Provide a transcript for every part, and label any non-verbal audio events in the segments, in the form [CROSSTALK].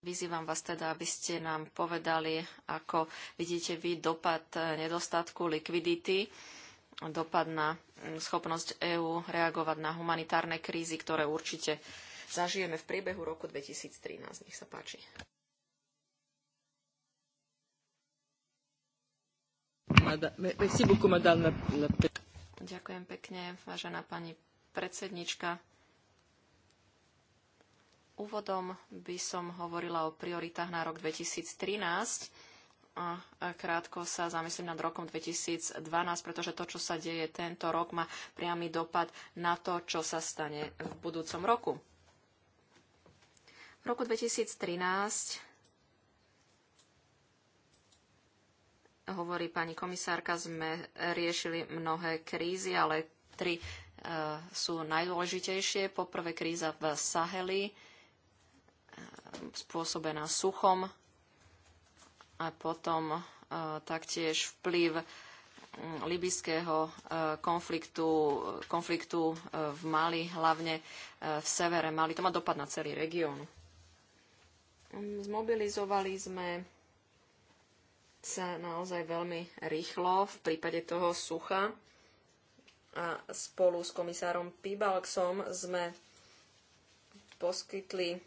Vyzývam vás teda, aby ste nám povedali, ako vidíte vy dopad eh, nedostatku likvidity, dopad na mm, schopnosť EÚ reagovať na humanitárne krízy, ktoré určite zažijeme v priebehu roku 2013. Nech sa páči. Ďakujem pekne, vážená pani predsednička. Úvodom by som hovorila o prioritách na rok 2013 a krátko sa zamyslím nad rokom 2012, pretože to, čo sa deje tento rok, má priamy dopad na to, čo sa stane v budúcom roku. V roku 2013 hovorí pani komisárka, sme riešili mnohé krízy, ale tri e, sú najdôležitejšie. Poprvé kríza v Saheli, spôsobená suchom a potom e, taktiež vplyv libyského e, konfliktu, e, konfliktu v Mali, hlavne v severe Mali. To má dopad na celý región. Mm, zmobilizovali sme sa naozaj veľmi rýchlo v prípade toho sucha a spolu s komisárom Pibalksom sme poskytli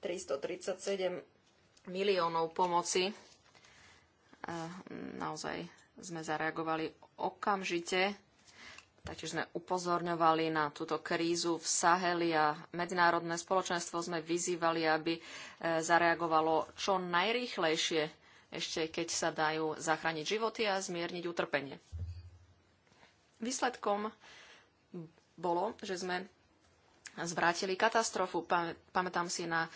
337 miliónov pomoci. E, naozaj sme zareagovali okamžite, taktiež sme upozorňovali na túto krízu v Saheli a medzinárodné spoločenstvo sme vyzývali, aby e, zareagovalo čo najrýchlejšie, ešte keď sa dajú zachrániť životy a zmierniť utrpenie. Výsledkom bolo, že sme zvrátili katastrofu. Pamätám si na e,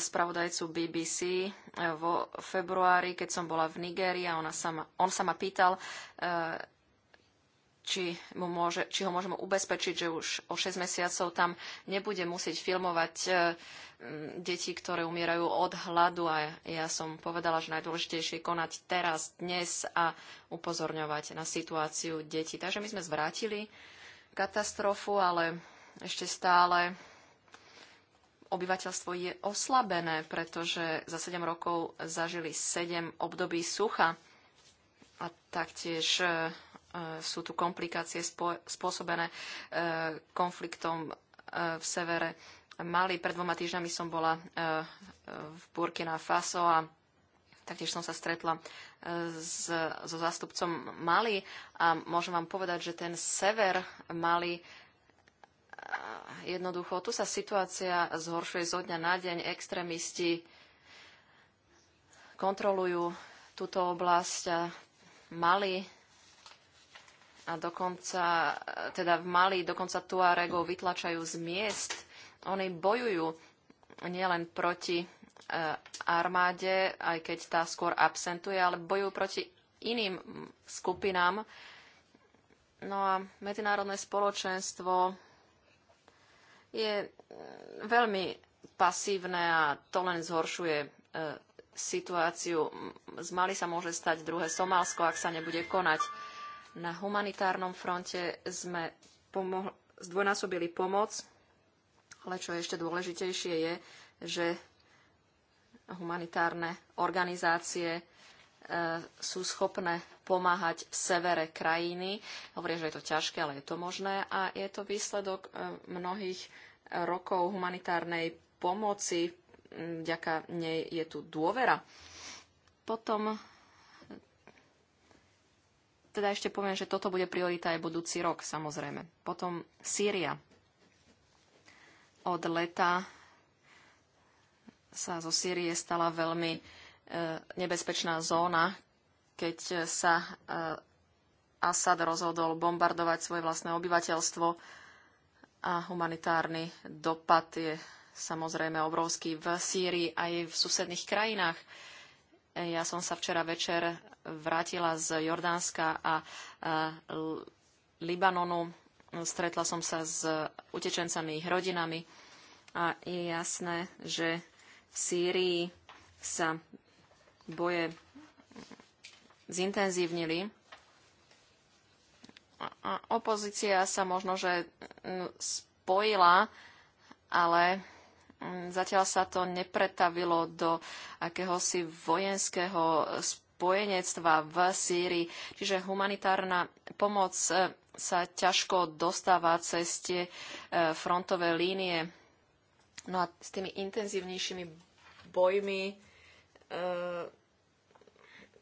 spravodajcu BBC e, vo februári, keď som bola v Nigérii a ona sa ma, on sa ma pýtal, e, či, mu môže, či ho môžeme ubezpečiť, že už o 6 mesiacov tam nebude musieť filmovať deti, ktoré umierajú od hladu. A ja som povedala, že najdôležitejšie je konať teraz, dnes a upozorňovať na situáciu detí. Takže my sme zvrátili katastrofu, ale ešte stále obyvateľstvo je oslabené, pretože za 7 rokov zažili 7 období sucha a taktiež e, sú tu komplikácie spôsobené e, konfliktom e, v severe Mali. Pred dvoma týždňami som bola v Burkina Faso a taktiež som sa stretla s, so zástupcom Mali a môžem vám povedať, že ten sever Mali jednoducho tu sa situácia zhoršuje zo dňa na deň. Extrémisti kontrolujú túto oblasť a Mali a dokonca, teda v Mali dokonca Tuaregov vytlačajú z miest. Oni bojujú nielen proti e, armáde, aj keď tá skôr absentuje, ale bojujú proti iným skupinám. No a medzinárodné spoločenstvo je mm, veľmi pasívne a to len zhoršuje e, situáciu. Z Mali sa môže stať druhé Somálsko, ak sa nebude konať. Na humanitárnom fronte sme zdvojnásobili pomoc, ale čo je ešte dôležitejšie je, že humanitárne organizácie e, sú schopné pomáhať v severe krajiny. Hovoria, že je to ťažké, ale je to možné a je to výsledok e, mnohých rokov humanitárnej pomoci. Mm, vďaka nej je tu dôvera. Potom teda ešte poviem, že toto bude priorita aj budúci rok, samozrejme. Potom Sýria. Od leta sa zo Sýrie stala veľmi e, nebezpečná zóna, keď e, sa e, Assad rozhodol bombardovať svoje vlastné obyvateľstvo a humanitárny dopad je samozrejme obrovský v Sýrii aj v susedných krajinách. E, ja som sa včera večer vrátila z Jordánska a Libanonu. Stretla som sa s utečencami, ich rodinami a je jasné, že v Sýrii sa boje zintenzívnili. Opozícia sa možno, že mm, spojila, ale mm, zatiaľ sa to nepretavilo do akéhosi vojenského spojenectva v Sýrii. Čiže humanitárna pomoc e, sa ťažko dostáva cez tie e, frontové línie. No a s tými intenzívnejšími bojmi e,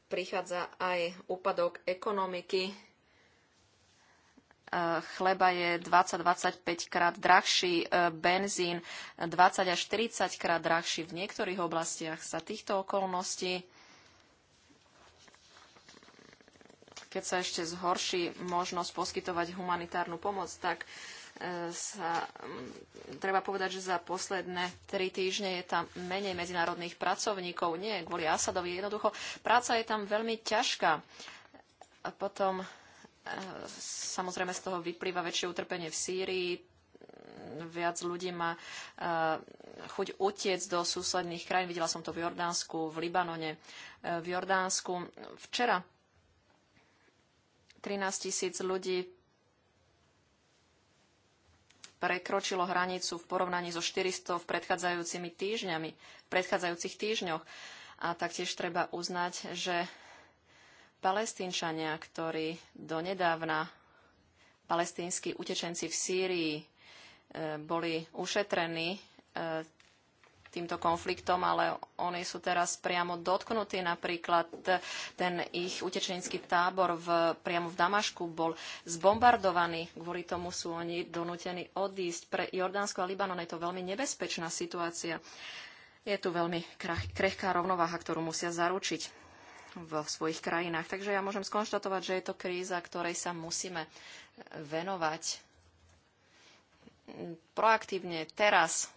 prichádza aj úpadok ekonomiky. E, chleba je 20-25 krát drahší, e, benzín 20 až 40 krát drahší. V niektorých oblastiach sa týchto okolností, keď sa ešte zhorší možnosť poskytovať humanitárnu pomoc, tak sa, treba povedať, že za posledné tri týždne je tam menej medzinárodných pracovníkov. Nie kvôli Asadovi, jednoducho práca je tam veľmi ťažká. A potom e, samozrejme z toho vyplýva väčšie utrpenie v Sýrii, viac ľudí má e, chuť utiec do susedných krajín. Videla som to v Jordánsku, v Libanone, e, v Jordánsku. Včera 13 tisíc ľudí prekročilo hranicu v porovnaní so 400 v predchádzajúcimi týždňami, v predchádzajúcich týždňoch. A taktiež treba uznať, že palestínčania, ktorí donedávna palestínsky utečenci v Sýrii e, boli ušetrení, e, týmto konfliktom, ale oni sú teraz priamo dotknutí. Napríklad ten ich utečenský tábor v, priamo v Damašku bol zbombardovaný. Kvôli tomu sú oni donútení odísť. Pre Jordánsko a Libanon je to veľmi nebezpečná situácia. Je tu veľmi krehká rovnováha, ktorú musia zaručiť v svojich krajinách. Takže ja môžem skonštatovať, že je to kríza, ktorej sa musíme venovať proaktívne teraz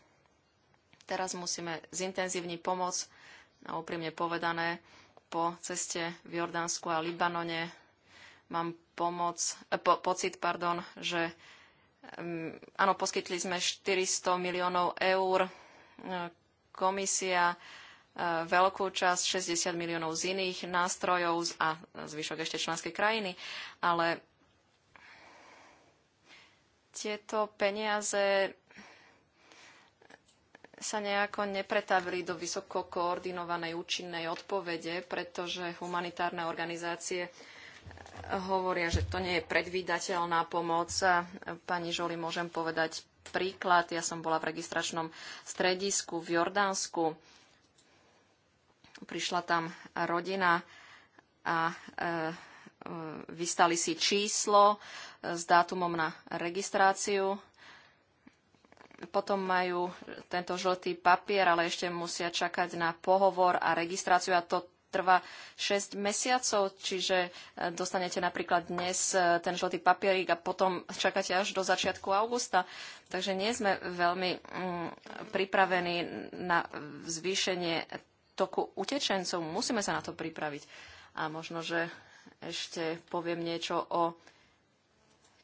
Teraz musíme zintenzívniť pomoc, a úprimne povedané, po ceste v Jordánsku a Libanone mám pomoc, e, po, pocit, pardon, že mm, áno, poskytli sme 400 miliónov eur, e, komisia e, veľkú časť, 60 miliónov z iných nástrojov a zvyšok ešte členské krajiny, ale tieto peniaze sa nejako nepretavili do vysoko koordinovanej účinnej odpovede, pretože humanitárne organizácie eh, hovoria, že to nie je predvídateľná pomoc. Pani Žoli, môžem povedať príklad. Ja som bola v registračnom stredisku v Jordánsku. Prišla tam rodina a eh, eh, vystali si číslo s dátumom na registráciu potom majú tento žltý papier, ale ešte musia čakať na pohovor a registráciu a to trvá 6 mesiacov, čiže e, dostanete napríklad dnes e, ten žltý papierik a potom čakáte až do začiatku augusta. Takže nie sme veľmi mm, pripravení na zvýšenie toku utečencov. Musíme sa na to pripraviť. A možno, že ešte poviem niečo o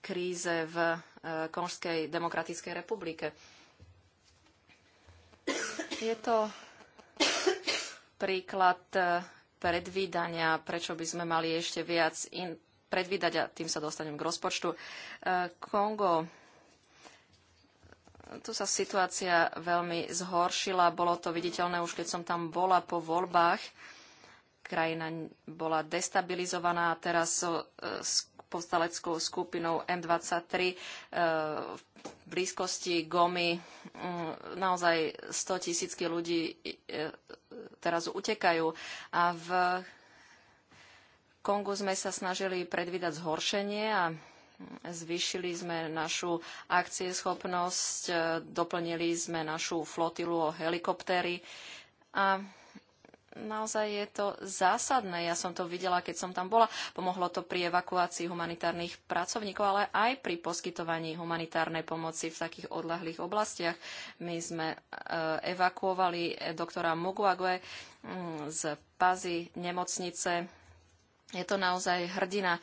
kríze v e, Konžskej demokratickej republike. Je to príklad e, predvídania, prečo by sme mali ešte viac in- predvídať a tým sa dostanem k rozpočtu. E, Kongo tu sa situácia veľmi zhoršila. Bolo to viditeľné už, keď som tam bola po voľbách. Krajina bola destabilizovaná a teraz so, povstaleckou skupinou M23 e, v blízkosti Gomy. Naozaj 100 tisícky ľudí e, e, teraz utekajú. A v Kongu sme sa snažili predvídať zhoršenie a Zvýšili sme našu akcieschopnosť, doplnili sme našu flotilu o helikoptéry a naozaj je to zásadné. Ja som to videla, keď som tam bola. Pomohlo to pri evakuácii humanitárnych pracovníkov, ale aj pri poskytovaní humanitárnej pomoci v takých odlahlých oblastiach. My sme e, evakuovali e, doktora Muguague mm, z Pazy nemocnice. Je to naozaj hrdina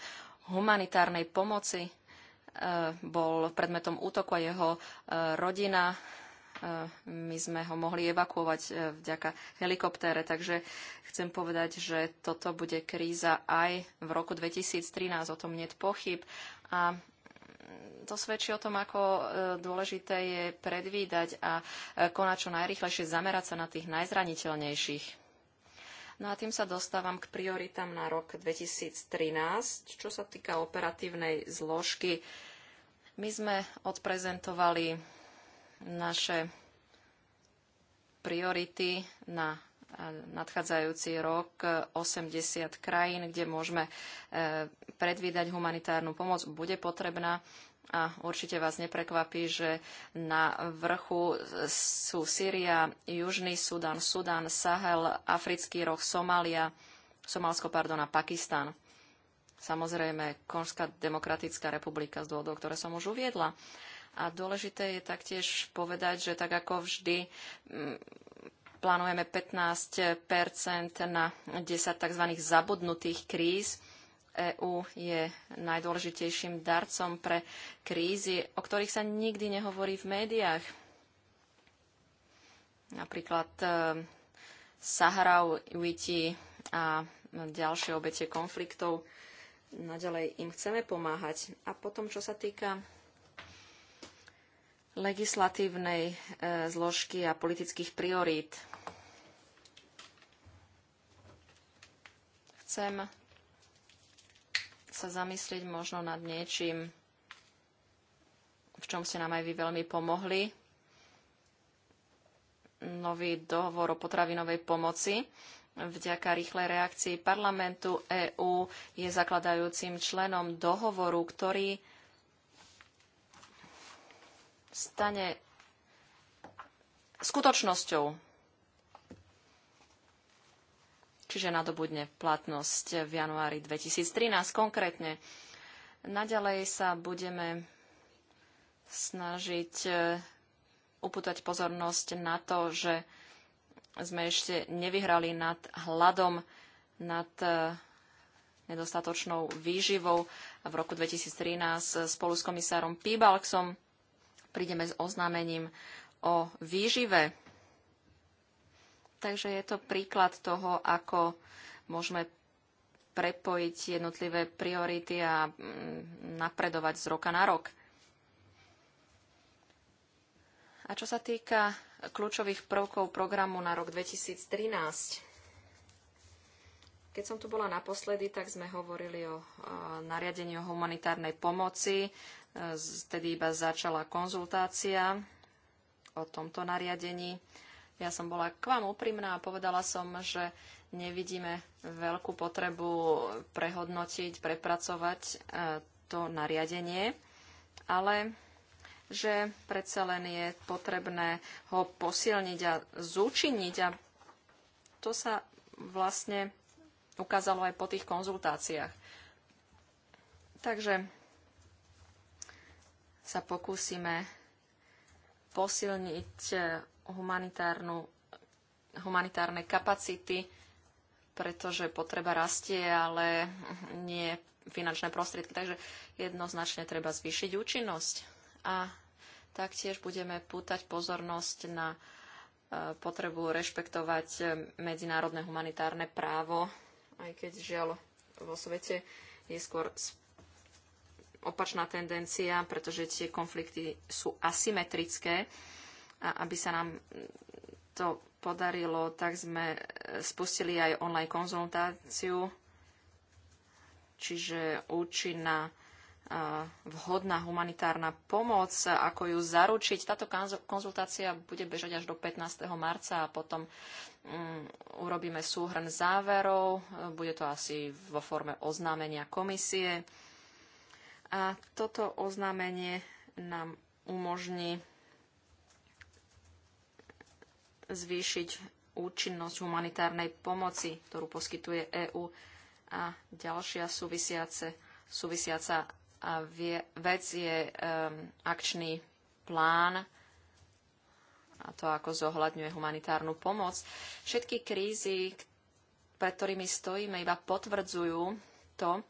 humanitárnej pomoci. E, bol predmetom útoku a jeho rodina my sme ho mohli evakuovať e, vďaka helikoptére. Takže chcem povedať, že toto bude kríza aj v roku 2013, o tom net pochyb. A to svedčí o tom, ako e, dôležité je predvídať a e, konať čo najrychlejšie, zamerať sa na tých najzraniteľnejších. No a tým sa dostávam k prioritám na rok 2013. Čo sa týka operatívnej zložky, my sme odprezentovali naše priority na e, nadchádzajúci rok 80 krajín, kde môžeme e, predvídať humanitárnu pomoc, bude potrebná. A určite vás neprekvapí, že na vrchu sú Syria, Južný Sudan, Sudan, Sahel, Africký roh, Somália, Somálsko, pardon, a Pakistan. Samozrejme, Konžská demokratická republika z dôvodov, ktoré som už uviedla. A dôležité je taktiež povedať, že tak ako vždy mm, plánujeme 15 na 10 tzv. zabudnutých kríz. EÚ je najdôležitejším darcom pre krízy, o ktorých sa nikdy nehovorí v médiách. Napríklad e, Sahara, Uiti a ďalšie obete konfliktov. Naďalej im chceme pomáhať. A potom, čo sa týka legislatívnej e, zložky a politických priorít. Chcem sa zamyslieť možno nad niečím, v čom ste nám aj vy veľmi pomohli. Nový dohovor o potravinovej pomoci. Vďaka rýchlej reakcii parlamentu EÚ je zakladajúcim členom dohovoru, ktorý stane skutočnosťou. Čiže nadobudne platnosť v januári 2013 konkrétne. Naďalej sa budeme snažiť e, upútať pozornosť na to, že sme ešte nevyhrali nad hladom, nad e, nedostatočnou výživou. V roku 2013 spolu s komisárom Pibalksom prídeme s oznámením o výžive. Takže je to príklad toho, ako môžeme prepojiť jednotlivé priority a mm, napredovať z roka na rok. A čo sa týka kľúčových prvkov programu na rok 2013, keď som tu bola naposledy, tak sme hovorili o nariadení o humanitárnej pomoci. Vtedy iba začala konzultácia o tomto nariadení. Ja som bola k vám úprimná a povedala som, že nevidíme veľkú potrebu prehodnotiť, prepracovať e, to nariadenie, ale že predsa len je potrebné ho posilniť a zúčiniť a to sa vlastne ukázalo aj po tých konzultáciách. Takže sa pokúsime posilniť eh, humanitárnu, humanitárne kapacity, pretože potreba rastie, ale nie finančné prostriedky. Takže jednoznačne treba zvýšiť účinnosť. A taktiež budeme pútať pozornosť na eh, potrebu rešpektovať eh, medzinárodné humanitárne právo, aj keď žiaľ vo svete je skôr opačná tendencia, pretože tie konflikty sú asymetrické a aby sa nám to podarilo, tak sme e, spustili aj online konzultáciu, čiže účinná e, vhodná humanitárna pomoc, ako ju zaručiť. Táto konzultácia bude bežať až do 15. marca a potom mm, urobíme súhrn záverov. E, bude to asi vo forme oznámenia komisie. A toto oznámenie nám umožní zvýšiť účinnosť humanitárnej pomoci, ktorú poskytuje EÚ a ďalšia súvisiace, súvisiaca vie, vec je um, akčný plán a to, ako zohľadňuje humanitárnu pomoc. Všetky krízy, pred ktorými stojíme, iba potvrdzujú to,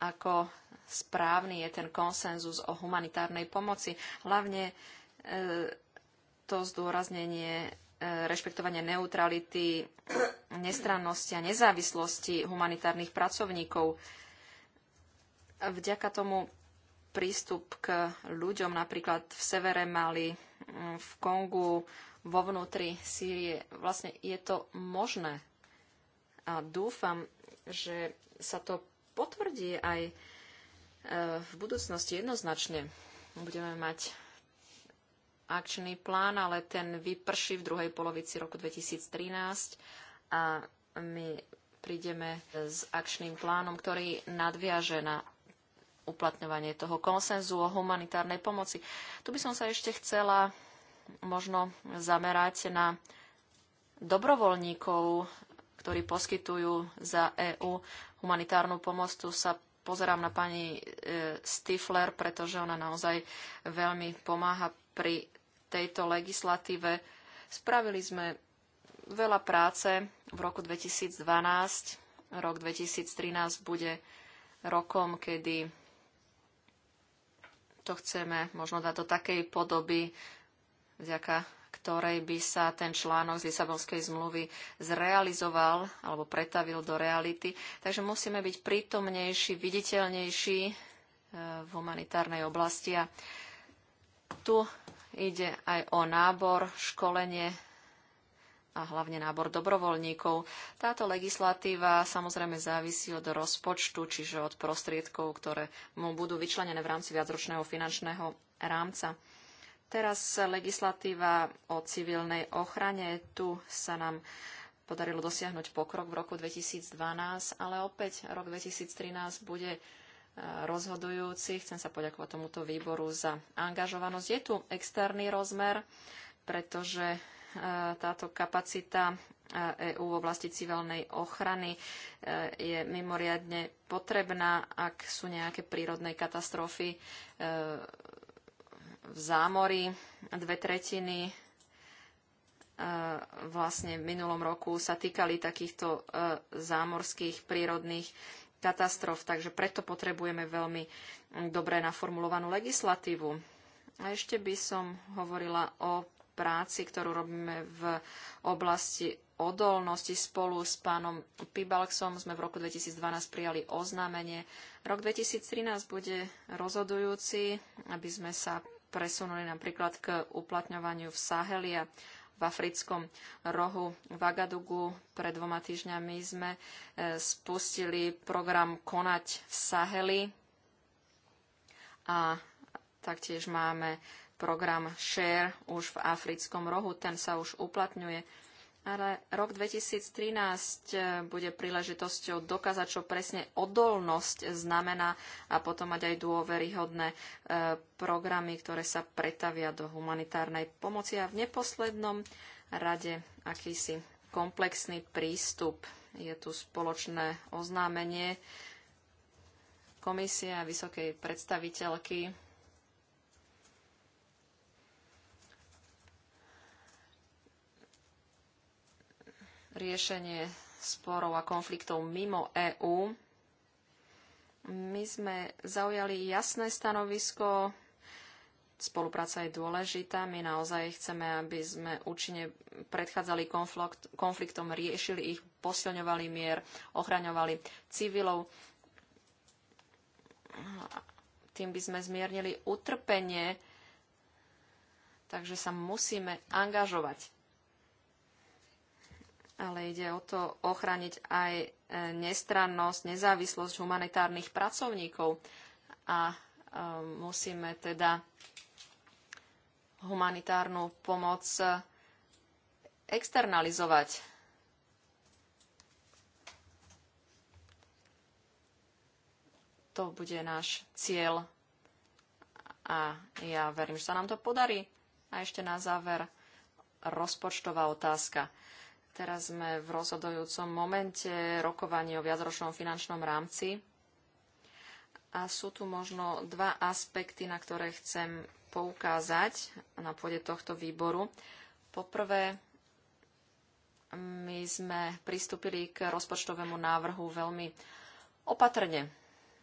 ako správny je ten konsenzus o humanitárnej pomoci. Hlavne e, to zdôraznenie e, rešpektovanie neutrality, nestrannosti a nezávislosti humanitárnych pracovníkov. Vďaka tomu prístup k ľuďom napríklad v severe Mali, v Kongu, vo vnútri Sýrie, vlastne je to možné. A dúfam, že sa to potvrdí aj e, v budúcnosti jednoznačne. Budeme mať akčný plán, ale ten vyprší v druhej polovici roku 2013 a my prídeme s akčným plánom, ktorý nadviaže na uplatňovanie toho konsenzu o humanitárnej pomoci. Tu by som sa ešte chcela možno zamerať na dobrovoľníkov, ktorí poskytujú za EÚ humanitárnu pomoc. Tu sa pozerám na pani e, Stifler, pretože ona naozaj veľmi pomáha pri tejto legislatíve. Spravili sme veľa práce v roku 2012. Rok 2013 bude rokom, kedy to chceme možno dať do takej podoby, vďaka ktorej by sa ten článok z Lisabonskej zmluvy zrealizoval alebo pretavil do reality. Takže musíme byť prítomnejší, viditeľnejší eh, v humanitárnej oblasti. A tu ide aj o nábor, školenie a hlavne nábor dobrovoľníkov. Táto legislatíva samozrejme závisí od rozpočtu, čiže od prostriedkov, ktoré mu budú vyčlenené v rámci viacročného finančného rámca. Teraz legislatíva o civilnej ochrane. Tu sa nám podarilo dosiahnuť pokrok v roku 2012, ale opäť rok 2013 bude e, rozhodujúci. Chcem sa poďakovať tomuto výboru za angažovanosť. Je tu externý rozmer, pretože e, táto kapacita EÚ e v oblasti civilnej ochrany je mimoriadne potrebná, ak sú nejaké prírodné katastrofy v zámori. Dve tretiny e, vlastne v minulom roku sa týkali takýchto e, zámorských prírodných katastrof, takže preto potrebujeme veľmi dobre naformulovanú legislatívu. A ešte by som hovorila o práci, ktorú robíme v oblasti odolnosti spolu s pánom Pibalxom. Sme v roku 2012 prijali oznámenie. Rok 2013 bude rozhodujúci, aby sme sa presunuli napríklad k uplatňovaniu v Saheli a v africkom rohu v Agadugu. Pred dvoma týždňami sme e, spustili program Konať v Saheli a taktiež máme program Share už v africkom rohu. Ten sa už uplatňuje ale rok 2013 eh, bude príležitosťou dokázať, čo presne odolnosť znamená a potom mať aj dôveryhodné eh, programy, ktoré sa pretavia do humanitárnej pomoci a v neposlednom rade akýsi komplexný prístup. Je tu spoločné oznámenie Komisia vysokej predstaviteľky riešenie sporov a konfliktov mimo EÚ. My sme zaujali jasné stanovisko. Spolupráca je dôležitá. My naozaj chceme, aby sme účinne predchádzali konflikt, konfliktom, riešili ich, posilňovali mier, ochraňovali civilov. Tým by sme zmiernili utrpenie, takže sa musíme angažovať ale ide o to ochrániť aj e, nestrannosť, nezávislosť humanitárnych pracovníkov. A e, musíme teda humanitárnu pomoc e, externalizovať. To bude náš cieľ a ja verím, že sa nám to podarí. A ešte na záver rozpočtová otázka Teraz sme v rozhodujúcom momente rokovania o viacročnom finančnom rámci. A sú tu možno dva aspekty, na ktoré chcem poukázať na pôde tohto výboru. Poprvé, my sme pristúpili k rozpočtovému návrhu veľmi opatrne.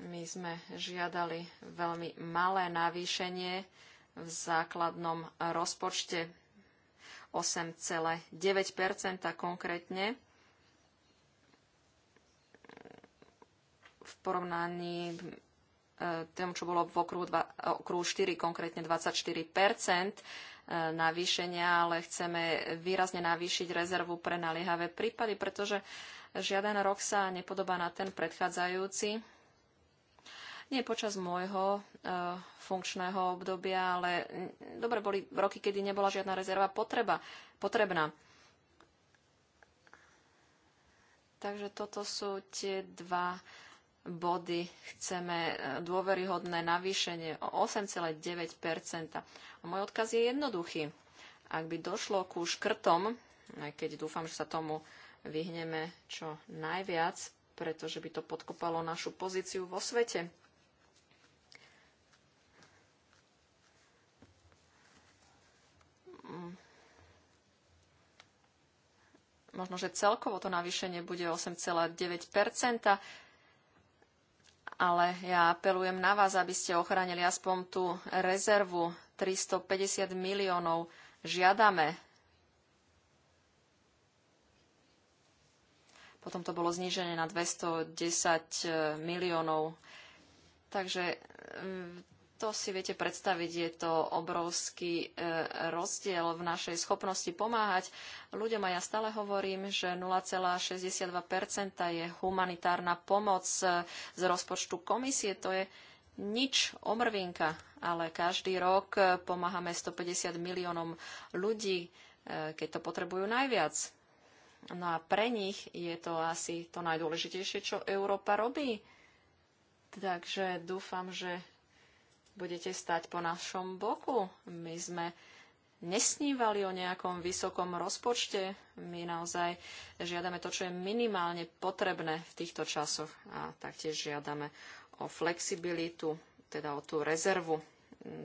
My sme žiadali veľmi malé navýšenie v základnom rozpočte 8,9 konkrétne. V porovnaní eh, tomu, čo bolo v okruhu, 2, okruhu 4, konkrétne 24 eh, navýšenia, ale chceme výrazne navýšiť rezervu pre naliehavé prípady, pretože žiaden rok sa nepodobá na ten predchádzajúci nie počas môjho e, funkčného obdobia, ale mm, dobre boli roky, kedy nebola žiadna rezerva potreba, potrebná. Takže toto sú tie dva body. Chceme e, dôveryhodné navýšenie o 8,9 môj odkaz je jednoduchý. Ak by došlo ku škrtom, aj keď dúfam, že sa tomu vyhneme čo najviac, pretože by to podkopalo našu pozíciu vo svete. možno, že celkovo to navýšenie bude 8,9 ale ja apelujem na vás, aby ste ochránili aspoň tú rezervu 350 miliónov. Žiadame. Potom to bolo znížené na 210 miliónov. Takže mm, to si viete predstaviť, je to obrovský e, rozdiel v našej schopnosti pomáhať ľuďom a ja stále hovorím, že 0,62% je humanitárna pomoc e, z rozpočtu komisie. To je nič omrvinka, ale každý rok e, pomáhame 150 miliónom ľudí, e, keď to potrebujú najviac. No a pre nich je to asi to najdôležitejšie, čo Európa robí. Takže dúfam, že budete stať po našom boku. My sme nesnívali o nejakom vysokom rozpočte. My naozaj žiadame to, čo je minimálne potrebné v týchto časoch a taktiež žiadame o flexibilitu, teda o tú rezervu.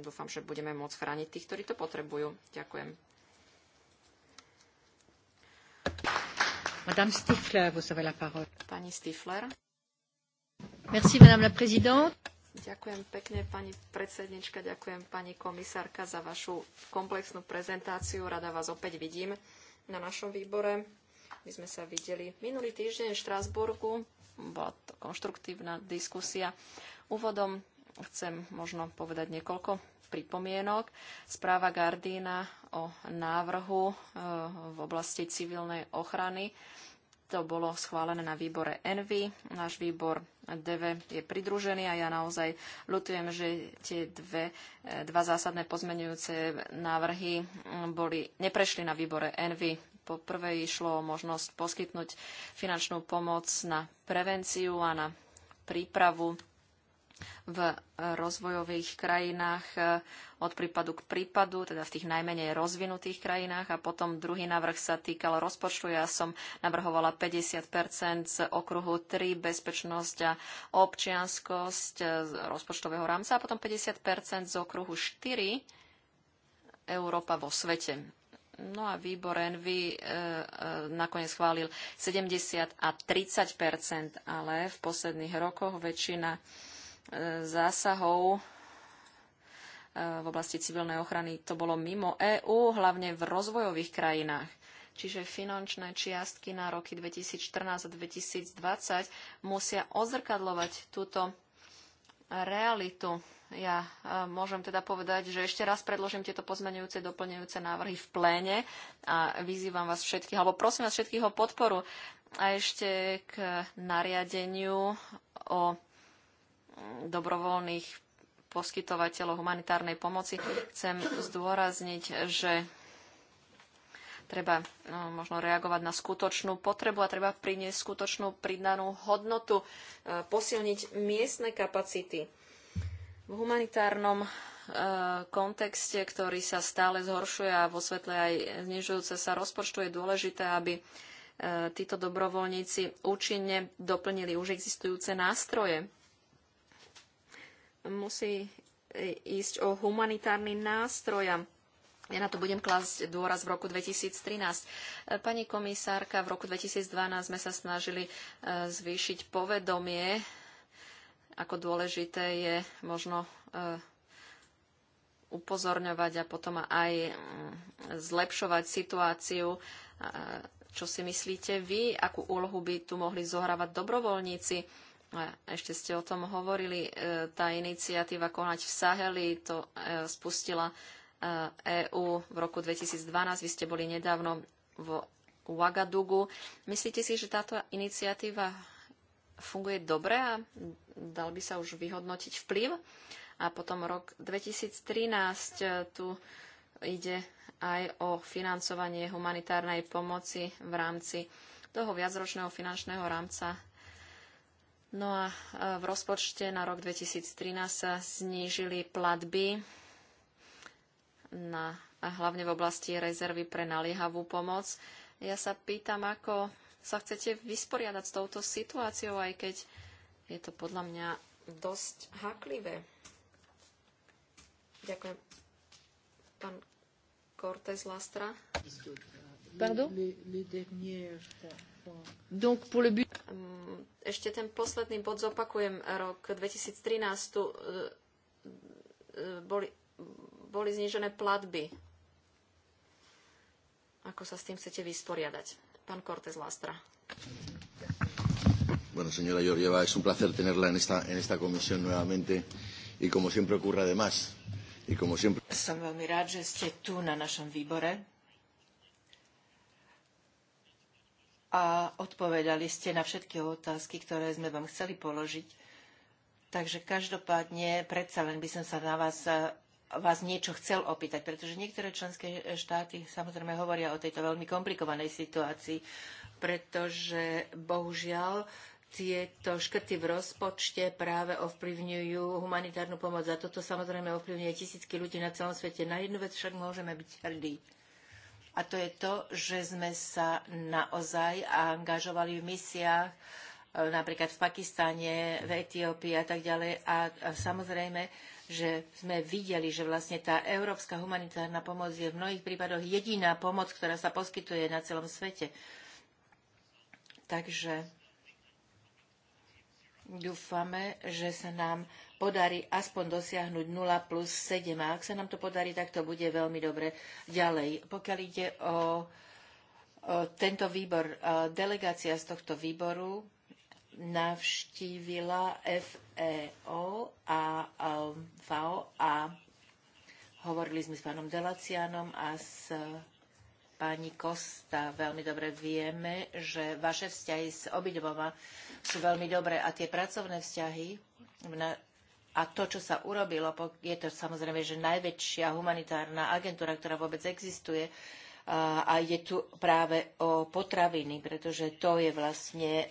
Dúfam, že budeme môcť chrániť tých, ktorí to potrebujú. Ďakujem. Madame Stifler, vous avez la parole. Pani Stifler. Merci, Madame la Présidente. Ďakujem pekne, pani predsednička, ďakujem pani komisárka za vašu komplexnú prezentáciu. Rada vás opäť vidím na našom výbore. My sme sa videli minulý týždeň v Štrásburgu. Bola to konštruktívna diskusia. Úvodom chcem možno povedať niekoľko pripomienok. Správa Gardína o návrhu e, v oblasti civilnej ochrany to bolo schválené na výbore Envy. Náš výbor DV je pridružený a ja naozaj ľutujem, že tie dve, e, dva zásadné pozmenujúce návrhy mm, boli, neprešli na výbore Envy. Po prvé išlo o možnosť poskytnúť finančnú pomoc na prevenciu a na prípravu v rozvojových krajinách e, od prípadu k prípadu, teda v tých najmenej rozvinutých krajinách. A potom druhý návrh sa týkal rozpočtu. Ja som navrhovala 50 z okruhu 3 bezpečnosť a občianskosť e, z rozpočtového rámca a potom 50 z okruhu 4 Európa vo svete. No a výbor Envy e, e, nakoniec chválil 70 a 30 ale v posledných rokoch väčšina zásahov e, v oblasti civilnej ochrany to bolo mimo EÚ, hlavne v rozvojových krajinách. Čiže finančné čiastky na roky 2014 a 2020 musia ozrkadlovať túto realitu. Ja e, môžem teda povedať, že ešte raz predložím tieto pozmenujúce, doplňujúce návrhy v pléne a vyzývam vás všetkých, alebo prosím vás všetkých o podporu. A ešte k nariadeniu o dobrovoľných poskytovateľov humanitárnej pomoci. Chcem zdôrazniť, že treba no, možno reagovať na skutočnú potrebu a treba priniesť skutočnú pridanú hodnotu, e, posilniť miestne kapacity. V humanitárnom e, kontexte, ktorý sa stále zhoršuje a vo svetle aj znižujúce sa rozpočtu, je dôležité, aby e, títo dobrovoľníci účinne doplnili už existujúce nástroje. Musí e, ísť o humanitárny nástroj a ja na to budem klásť dôraz v roku 2013. E, pani komisárka, v roku 2012 sme sa snažili e, zvýšiť povedomie, ako dôležité je možno upozorňovať a potom aj mm, zlepšovať situáciu. Čo si myslíte vy, akú úlohu by tu mohli zohrávať dobrovoľníci? A ešte ste o tom hovorili, e, tá iniciatíva Konať v Saheli, to e, spustila EÚ e v roku 2012. Vy ste boli nedávno v Ouagadougou. Myslíte si, že táto iniciatíva funguje dobre a dal by sa už vyhodnotiť vplyv? A potom rok 2013 tu ide aj o financovanie humanitárnej pomoci v rámci toho viacročného finančného rámca No a e, v rozpočte na rok 2013 sa znížili platby na, hlavne v oblasti rezervy pre naliehavú pomoc. Ja sa pýtam, ako sa chcete vysporiadať s touto situáciou, aj keď je to podľa mňa dosť haklivé. Ďakujem. Pán Cortez Lastra. Pardon? Euh, Donc pour le but... Mm, ešte ten posledný bod zopakujem. Rok 2013 tu, e, e, boli, boli znižené platby. Ako sa s tým chcete vysporiadať? Pán Cortés Lastra. Bueno, señora Georgieva, es un placer tenerla en esta, en esta comisión nuevamente y como siempre ocurre además. Y como siempre... Som veľmi rád, že ste tu na našom výbore a odpovedali ste na všetky otázky, ktoré sme vám chceli položiť. Takže každopádne predsa len by som sa na vás vás niečo chcel opýtať, pretože niektoré členské štáty samozrejme hovoria o tejto veľmi komplikovanej situácii, pretože bohužiaľ tieto škrty v rozpočte práve ovplyvňujú humanitárnu pomoc. A toto samozrejme ovplyvňuje tisícky ľudí na celom svete. Na jednu vec však môžeme byť hrdí. A to je to, že sme sa naozaj angažovali v misiách, e, napríklad v Pakistane, v Etiópii a tak ďalej. A samozrejme, že sme videli, že vlastne tá európska humanitárna pomoc je v mnohých prípadoch jediná pomoc, ktorá sa poskytuje na celom svete. Takže dúfame, že sa nám podarí aspoň dosiahnuť 0 plus 7. A ak sa nám to podarí, tak to bude veľmi dobre ďalej. Pokiaľ ide o, o tento výbor, delegácia z tohto výboru navštívila FEO a FAO a hovorili sme s pánom Delacianom a s pani Kosta, veľmi dobre vieme, že vaše vzťahy s obidvoma sú veľmi dobré a tie pracovné vzťahy a to, čo sa urobilo, je to samozrejme, že najväčšia humanitárna agentúra, ktorá vôbec existuje, a je tu práve o potraviny, pretože to je vlastne e,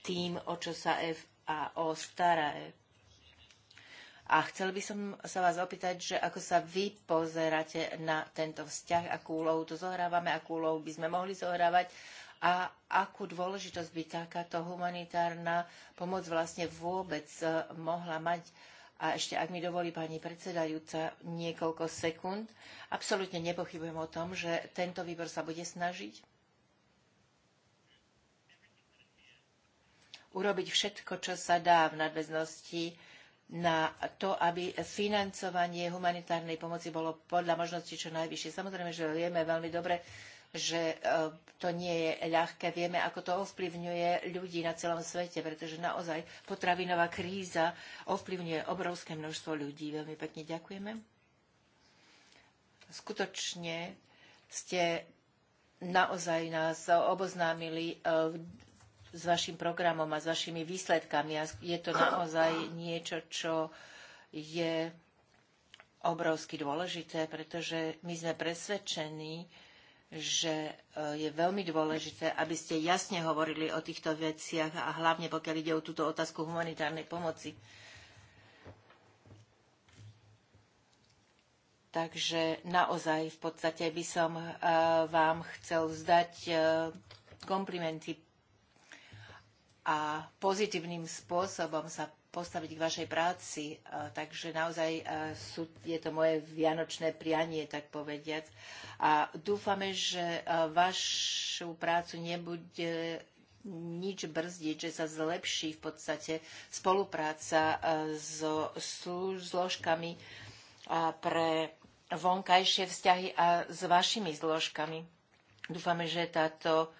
tým, o čo sa FAO stará. A chcel by som sa vás opýtať, že ako sa vy pozeráte na tento vzťah, akú úlohu to zohrávame, akú úlohu by sme mohli zohrávať a akú dôležitosť by takáto humanitárna pomoc vlastne vôbec e, mohla mať. A ešte, ak mi dovolí pani predsedajúca niekoľko sekúnd, absolútne nepochybujem o tom, že tento výbor sa bude snažiť urobiť všetko, čo sa dá v nadväznosti na to, aby financovanie humanitárnej pomoci bolo podľa možnosti čo najvyššie. Samozrejme, že vieme veľmi dobre, že eh, to nie je ľahké. Vieme, ako to ovplyvňuje ľudí na celom svete, pretože naozaj potravinová kríza ovplyvňuje obrovské množstvo ľudí. Veľmi pekne ďakujeme. Skutočne ste naozaj nás oboznámili eh, s vašim programom a s vašimi výsledkami. A je to naozaj niečo, čo je obrovsky dôležité, pretože my sme presvedčení, že e, je veľmi dôležité, aby ste jasne hovorili o týchto veciach a hlavne pokiaľ ide o túto otázku humanitárnej pomoci. Takže naozaj v podstate by som e, vám chcel zdať e, komplimenty a pozitívnym spôsobom sa postaviť k vašej práci. E, takže naozaj e, sú, je to moje vianočné prianie, tak povediac. A dúfame, že e, vašu prácu nebude nič brzdiť, že sa zlepší v podstate spolupráca so zložkami pre vonkajšie vzťahy a s vašimi zložkami. Dúfame, že táto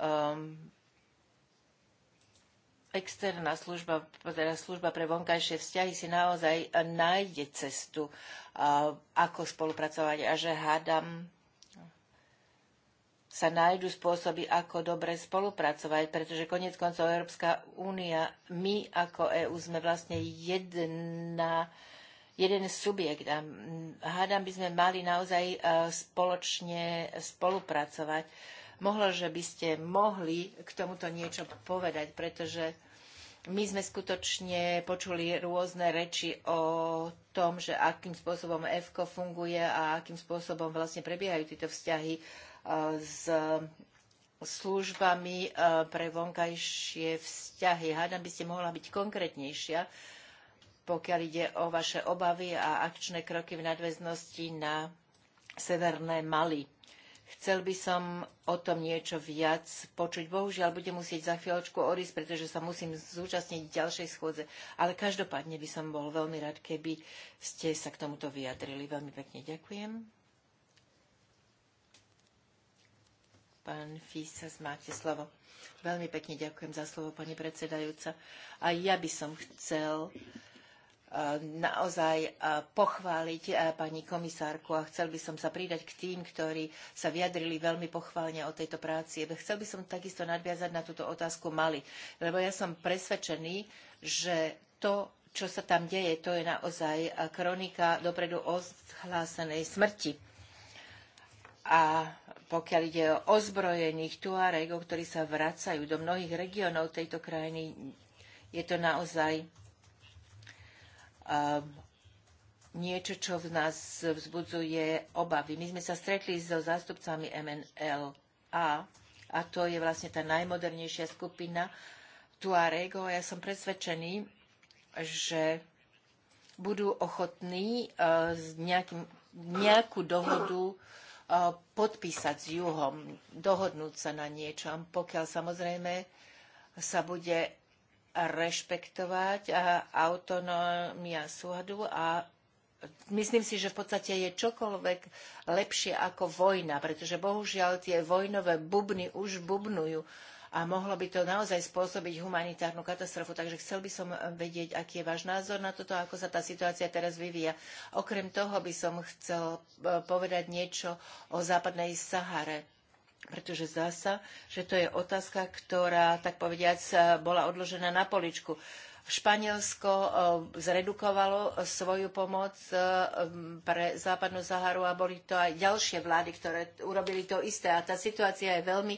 um, externá služba, teda služba pre vonkajšie vzťahy si naozaj nájde cestu, ako spolupracovať a že hádam sa nájdu spôsoby, ako dobre spolupracovať, pretože konec koncov Európska únia, my ako EÚ sme vlastne jedna, jeden subjekt a hádam by sme mali naozaj spoločne spolupracovať mohlo, že by ste mohli k tomuto niečo povedať, pretože my sme skutočne počuli rôzne reči o tom, že akým spôsobom EFKO funguje a akým spôsobom vlastne prebiehajú tieto vzťahy e, s službami e, pre vonkajšie vzťahy. Hádam by ste mohla byť konkrétnejšia, pokiaľ ide o vaše obavy a akčné kroky v nadväznosti na Severné Mali. Chcel by som o tom niečo viac počuť. Bohužiaľ, budem musieť za chvíľočku odísť, pretože sa musím zúčastniť ďalšej schôdze. Ale každopádne by som bol veľmi rád, keby ste sa k tomuto vyjadrili. Veľmi pekne ďakujem. Pán Fisas, máte slovo. Veľmi pekne ďakujem za slovo, pani predsedajúca. A ja by som chcel uh, naozaj eh, pochváliť eh, pani komisárku a chcel by som sa pridať k tým, ktorí sa vyjadrili veľmi pochválne o tejto práci. Chcel by som takisto nadviazať na túto otázku Mali, lebo ja som presvedčený, že to, čo sa tam deje, to je naozaj eh, kronika dopredu ohlásenej smrti. A pokiaľ ide o ozbrojených tuaregov, ktorí sa vracajú do mnohých regiónov tejto krajiny, je to naozaj niečo, čo v nás vzbudzuje obavy. My sme sa stretli so zástupcami MNLA a to je vlastne tá najmodernejšia skupina Tuarego a ja som presvedčený, že budú ochotní e, nejakým, nejakú dohodu e, podpísať s juhom, dohodnúť sa na niečom, pokiaľ samozrejme sa bude rešpektovať eh, autonómia súhadu a myslím si, že v podstate je čokoľvek lepšie ako vojna, pretože bohužiaľ tie vojnové bubny už bubnujú a mohlo by to naozaj spôsobiť humanitárnu katastrofu. Takže chcel by som vedieť, aký je váš názor na toto, ako sa tá situácia teraz vyvíja. Okrem toho by som chcel eh, povedať niečo o západnej Sahare pretože zdá sa, že to je otázka, ktorá, tak povediac, e, bola odložená na poličku. Španielsko e, zredukovalo svoju pomoc e, pre západnú Zaharu a boli to aj ďalšie vlády, ktoré urobili to isté. A tá situácia je veľmi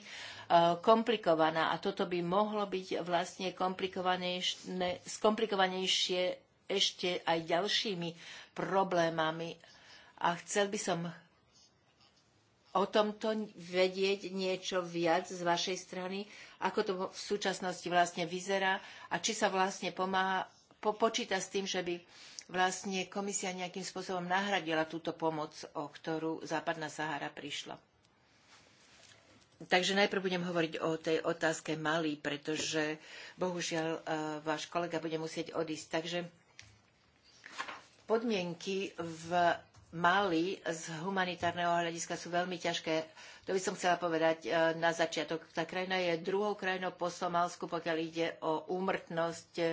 komplikovaná a toto by mohlo byť vlastne skomplikovanejšie ešte aj ďalšími problémami. A chcel by som o tomto vedieť niečo viac z vašej strany, ako to v súčasnosti vlastne vyzerá a či sa vlastne pomáha, po, počíta s tým, že by vlastne komisia nejakým spôsobom nahradila túto pomoc, o ktorú Západná Sahara prišla. Takže najprv budem hovoriť o tej otázke Mali, pretože bohužiaľ e, váš kolega bude musieť odísť. Takže podmienky v Mali z humanitárneho hľadiska sú veľmi ťažké. To by som chcela povedať e, na začiatok. Tá krajina je druhou krajinou po Somálsku, pokiaľ ide o úmrtnosť e,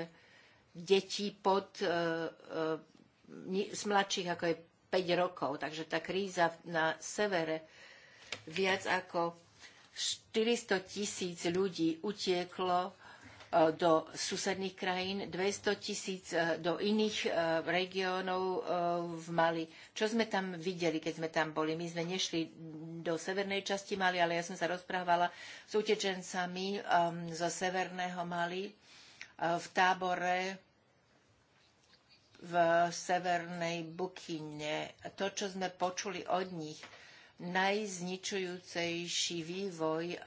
detí pod z e, mladších ako je 5 rokov. Takže tá kríza na severe viac ako 400 tisíc ľudí utieklo Eh, do susedných krajín, 200 tisíc eh, do iných eh, regiónov v Mali. Čo sme tam videli, keď sme tam boli? My sme nešli do severnej časti Mali, ale ja som sa rozprávala s utečencami ehm, zo severného Mali v tábore v severnej Bukine. To, čo sme počuli od nich, najzničujúcejší vývoj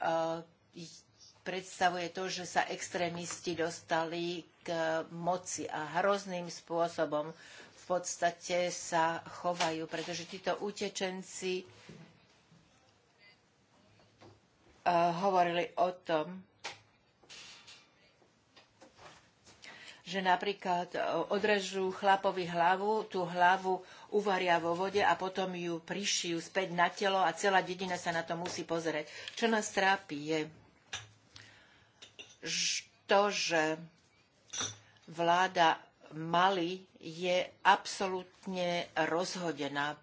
predstavuje to, že sa extrémisti dostali k moci a hrozným spôsobom v podstate sa chovajú, pretože títo utečenci eh, hovorili o tom, že napríklad eh, odrežú chlapovi hlavu, tú hlavu uvaria vo vode a potom ju prišijú späť na telo a celá dedina sa na to musí pozerať. Čo nás trápi je, to, že vláda Mali je absolútne rozhodená.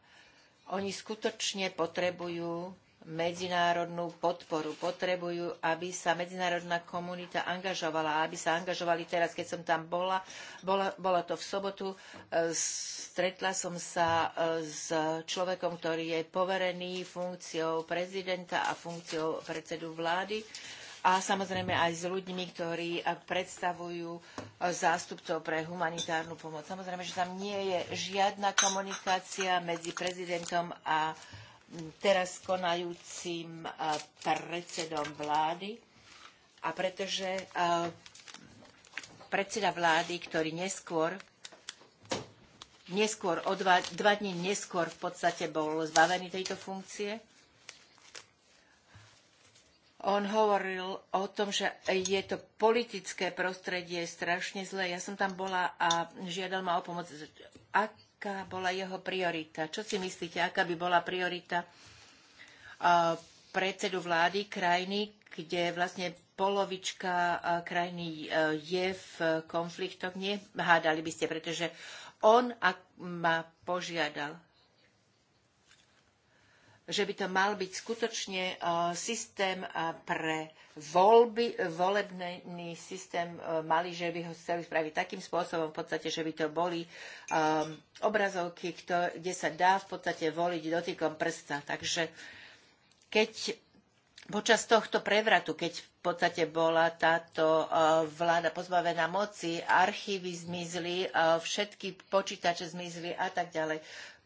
Oni skutočne potrebujú medzinárodnú podporu. Potrebujú, aby sa medzinárodná komunita angažovala, aby sa angažovali teraz, keď som tam bola. Bola, bola to v sobotu. E, stretla som sa e, s človekom, ktorý je poverený funkciou prezidenta a funkciou predsedu vlády a samozrejme aj s ľuďmi, ktorí eh, predstavujú eh, zástupcov pre humanitárnu pomoc. Samozrejme, že tam nie je žiadna komunikácia medzi prezidentom a mm, teraz konajúcim eh, predsedom vlády. A pretože predseda vlády, ktorý neskôr neskôr, o dva, dva dní neskôr v podstate bol zbavený tejto funkcie, on hovoril o tom, že je to politické prostredie strašne zlé. Ja som tam bola a žiadal ma o pomoc. Aká bola jeho priorita? Čo si myslíte, aká by bola priorita uh, predsedu vlády krajiny, kde vlastne polovička uh, krajiny uh, je v konfliktoch? Nehádali by ste, pretože on ma požiadal že by to mal byť skutočne e, systém e, pre voľby, e, volebný systém mali, že by ho chceli spraviť takým spôsobom v podstate, že by to boli obrazovky, kde sa dá v podstate voliť dotykom prsta. Takže keď počas tohto prevratu, keď v podstate bola táto vláda pozbavená moci, archívy zmizli, všetky počítače zmizli a tak ďalej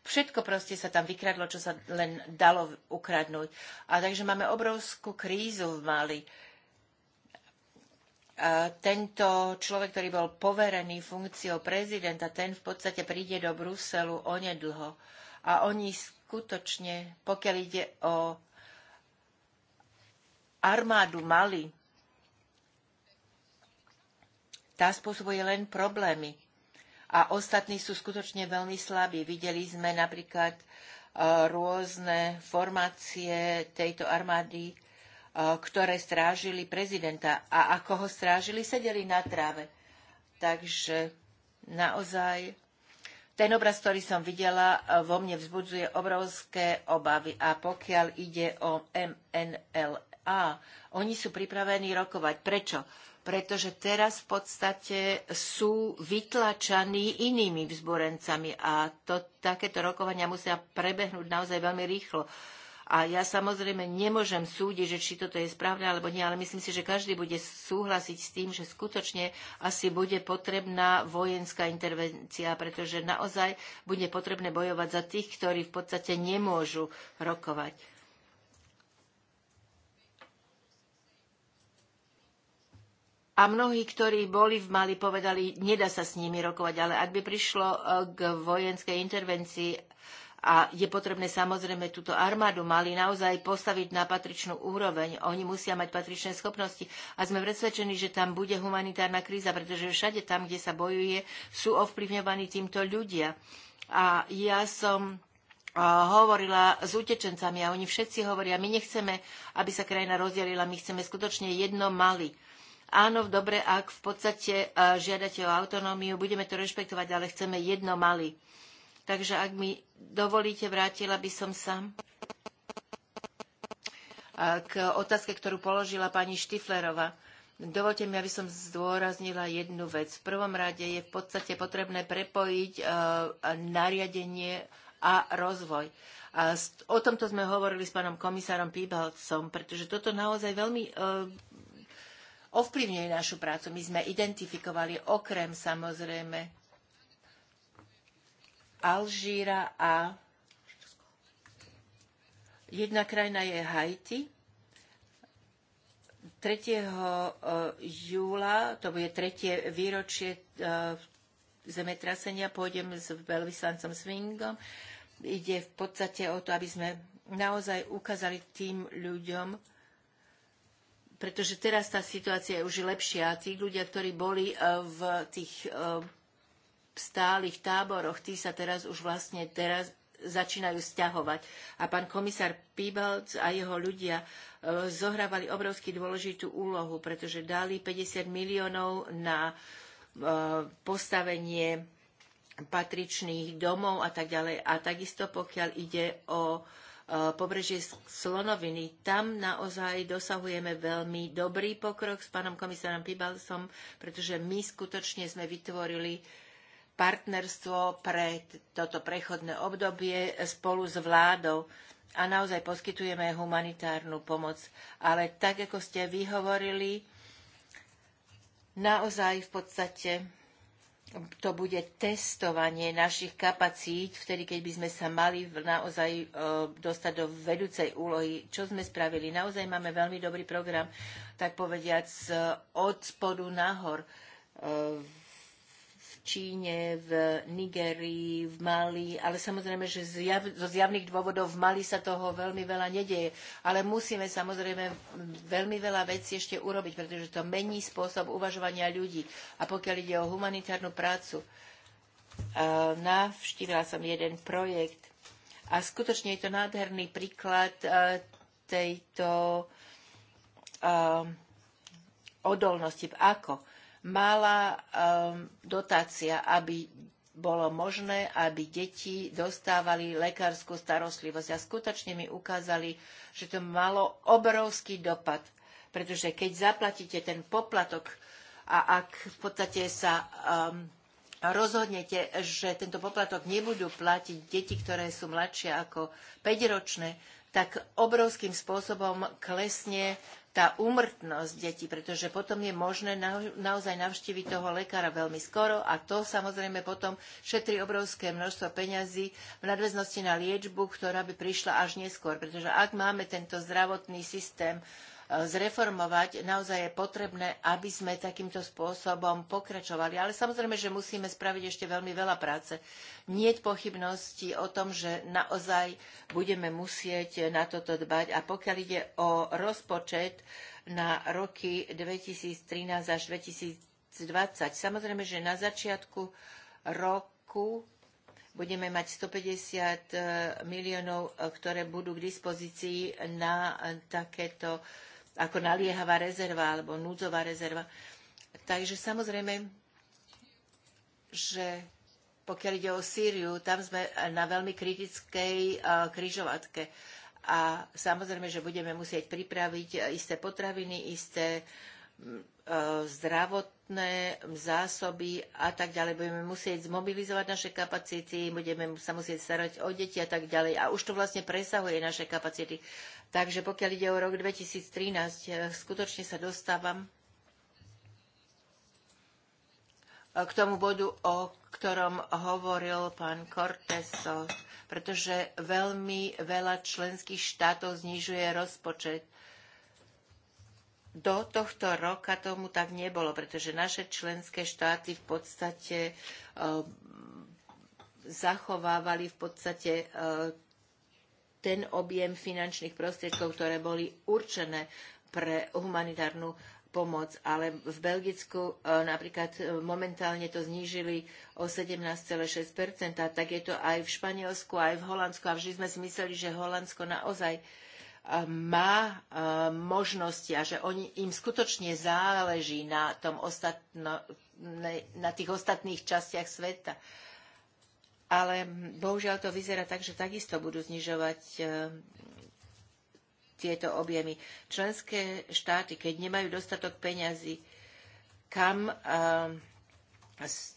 Všetko proste sa tam vykradlo, čo sa len dalo ukradnúť. A takže máme obrovskú krízu v Mali. A tento človek, ktorý bol poverený funkciou prezidenta, ten v podstate príde do Bruselu onedlho. A oni skutočne, pokiaľ ide o armádu Mali, tá spôsobuje len problémy a ostatní sú skutočne veľmi slabí. Videli sme napríklad e, rôzne formácie tejto armády, e, ktoré strážili prezidenta a ako ho strážili, sedeli na tráve. Takže naozaj ten obraz, ktorý som videla, e, vo mne vzbudzuje obrovské obavy. A pokiaľ ide o MNLA, oni sú pripravení rokovať. Prečo? pretože teraz v podstate sú vytlačaní inými vzborencami a to, takéto rokovania musia prebehnúť naozaj veľmi rýchlo. A ja samozrejme nemôžem súdiť, že či toto je správne alebo nie, ale myslím si, že každý bude súhlasiť s tým, že skutočne asi bude potrebná vojenská intervencia, pretože naozaj bude potrebné bojovať za tých, ktorí v podstate nemôžu rokovať. A mnohí, ktorí boli v Mali, povedali, nedá sa s nimi rokovať, ale ak by prišlo e, k vojenskej intervencii a je potrebné samozrejme túto armádu Mali naozaj postaviť na patričnú úroveň, oni musia mať patričné schopnosti a sme presvedčení, že tam bude humanitárna kríza, pretože všade tam, kde sa bojuje, sú ovplyvňovaní týmto ľudia. A ja som e, hovorila s utečencami a oni všetci hovoria, my nechceme, aby sa krajina rozdelila, my chceme skutočne jedno Mali Áno, dobre, ak v podstate e, žiadate o autonómiu, budeme to rešpektovať, ale chceme jedno mali. Takže ak mi dovolíte, vrátila by som sa e, k otázke, ktorú položila pani Štiflerová. Dovolte mi, aby som zdôraznila jednu vec. V prvom rade je v podstate potrebné prepojiť e, nariadenie a rozvoj. A o tomto sme hovorili s pánom komisárom Píbalcom, pretože toto naozaj veľmi ovplyvňuje našu prácu. My sme identifikovali okrem samozrejme Alžíra a jedna krajina je Haiti. 3. E, júla, to bude tretie výročie e, zemetrasenia, pôjdem s veľvyslancom Swingom. Ide v podstate o to, aby sme naozaj ukázali tým ľuďom, pretože teraz tá situácia je už lepšia. Tí ľudia, ktorí boli e, v tých e, stálych táboroch, tí sa teraz už vlastne teraz začínajú stiahovať. A pán komisár Píbalc a jeho ľudia e, zohrávali obrovsky dôležitú úlohu, pretože dali 50 miliónov na postavenie patričných domov a tak ďalej. A takisto pokiaľ ide o pobrežie Slonoviny. Tam naozaj dosahujeme veľmi dobrý pokrok s pánom komisárom Pibalsom, pretože my skutočne sme vytvorili partnerstvo pre toto prechodné obdobie spolu s vládou a naozaj poskytujeme humanitárnu pomoc. Ale tak, ako ste vyhovorili, naozaj v podstate to bude testovanie našich kapacít, vtedy, keď by sme sa mali naozaj e, dostať do vedúcej úlohy. Čo sme spravili? Naozaj máme veľmi dobrý program, tak povediac, e, od spodu nahor e, Číne, v Nigerii, v Mali, ale samozrejme, že zjav, zo zjavných dôvodov v Mali sa toho veľmi veľa nedeje. Ale musíme samozrejme veľmi veľa vecí ešte urobiť, pretože to mení spôsob uvažovania ľudí. A pokiaľ ide o humanitárnu prácu, e, navštívila som jeden projekt a skutočne je to nádherný príklad e, tejto e, odolnosti, ako malá um, dotácia, aby bolo možné, aby deti dostávali lekárskú starostlivosť. A skutočne mi ukázali, že to malo obrovský dopad, pretože keď zaplatíte ten poplatok a ak v podstate sa um, rozhodnete, že tento poplatok nebudú platiť deti, ktoré sú mladšie ako 5-ročné, tak obrovským spôsobom klesne tá úmrtnosť detí, pretože potom je možné naozaj navštíviť toho lekára veľmi skoro a to samozrejme potom šetrí obrovské množstvo peňazí v nadväznosti na liečbu, ktorá by prišla až neskôr, pretože ak máme tento zdravotný systém E, zreformovať, naozaj je potrebné, aby sme takýmto spôsobom pokračovali. Ale samozrejme, že musíme spraviť ešte veľmi veľa práce. Nie pochybnosti o tom, že naozaj budeme musieť na toto dbať. A pokiaľ ide o rozpočet na roky 2013 až 2020, samozrejme, že na začiatku roku budeme mať 150 e, miliónov, e, ktoré budú k dispozícii na takéto ako naliehavá rezerva alebo núdzová rezerva. Takže samozrejme, že pokiaľ ide o Sýriu, tam sme na veľmi kritickej eh, kryžovatke. A samozrejme, že budeme musieť pripraviť eh, isté potraviny, isté uh, E, zdravotné zásoby a tak ďalej. Budeme musieť zmobilizovať naše kapacity, budeme sa musieť starať o deti a tak ďalej. A už to vlastne presahuje naše kapacity. Takže pokiaľ ide o rok 2013, e, skutočne sa dostávam e, k tomu bodu, o ktorom hovoril pán Corteso, pretože veľmi veľa členských štátov znižuje rozpočet do tohto roka tomu tak nebolo, pretože naše členské štáty v podstate e, zachovávali v podstate e, ten objem finančných prostriedkov, ktoré boli určené pre humanitárnu pomoc, ale v Belgicku e, napríklad momentálne to znížili o 17,6%, tak je to aj v Španielsku, aj v Holandsku a vždy sme si mysleli, že Holandsko naozaj má e, možnosti a že oni, im skutočne záleží na, tom ostatno, na tých ostatných častiach sveta. Ale bohužiaľ to vyzerá tak, že takisto budú znižovať e, tieto objemy. Členské štáty, keď nemajú dostatok peňazí, kam e,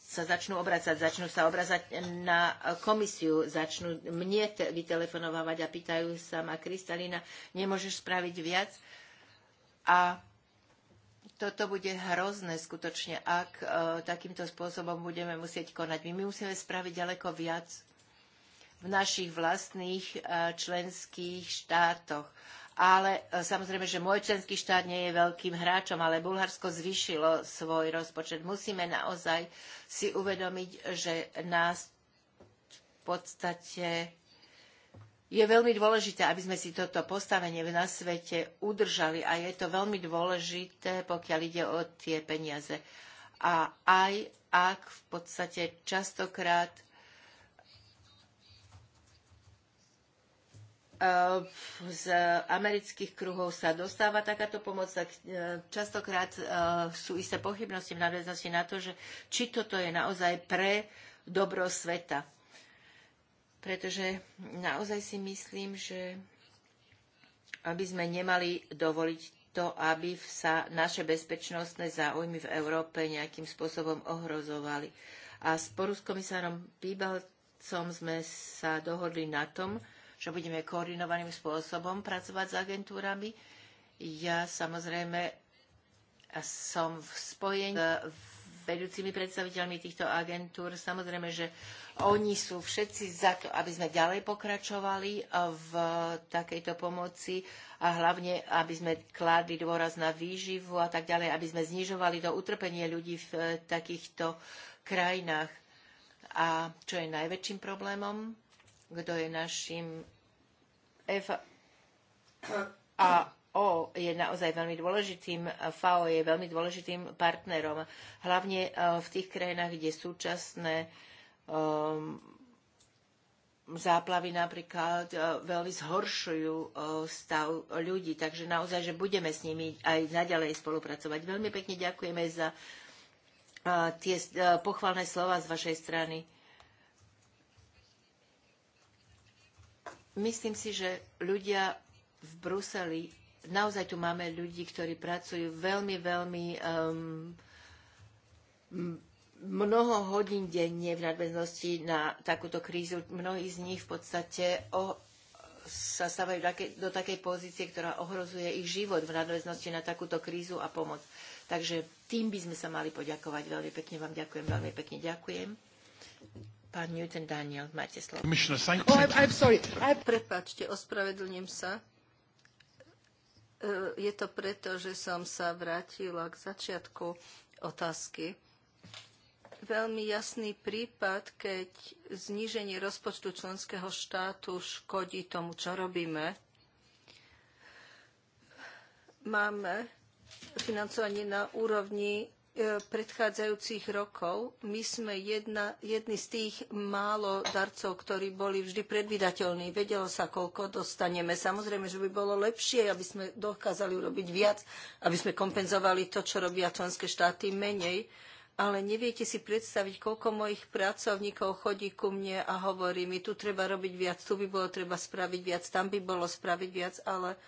sa začnú obracať, začnú sa obracať na komisiu, začnú mne vytelefonovávať a pýtajú sa ma, Kristalina, nemôžeš spraviť viac? A toto bude hrozné skutočne, ak uh, takýmto spôsobom budeme musieť konať. My, my musíme spraviť ďaleko viac v našich vlastných uh, členských štátoch ale e, samozrejme, že môj členský štát nie je veľkým hráčom, ale Bulharsko zvýšilo svoj rozpočet. Musíme naozaj si uvedomiť, že nás v podstate je veľmi dôležité, aby sme si toto postavenie na svete udržali a je to veľmi dôležité, pokiaľ ide o tie peniaze. A aj ak v podstate častokrát Eh, z amerických kruhov sa dostáva takáto pomoc, tak eh, častokrát eh, sú isté pochybnosti v nadväznosti na to, že či toto je naozaj pre dobro sveta. Pretože naozaj si myslím, že aby sme nemali dovoliť to, aby sa naše bezpečnostné záujmy v Európe nejakým spôsobom ohrozovali. A spolu s komisárom Píbalcom sme sa dohodli na tom, že budeme koordinovaným spôsobom pracovať s agentúrami. Ja samozrejme som v spojení s vedúcimi predstaviteľmi týchto agentúr. Samozrejme, že oni sú všetci za to, aby sme ďalej pokračovali v takejto pomoci a hlavne, aby sme kládli dôraz na výživu a tak ďalej, aby sme znižovali to utrpenie ľudí v takýchto krajinách. A čo je najväčším problémom? kto je našim a O je naozaj veľmi dôležitým, FAO je veľmi dôležitým partnerom, hlavne e, v tých krajinách, kde súčasné um, záplavy napríklad e, veľmi zhoršujú e, stav ľudí. Takže naozaj, že budeme s nimi aj naďalej spolupracovať. Veľmi pekne ďakujeme za tie pochvalné slova z vašej strany. Myslím si, že ľudia v Bruseli, naozaj tu máme ľudí, ktorí pracujú veľmi, veľmi um, mnoho hodín denne v nadväznosti na takúto krízu. Mnohí z nich v podstate o, sa stávajú do takej pozície, ktorá ohrozuje ich život v nadväznosti na takúto krízu a pomoc. Takže tým by sme sa mali poďakovať. Veľmi pekne vám ďakujem, veľmi pekne ďakujem. Pán Newton Daniel, máte slovo. Oh, I'm, I'm sorry. I... Prepačte, ospravedlním sa. E, je to preto, že som sa vrátila k začiatku otázky. Veľmi jasný prípad, keď zníženie rozpočtu členského štátu škodí tomu, čo robíme. Máme financovanie na úrovni E, predchádzajúcich rokov. My sme jedna, jedni z tých málo darcov, ktorí boli vždy predvydateľní. Vedelo sa, koľko dostaneme. Samozrejme, že by bolo lepšie, aby sme dokázali urobiť viac, aby sme kompenzovali to, čo robia členské štáty menej. Ale neviete si predstaviť, koľko mojich pracovníkov chodí ku mne a hovorí mi, tu treba robiť viac, tu by bolo treba spraviť viac, tam by bolo spraviť viac, ale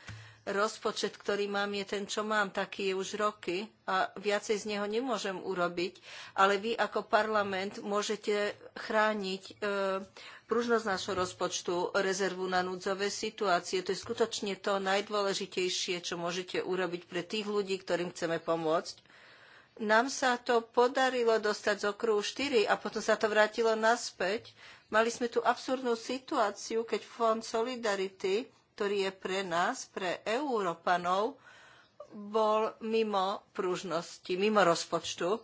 rozpočet, ktorý mám, je ten, čo mám, taký je už roky a viacej z neho nemôžem urobiť, ale vy ako parlament môžete chrániť e, pružnosť nášho rozpočtu, rezervu na núdzové situácie. To je skutočne to najdôležitejšie, čo môžete urobiť pre tých ľudí, ktorým chceme pomôcť. Nám sa to podarilo dostať z okruhu 4 a potom sa to vrátilo naspäť. Mali sme tu absurdnú situáciu, keď Fond Solidarity ktorý je pre nás, pre Európanov, bol mimo pružnosti, mimo rozpočtu,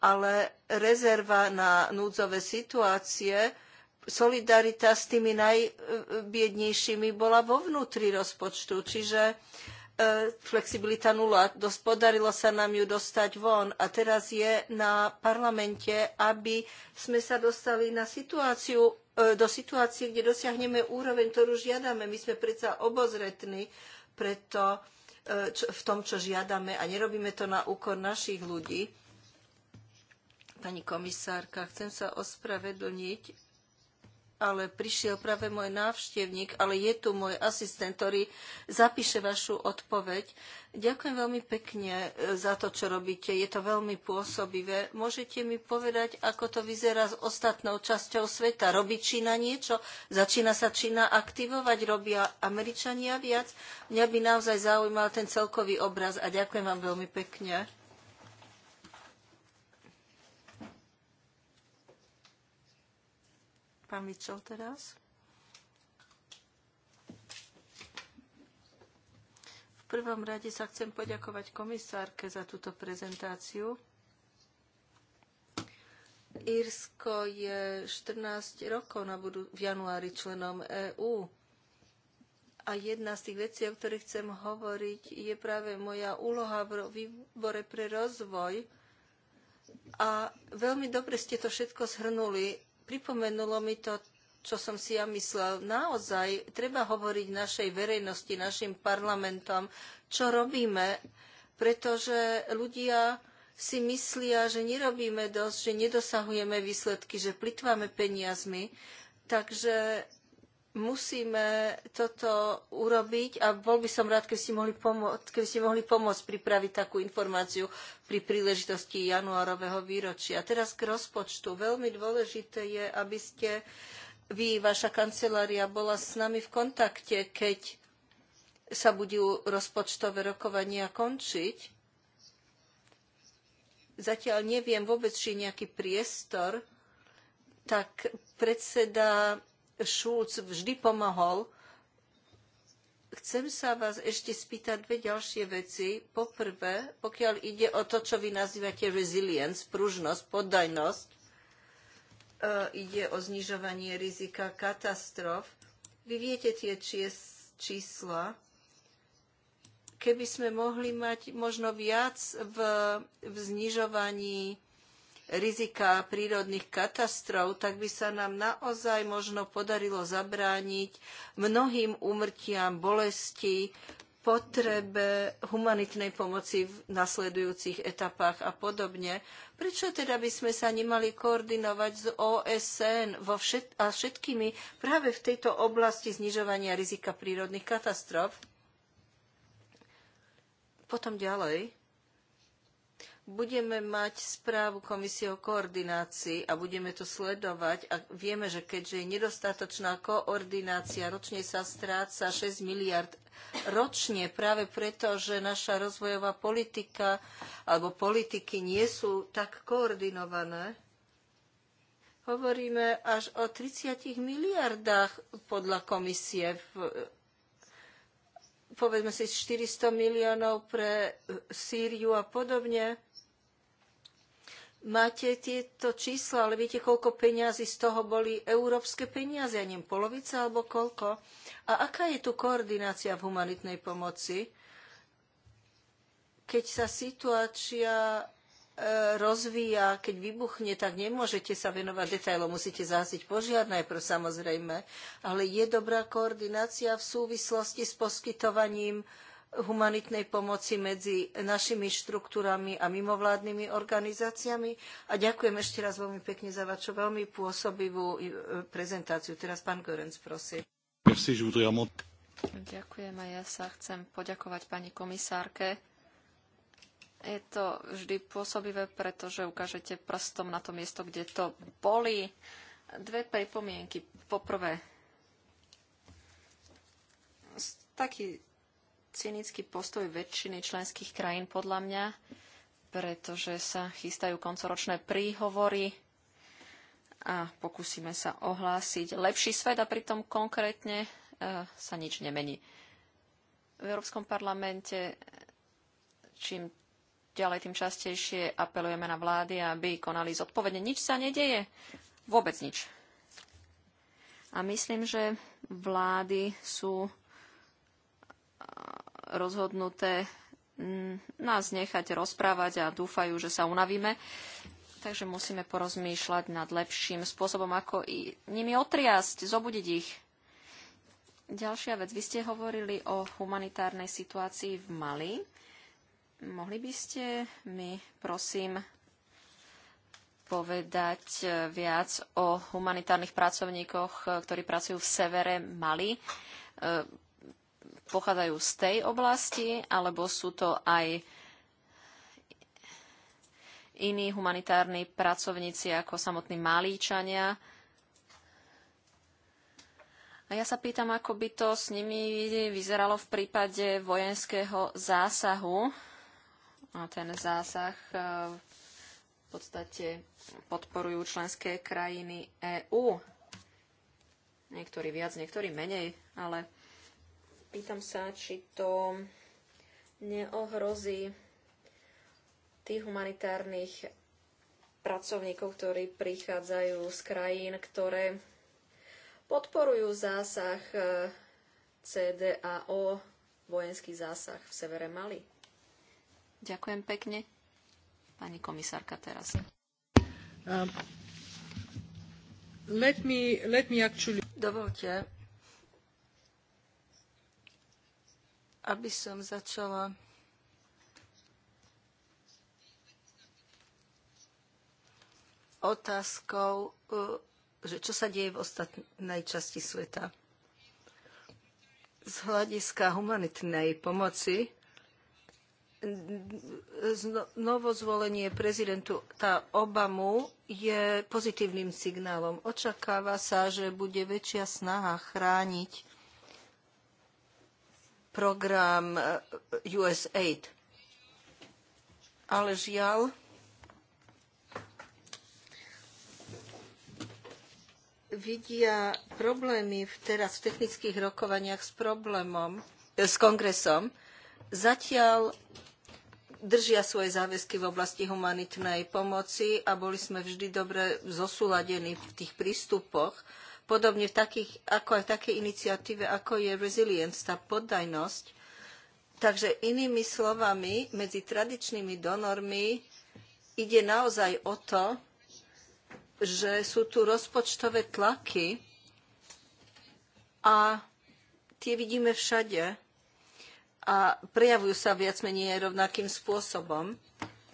ale rezerva na núdzové situácie, solidarita s tými najbiednejšími bola vo vnútri rozpočtu, čiže e, flexibilita nula. Podarilo sa nám ju dostať von a teraz je na parlamente, aby sme sa dostali na situáciu E, do situácie, kde dosiahneme úroveň, ktorú žiadame. My sme predsa obozretní, preto e, v tom, čo žiadame a nerobíme to na úkor našich ľudí. Pani komisárka, chcem sa ospravedlniť ale prišiel práve môj návštevník, ale je tu môj asistent, ktorý zapíše vašu odpoveď. Ďakujem veľmi pekne e, za to, čo robíte. Je to veľmi pôsobivé. Môžete mi povedať, ako to vyzerá s ostatnou časťou sveta? Robí Čína niečo? Začína sa Čína aktivovať? Robia Američania viac? Mňa by naozaj zaujímal ten celkový obraz a ďakujem vám veľmi pekne. Pán Mitchell teraz. V prvom rade sa chcem poďakovať komisárke za túto prezentáciu. Írsko je 14 rokov na budu- v januári členom EÚ. A jedna z tých vecí, o ktorých chcem hovoriť, je práve moja úloha v výbore pre rozvoj. A veľmi dobre ste to všetko zhrnuli pripomenulo mi to, čo som si ja myslel. Naozaj treba hovoriť našej verejnosti, našim parlamentom, čo robíme, pretože ľudia si myslia, že nerobíme dosť, že nedosahujeme výsledky, že plitváme peniazmi. Takže musíme toto urobiť a bol by som rád, keby ste mohli, pomôcť, keby ste mohli pomôcť pripraviť takú informáciu pri príležitosti januárového výročia. Teraz k rozpočtu. Veľmi dôležité je, aby ste vy, vaša kancelária, bola s nami v kontakte, keď sa budú rozpočtové rokovania končiť. Zatiaľ neviem vôbec, či je nejaký priestor, tak predseda Šulc vždy pomohol. Chcem sa vás ešte spýtať dve ďalšie veci. Poprvé, pokiaľ ide o to, čo vy nazývate resilience, pružnosť, poddajnosť, e, ide o znižovanie rizika katastrof. Vy viete tie čísla. Keby sme mohli mať možno viac v, v znižovaní rizika prírodných katastrof, tak by sa nám naozaj možno podarilo zabrániť mnohým úmrtiam, bolesti, potrebe humanitnej pomoci v nasledujúcich etapách a podobne. Prečo teda by sme sa nemali koordinovať s OSN vo všet- a všetkými práve v tejto oblasti znižovania rizika prírodných katastrof? Potom ďalej budeme mať správu komisie o koordinácii a budeme to sledovať a vieme, že keďže je nedostatočná koordinácia, ročne sa stráca 6 miliard ročne práve preto, že naša rozvojová politika alebo politiky nie sú tak koordinované. Hovoríme až o 30 miliardách podľa komisie v povedzme si 400 miliónov pre Sýriu a podobne. Máte tieto čísla, ale viete, koľko peňazí z toho boli európske peniaze, ja neviem, polovica alebo koľko? A aká je tu koordinácia v humanitnej pomoci, keď sa situácia e, rozvíja, keď vybuchne, tak nemôžete sa venovať detailom, musíte zásiť požiar najprv samozrejme, ale je dobrá koordinácia v súvislosti s poskytovaním uh, humanitnej pomoci medzi našimi štruktúrami a mimovládnymi organizáciami. A ďakujem ešte raz veľmi pekne za vašu veľmi pôsobivú e, prezentáciu. Teraz pán Gorenc, prosím. Ďakujem a ja sa chcem poďakovať pani komisárke. Je to vždy pôsobivé, pretože ukážete prstom na to miesto, kde to boli. Dve pripomienky. Poprvé, taký cynický postoj väčšiny členských krajín podľa mňa, pretože sa chystajú koncoročné príhovory a pokúsime sa ohlásiť lepší svet a pritom konkrétne e, sa nič nemení. V Európskom parlamente čím ďalej, tým častejšie apelujeme na vlády, aby konali zodpovedne. Nič sa nedeje. Vôbec nič. A myslím, že vlády sú rozhodnuté mm, nás nechať rozprávať a dúfajú, že sa unavíme. Takže musíme porozmýšľať nad lepším spôsobom, ako i nimi otriasť, zobudiť ich. Ďalšia vec. Vy ste hovorili o humanitárnej situácii v Mali. Mohli by ste mi, prosím, povedať eh, viac o humanitárnych pracovníkoch, eh, ktorí pracujú v severe Mali? Eh, pochádzajú z tej oblasti, alebo sú to aj iní humanitárni pracovníci ako samotní malíčania. A ja sa pýtam, ako by to s nimi vyzeralo v prípade vojenského zásahu. A ten zásah e, v podstate podporujú členské krajiny EÚ. Niektorí viac, niektorí menej, ale pýtam sa, či to neohrozí tých humanitárnych pracovníkov, ktorí prichádzajú z krajín, ktoré podporujú zásah eh, CDAO, vojenský zásah v severe Mali. Ďakujem pekne. Pani komisárka teraz. Um, let me, let me actually... Dovolte, aby som začala otázkou, eh, že čo sa deje v ostatnej časti sveta. Z hľadiska humanitnej pomoci novozvolenie tá Obamu je pozitívnym signálom. Očakáva sa, že bude väčšia snaha chrániť program eh, USAID. Ale žiaľ, vidia problémy v teraz v technických rokovaniach s problémom, eh, s kongresom. Zatiaľ držia svoje záväzky v oblasti humanitnej pomoci a boli sme vždy dobre zosúladení v tých prístupoch podobne v takých, ako aj v takej iniciatíve, ako je resilience, tá poddajnosť. Takže inými slovami, medzi tradičnými donormi ide naozaj o to, že sú tu rozpočtové tlaky a tie vidíme všade a prejavujú sa viac menej rovnakým spôsobom.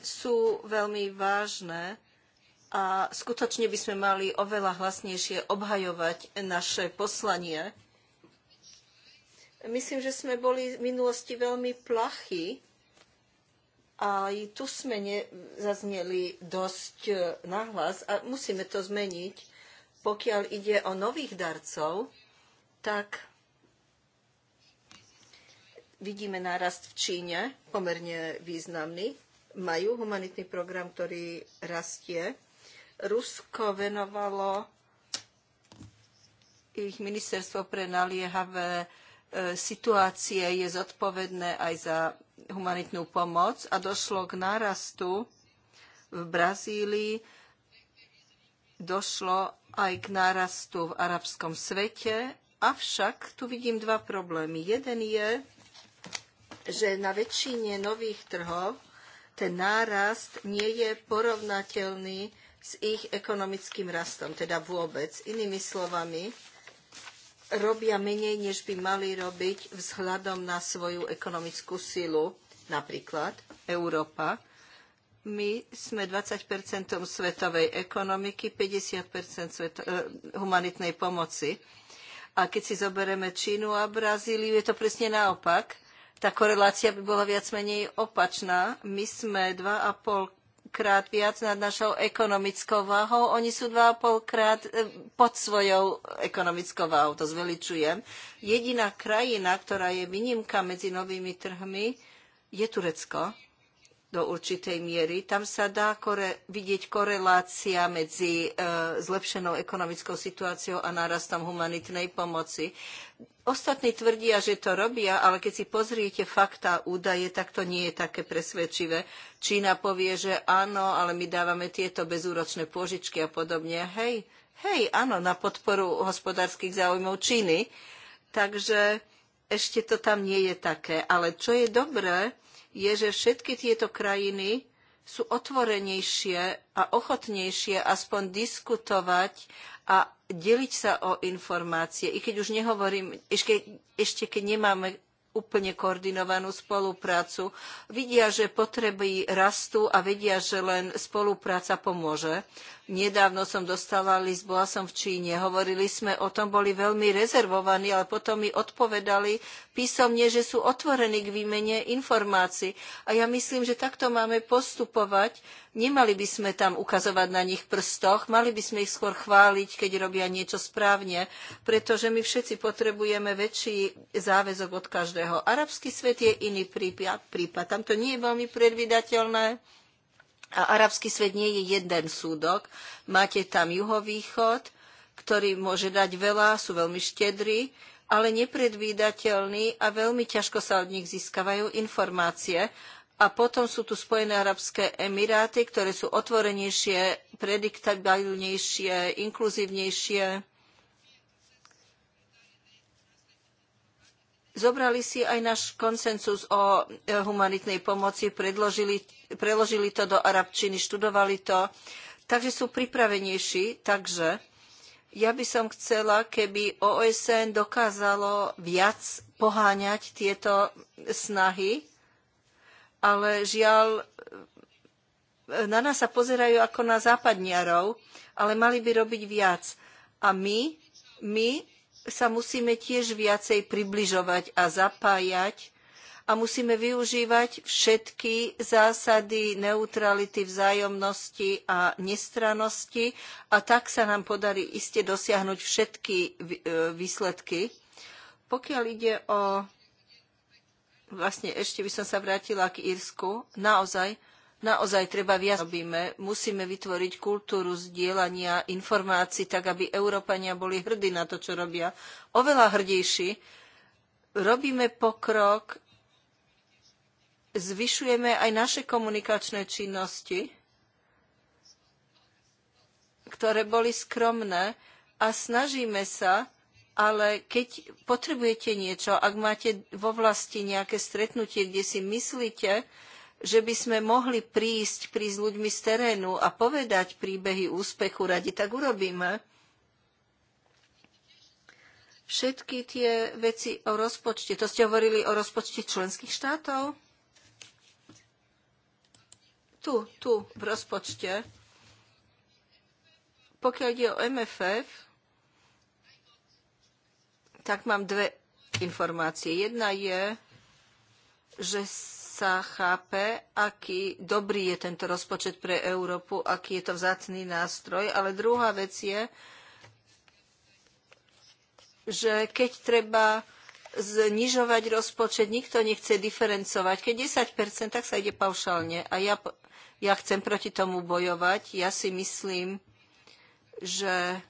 Sú veľmi vážne a skutočne by sme mali oveľa hlasnejšie obhajovať naše poslanie. Myslím, že sme boli v minulosti veľmi plachí a aj tu sme zazneli dosť e, nahlas a musíme to zmeniť. Pokiaľ ide o nových darcov, tak vidíme nárast v Číne, pomerne významný. Majú humanitný program, ktorý rastie Rusko venovalo ich ministerstvo pre naliehavé e, situácie je zodpovedné aj za humanitnú pomoc a došlo k nárastu v Brazílii, došlo aj k nárastu v arabskom svete, avšak tu vidím dva problémy. Jeden je, že na väčšine nových trhov ten nárast nie je porovnateľný s ich ekonomickým rastom, teda vôbec. Inými slovami, robia menej, než by mali robiť vzhľadom na svoju ekonomickú silu. Napríklad Európa. My sme 20 svetovej ekonomiky, 50 sveto- eh, humanitnej pomoci. A keď si zoberieme Čínu a Brazíliu, je to presne naopak. Tá korelácia by bola viac menej opačná. My sme krát viac nad našou ekonomickou váhou, oni sú 2,5 krát e, pod svojou ekonomickou váhou, to zveličujem. Jediná krajina, ktorá je výnimka medzi novými trhmi, je Turecko do určitej miery. Tam sa dá kore- vidieť korelácia medzi e, zlepšenou ekonomickou situáciou a nárastom humanitnej pomoci. Ostatní tvrdia, že to robia, ale keď si pozriete fakta a údaje, tak to nie je také presvedčivé. Čína povie, že áno, ale my dávame tieto bezúročné pôžičky a podobne. Hej, hej, áno, na podporu hospodárskych záujmov Číny. Takže ešte to tam nie je také. Ale čo je dobré, je, že všetky tieto krajiny sú otvorenejšie a ochotnejšie aspoň diskutovať a deliť sa o informácie. I keď už nehovorím, ešte, ešte keď nemáme úplne koordinovanú spoluprácu. Vidia, že potreby rastú a vedia, že len spolupráca pomôže. Nedávno som dostala list, bola som v Číne, hovorili sme o tom, boli veľmi rezervovaní, ale potom mi odpovedali písomne, že sú otvorení k výmene informácií. A ja myslím, že takto máme postupovať. Nemali by sme tam ukazovať na nich prstoch, mali by sme ich skôr chváliť, keď robia niečo správne, pretože my všetci potrebujeme väčší záväzok od každého. Arabský svet je iný prípad, tam to nie je veľmi predvydateľné a arabský svet nie je jeden súdok. Máte tam juhovýchod, ktorý môže dať veľa, sú veľmi štedrí, ale nepredvídateľní a veľmi ťažko sa od nich získavajú informácie. A potom sú tu Spojené arabské emiráty, ktoré sú otvorenejšie, prediktabilnejšie, inkluzívnejšie Zobrali si aj náš konsensus o e, humanitnej pomoci, predložili, preložili to do arabčiny, študovali to, takže sú pripravenejší. Takže ja by som chcela, keby OSN dokázalo viac poháňať tieto snahy, ale žiaľ, e, na nás sa pozerajú ako na západniarov, ale mali by robiť viac. A my, my sa musíme tiež viacej približovať a zapájať a musíme využívať všetky zásady neutrality, vzájomnosti a nestrannosti a tak sa nám podarí iste dosiahnuť všetky e, výsledky. Pokiaľ ide o... Vlastne ešte by som sa vrátila k Írsku. Naozaj, Naozaj treba viac robíme. Musíme vytvoriť kultúru zdieľania informácií, tak aby Európania boli hrdí na to, čo robia. Oveľa hrdejší. Robíme pokrok, zvyšujeme aj naše komunikačné činnosti, ktoré boli skromné a snažíme sa ale keď potrebujete niečo, ak máte vo vlasti nejaké stretnutie, kde si myslíte, že by sme mohli prísť, prísť ľuďmi z terénu a povedať príbehy úspechu, radi tak urobíme. Všetky tie veci o rozpočte, to ste hovorili o rozpočte členských štátov? Tu, tu, v rozpočte. Pokiaľ ide o MFF, tak mám dve informácie. Jedna je, že sa chápe, aký dobrý je tento rozpočet pre Európu, aký je to vzácný nástroj. Ale druhá vec je, že keď treba znižovať rozpočet, nikto nechce diferencovať. Keď 10%, tak sa ide paušálne. A ja, ja chcem proti tomu bojovať. Ja si myslím, že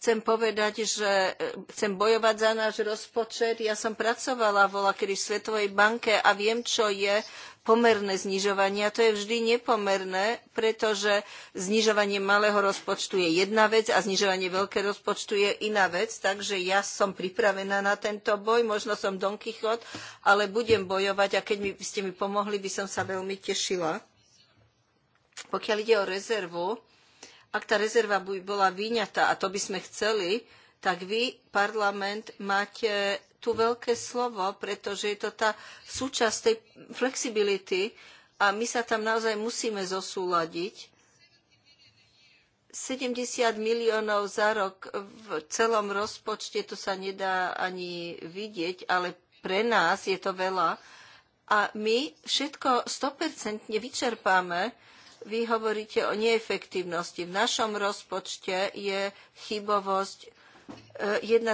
Chcem povedať, že e, chcem bojovať za náš rozpočet. Ja som pracovala vola kedy v Svetovej banke a viem, čo je pomerné znižovanie. A to je vždy nepomerné, pretože znižovanie malého rozpočtu je jedna vec a znižovanie veľkého rozpočtu je iná vec. Takže ja som pripravená na tento boj. Možno som Don Quixote, ale budem bojovať a keď by ste mi pomohli, by som sa veľmi tešila. Pokiaľ ide o rezervu, ak tá rezerva by bola vyňatá, a to by sme chceli, tak vy, parlament, máte tu veľké slovo, pretože je to tá súčasť tej flexibility a my sa tam naozaj musíme zosúľadiť. 70 miliónov za rok v celom rozpočte, to sa nedá ani vidieť, ale pre nás je to veľa. A my všetko 100% vyčerpáme, vy hovoríte o neefektívnosti. V našom rozpočte je chybovosť 1,1%.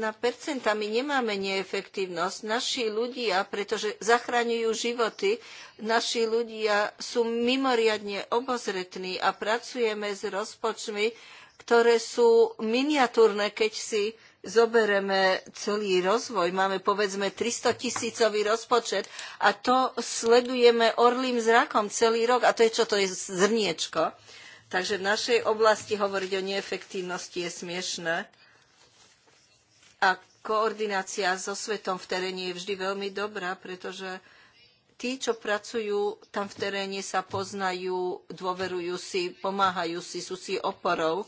Eh, My nemáme neefektívnosť. Naši ľudia, pretože zachraňujú životy, naši ľudia sú mimoriadne obozretní a pracujeme s rozpočmi, ktoré sú miniatúrne, keď si zobereme celý rozvoj, máme povedzme 300 tisícový rozpočet a to sledujeme orlým zrakom celý rok a to je čo, to je zrniečko. Takže v našej oblasti hovoriť o neefektívnosti je smiešné. A koordinácia so svetom v teréne je vždy veľmi dobrá, pretože tí, čo pracujú tam v teréne, sa poznajú, dôverujú si, pomáhajú si, sú si oporou.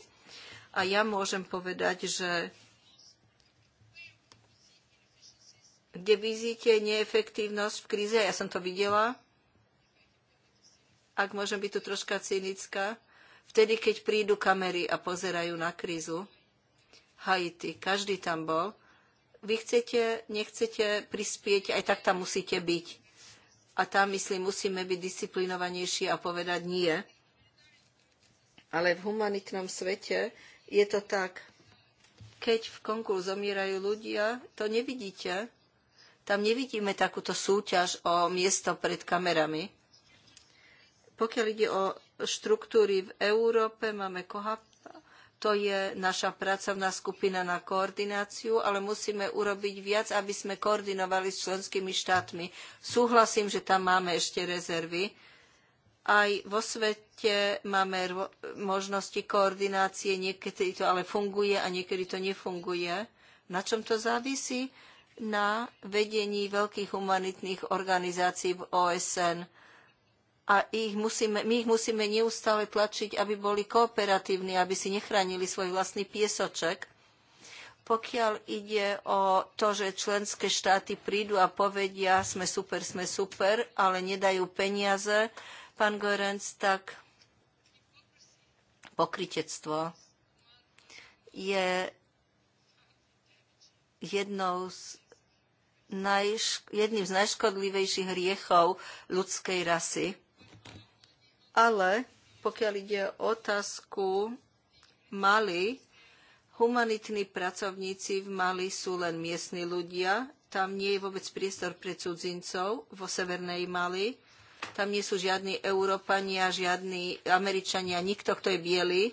A ja môžem povedať, že kde vidíte neefektívnosť v kríze, ja som to videla, ak môžem byť tu troška cynická, vtedy, keď prídu kamery a pozerajú na krízu, Haiti, každý tam bol, vy chcete, nechcete prispieť, aj tak tam musíte byť. A tam, myslím, musíme byť disciplinovanejší a povedať nie. Ale v humanitnom svete je to tak. Keď v konku zomierajú ľudia, to nevidíte, tam nevidíme takúto súťaž o miesto pred kamerami. Pokiaľ ide o štruktúry v Európe, máme COHAP, to je naša pracovná skupina na koordináciu, ale musíme urobiť viac, aby sme koordinovali s členskými štátmi. Súhlasím, že tam máme ešte rezervy. Aj vo svete máme možnosti koordinácie, niekedy to ale funguje a niekedy to nefunguje. Na čom to závisí? na vedení veľkých humanitných organizácií v OSN. A ich musíme, my ich musíme neustále tlačiť, aby boli kooperatívni, aby si nechránili svoj vlastný piesoček. Pokiaľ ide o to, že členské štáty prídu a povedia, sme super, sme super, ale nedajú peniaze, pán Gorenc, tak pokritectvo je jednou z jedným z najškodlivejších hriechov ľudskej rasy. Ale pokiaľ ide o otázku Mali, humanitní pracovníci v Mali sú len miestni ľudia, tam nie je vôbec priestor pre cudzincov vo severnej Mali. Tam nie sú žiadni Európania, žiadni Američania, nikto, kto je biely,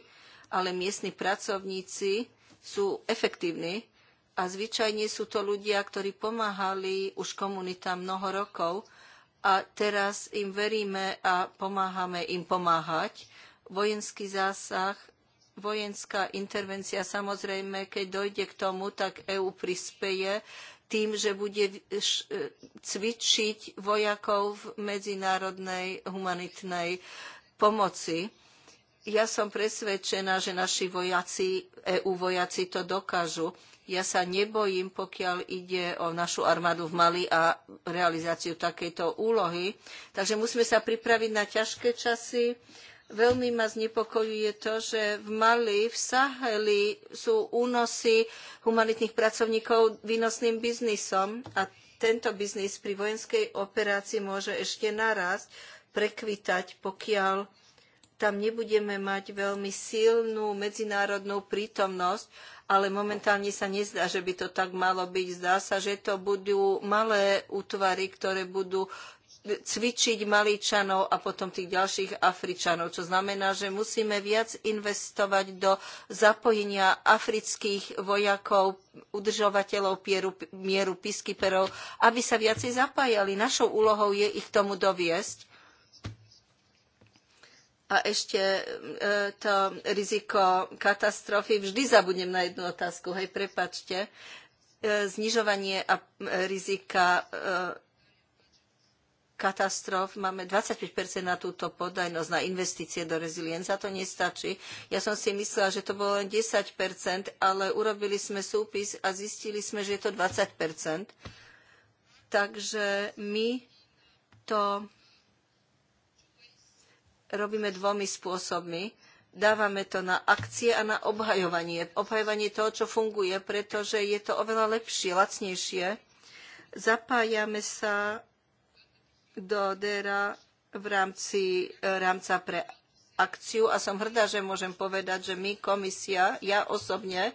ale miestni pracovníci sú efektívni a zvyčajne sú to ľudia, ktorí pomáhali už komunitám mnoho rokov a teraz im veríme a pomáhame im pomáhať. Vojenský zásah, vojenská intervencia, samozrejme, keď dojde k tomu, tak EÚ prispeje tým, že bude e, cvičiť vojakov v medzinárodnej humanitnej pomoci. Ja som presvedčená, že naši vojaci, EU vojaci to dokážu. Ja sa nebojím, pokiaľ ide o našu armádu v Mali a realizáciu takejto úlohy. Takže musíme sa pripraviť na ťažké časy. Veľmi ma znepokojuje to, že v Mali, v Saheli sú únosy humanitných pracovníkov výnosným biznisom a tento biznis pri vojenskej operácii môže ešte narásť, prekvitať, pokiaľ tam nebudeme mať veľmi silnú medzinárodnú prítomnosť, ale momentálne sa nezdá, že by to tak malo byť. Zdá sa, že to budú malé útvary, ktoré budú cvičiť Maličanov a potom tých ďalších Afričanov, čo znamená, že musíme viac investovať do zapojenia afrických vojakov, udržovateľov pieru, mieru piskyperov, aby sa viacej zapájali. Našou úlohou je ich tomu doviesť a ešte e, to riziko katastrofy. Vždy zabudnem na jednu otázku, hej, prepačte. E, znižovanie a e, rizika katastrof máme 25% na túto podajnosť, na investície do rezilienza To nestačí. Ja som si myslela, že to bolo len 10%, ale urobili sme súpis a zistili sme, že je to 20%. Takže my to robíme dvomi spôsobmi. Dávame to na akcie a na obhajovanie. Obhajovanie toho, čo funguje, pretože je to oveľa lepšie, lacnejšie. Zapájame sa do DERA v rámci eh, rámca pre akciu a som hrdá, že môžem povedať, že my, komisia, ja osobne,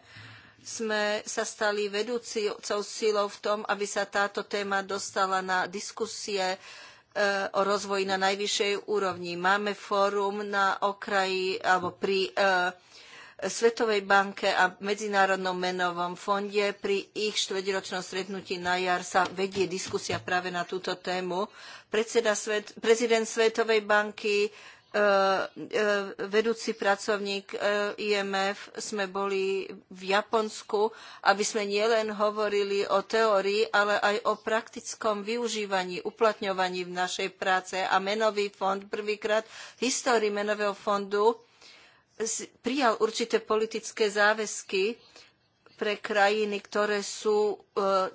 sme sa stali vedúcou silou v tom, aby sa táto téma dostala na diskusie o rozvoji na najvyššej úrovni. Máme fórum na okraji alebo pri e, Svetovej banke a Medzinárodnom menovom fonde. Pri ich štvedročnom stretnutí na jar sa vedie diskusia práve na túto tému. Svet, prezident Svetovej banky, E, e, vedúci pracovník e, IMF sme boli v Japonsku, aby sme nielen hovorili o teórii, ale aj o praktickom využívaní, uplatňovaní v našej práce. A menový fond prvýkrát v histórii menového fondu prijal určité politické záväzky, pre krajiny, ktoré sú e,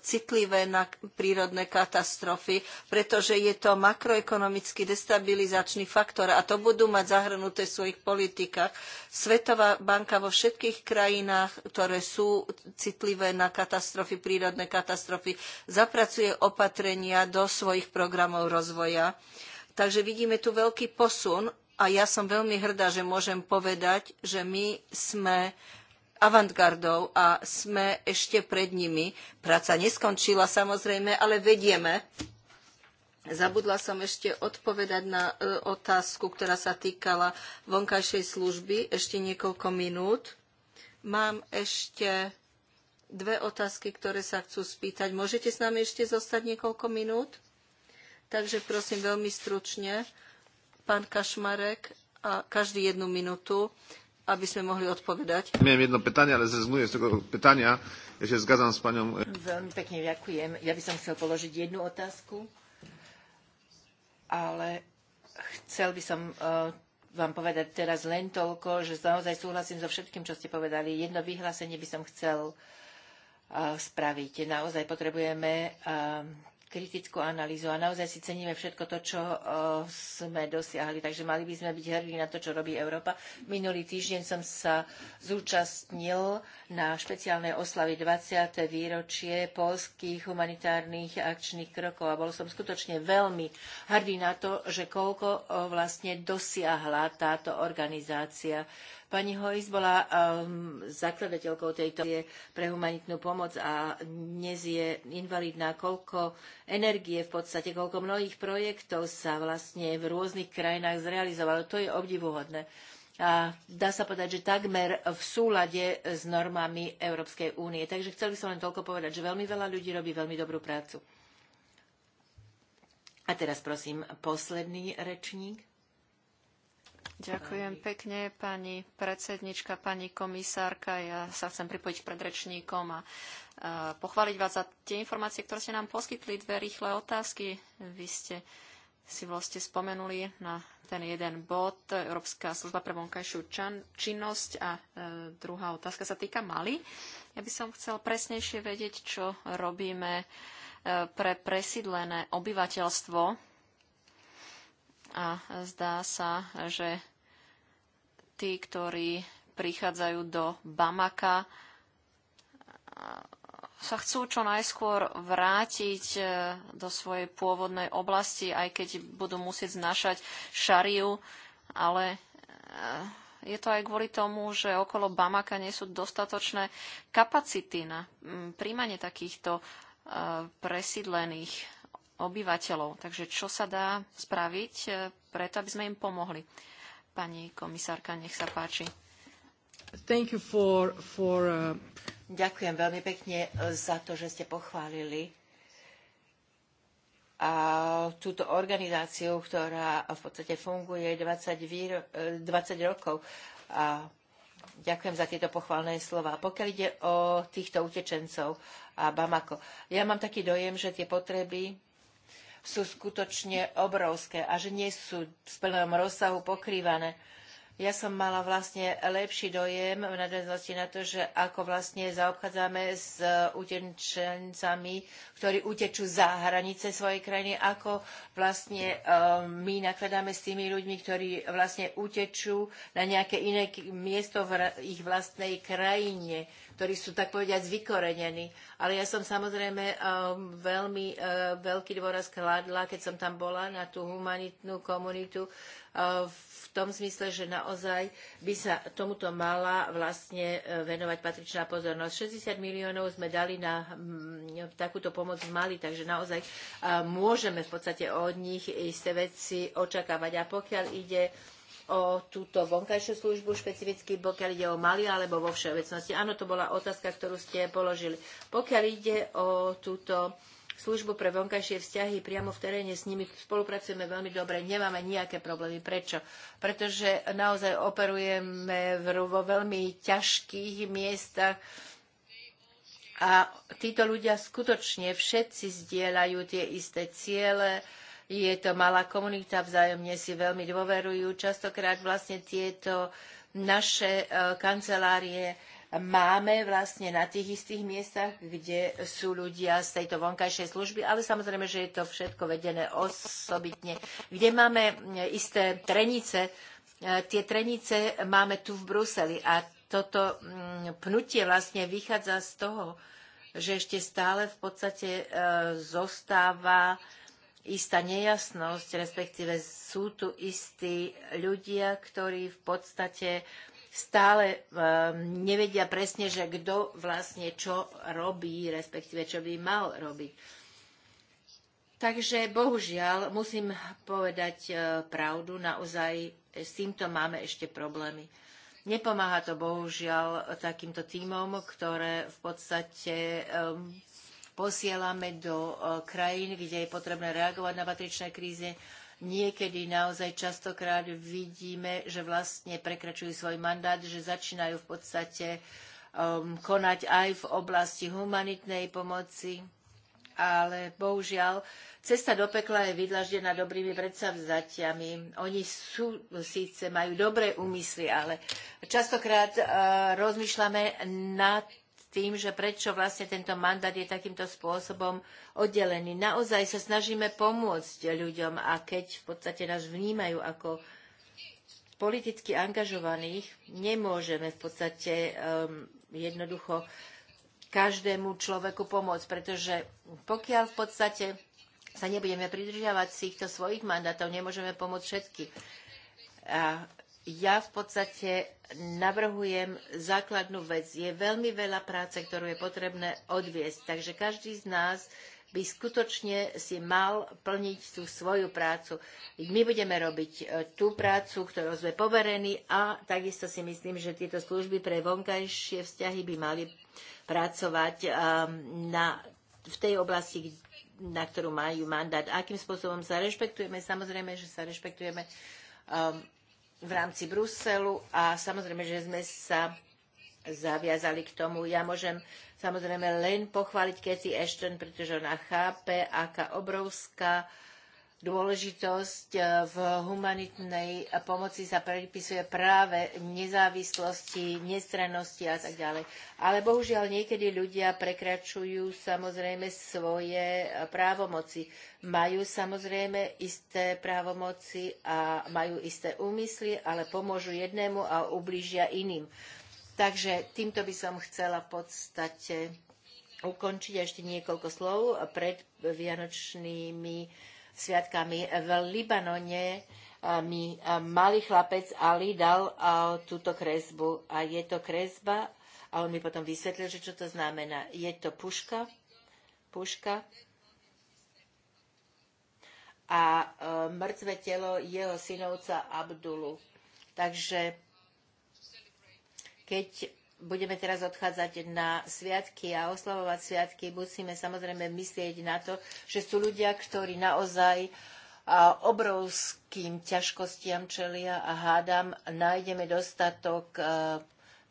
citlivé na prírodné katastrofy, pretože je to makroekonomický destabilizačný faktor a to budú mať zahrnuté v svojich politikách. Svetová banka vo všetkých krajinách, ktoré sú citlivé na katastrofy, prírodné katastrofy, zapracuje opatrenia do svojich programov rozvoja. Takže vidíme tu veľký posun a ja som veľmi hrdá, že môžem povedať, že my sme avantgardou a sme ešte pred nimi. Práca neskončila samozrejme, ale vedieme. Zabudla som ešte odpovedať na e, otázku, ktorá sa týkala vonkajšej služby. Ešte niekoľko minút. Mám ešte dve otázky, ktoré sa chcú spýtať. Môžete s nami ešte zostať niekoľko minút? Takže prosím veľmi stručne, pán Kašmarek, a každý jednu minútu aby sme mohli odpovedať. Miałem jedno pytanie, ale zrezygnuję z tego pytania. Ja się zgadzam s panią. Veľmi pekne ďakujem. Ja by som chcel položiť jednu otázku, ale chcel by som e, vám povedať teraz len toľko, že naozaj súhlasím so všetkým, čo ste povedali. Jedno vyhlásenie by som chcel e, spraviť. Naozaj potrebujeme e, kritickú analýzu a naozaj si ceníme všetko to, čo eh, sme dosiahli. Takže mali by sme byť hrdí na to, čo robí Európa. Minulý týždeň som sa zúčastnil na špeciálnej oslavy 20. výročie polských humanitárnych akčných krokov a bol som skutočne veľmi hrdý na to, že koľko eh, vlastne dosiahla táto organizácia Pani Hojs bola um, zakladateľkou tejto pre humanitnú pomoc a dnes je invalidná, koľko energie v podstate, koľko mnohých projektov sa vlastne v rôznych krajinách zrealizovalo. To je obdivuhodné. A dá sa povedať, že takmer v súlade s normami Európskej únie. Takže chcel by som len toľko povedať, že veľmi veľa ľudí robí veľmi dobrú prácu. A teraz prosím posledný rečník. Ďakujem pekne, pani predsednička, pani komisárka. Ja sa chcem pripojiť k predrečníkom a pochváliť vás za tie informácie, ktoré ste nám poskytli. Dve rýchle otázky. Vy ste si vlastne spomenuli na ten jeden bod, Európska služba pre vonkajšiu činnosť a e, druhá otázka sa týka Mali. Ja by som chcel presnejšie vedieť, čo robíme e, pre presídlené obyvateľstvo a zdá sa, že tí, ktorí prichádzajú do Bamaka, sa chcú čo najskôr vrátiť e, do svojej pôvodnej oblasti, aj keď budú musieť znašať šariu, ale e, je to aj kvôli tomu, že okolo Bamaka nie sú dostatočné kapacity na príjmanie takýchto e, presídlených obyvateľov. Takže čo sa dá spraviť preto, aby sme im pomohli? Pani komisárka, nech sa páči. Thank you for, for, uh... Ďakujem veľmi pekne uh, za to, že ste pochválili a uh, túto organizáciu, ktorá v podstate funguje 20, výro, 20 uh, rokov. A ďakujem za tieto pochválne slova. Pokiaľ ide o týchto utečencov a Bamako, ja mám taký dojem, že tie potreby sú skutočne obrovské a že nie sú v plnom rozsahu pokrývané. Ja som mala vlastne lepší dojem v nadväznosti na to, že ako vlastne zaobchádzame s utečencami, ktorí utečú za hranice svojej krajiny, ako vlastne eh, my nakladáme s tými ľuďmi, ktorí vlastne utečú na nejaké iné miesto v ich vlastnej krajine ktorí sú tak povediať vykorenení. Ale ja som samozrejme um, veľmi uh, veľký dôraz kladla, keď som tam bola, na tú humanitnú komunitu uh, v tom zmysle, že naozaj by sa tomuto mala vlastne uh, venovať patričná pozornosť. 60 miliónov sme dali na mm, takúto pomoc v Mali, takže naozaj môžeme v podstate od nich isté veci očakávať. A pokiaľ ide o túto vonkajšiu službu, špecificky pokiaľ ide o Mali alebo vo všeobecnosti? Áno, to bola otázka, ktorú ste položili. Pokiaľ ide o túto službu pre vonkajšie vzťahy priamo v teréne, s nimi spolupracujeme veľmi dobre, nemáme nejaké problémy. Prečo? Pretože naozaj operujeme vo veľmi ťažkých miestach a títo ľudia skutočne všetci zdieľajú tie isté ciele, je to malá komunita, vzájomne si veľmi dôverujú. Častokrát vlastne tieto naše e, kancelárie máme vlastne na tých istých miestach, kde sú ľudia z tejto vonkajšej služby, ale samozrejme, že je to všetko vedené osobitne. Kde máme e, isté trenice, e, tie trenice máme tu v Bruseli a toto mm, pnutie vlastne vychádza z toho, že ešte stále v podstate zostáva istá nejasnosť, respektíve sú tu istí ľudia, ktorí v podstate stále um, nevedia presne, že kto vlastne čo robí, respektíve čo by mal robiť. Takže bohužiaľ musím povedať ehm, pravdu, naozaj s týmto máme ešte problémy. Nepomáha to bohužiaľ takýmto týmom, ktoré v podstate um, posielame do e, krajín, kde je potrebné reagovať na patričné kríze. Niekedy naozaj častokrát vidíme, že vlastne prekračujú svoj mandát, že začínajú v podstate um, konať aj v oblasti humanitnej pomoci. Ale bohužiaľ, cesta do pekla je vydlaždená dobrými predsavzatiami. Oni sú, síce majú dobré úmysly, ale častokrát uh, rozmýšľame nad tým, že prečo vlastne tento mandát je takýmto spôsobom oddelený. Naozaj sa snažíme pomôcť ľuďom a keď v podstate nás vnímajú ako politicky angažovaných, nemôžeme v podstate um, jednoducho každému človeku pomôcť, pretože pokiaľ v podstate sa nebudeme pridržiavať týchto svojich mandátov, nemôžeme pomôcť všetky. A ja v podstate navrhujem základnú vec. Je veľmi veľa práce, ktorú je potrebné odviesť, takže každý z nás by skutočne si mal plniť tú svoju prácu. My budeme robiť e, tú prácu, ktorou sme poverení a takisto si myslím, že tieto služby pre vonkajšie vzťahy by mali pracovať e, na, v tej oblasti, na ktorú majú mandát. Akým spôsobom sa rešpektujeme? Samozrejme, že sa rešpektujeme um, v rámci Bruselu a samozrejme, že sme sa zaviazali k tomu. Ja môžem samozrejme len pochváliť Cathy Ashton, pretože ona chápe, aká obrovská uh, Dôležitosť e, v humanitnej pomoci sa predpisuje práve nezávislosti, nestrannosti a tak ďalej. Ale bohužiaľ niekedy ľudia prekračujú samozrejme svoje právomoci. Majú samozrejme isté právomoci a majú isté úmysly, ale pomôžu jednému a ublížia iným. Takže týmto by som chcela v podstate ukončiť ešte niekoľko slov pred vianočnými sviatkami v Libanone eh, mi eh, malý chlapec Ali dal eh, túto kresbu. A je to kresba, a on mi potom vysvetlil, že čo to znamená. Je to puška, puška a mŕtve telo jeho synovca Abdulu. Takže keď budeme teraz odchádzať na sviatky a oslavovať sviatky, musíme samozrejme myslieť na to, že sú ľudia, ktorí naozaj obrovským ťažkostiam čelia a hádam, nájdeme dostatok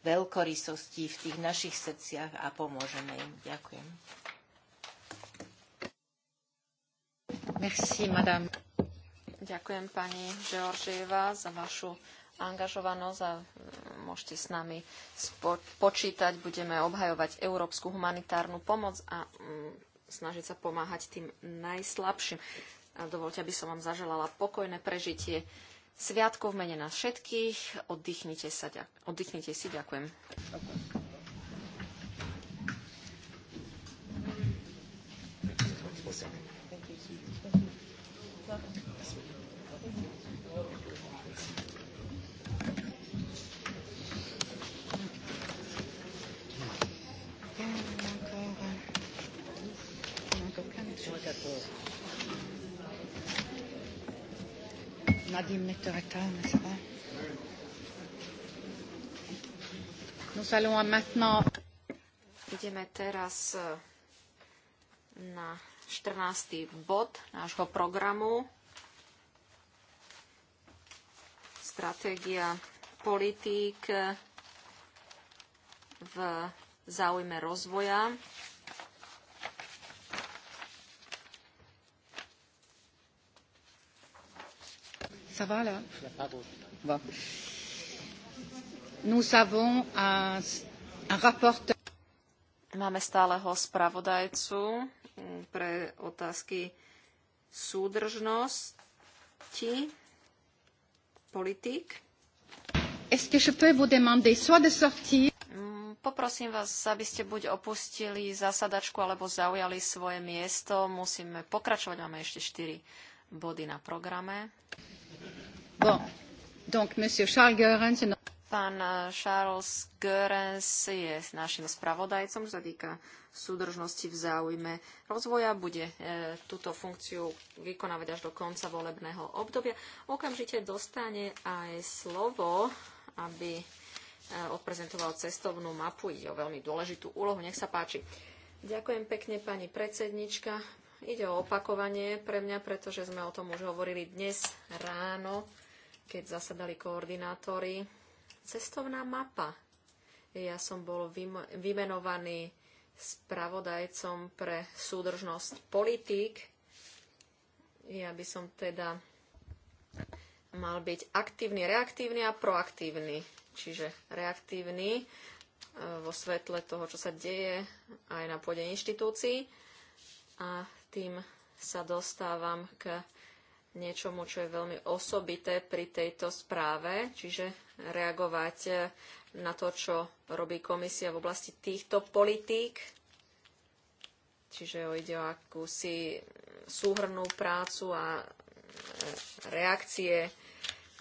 veľkorysosti v tých našich srdciach a pomôžeme im. Ďakujem. Merci, madame. Ďakujem pani Georgieva za vašu angažovanosť a mm, môžete s nami počítať. Budeme obhajovať európsku humanitárnu pomoc a mm, snažiť sa pomáhať tým najslabším. A dovolte, aby som vám zaželala pokojné prežitie sviatkov v mene nás všetkých. Oddychnite, sa, oddychnite si. Ďakujem. Ideme teraz e, na 14. bod nášho programu. Stratégia politík v záujme rozvoja Ça va là Nous avons un, un rapporteur. Máme stáleho spravodajcu pre otázky súdržnosti politik. Est-ce que je peux vous demander soit de sortir mm, Poprosím vás, aby ste buď opustili zasadačku alebo zaujali svoje miesto. Musíme pokračovať, máme ešte 4 body na programe. No- Pán eh, Charles Goerens je našim spravodajcom, čo sa týka súdržnosti v záujme rozvoja. Bude e, túto funkciu vykonávať až do konca volebného obdobia. Okamžite dostane aj slovo, aby e, odprezentoval cestovnú mapu. Ide o veľmi dôležitú úlohu. Nech sa páči. Ďakujem pekne, pani predsednička. Ide o opakovanie pre mňa, pretože sme o tom už hovorili dnes ráno keď zasadali koordinátori. Cestovná mapa. Ja som bol vymenovaný spravodajcom pre súdržnosť politík. Ja by som teda mal byť aktívny, reaktívny a proaktívny. Čiže reaktívny e, vo svetle toho, čo sa deje aj na pôde inštitúcií. A tým sa dostávam k niečomu, čo je veľmi osobité pri tejto správe, čiže reagovať na to, čo robí komisia v oblasti týchto politík. Čiže ide o akúsi súhrnú prácu a e, reakcie.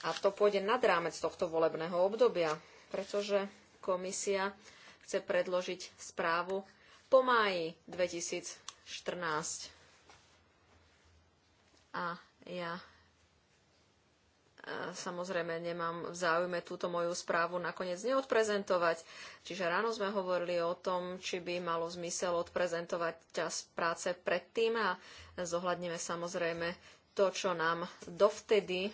A to pôjde nad rámec tohto volebného obdobia, pretože komisia chce predložiť správu po máji 2014. A ja e, samozrejme nemám v záujme túto moju správu nakoniec neodprezentovať. Čiže ráno sme hovorili o tom, či by malo zmysel odprezentovať čas práce predtým a zohľadníme samozrejme to, čo nám dovtedy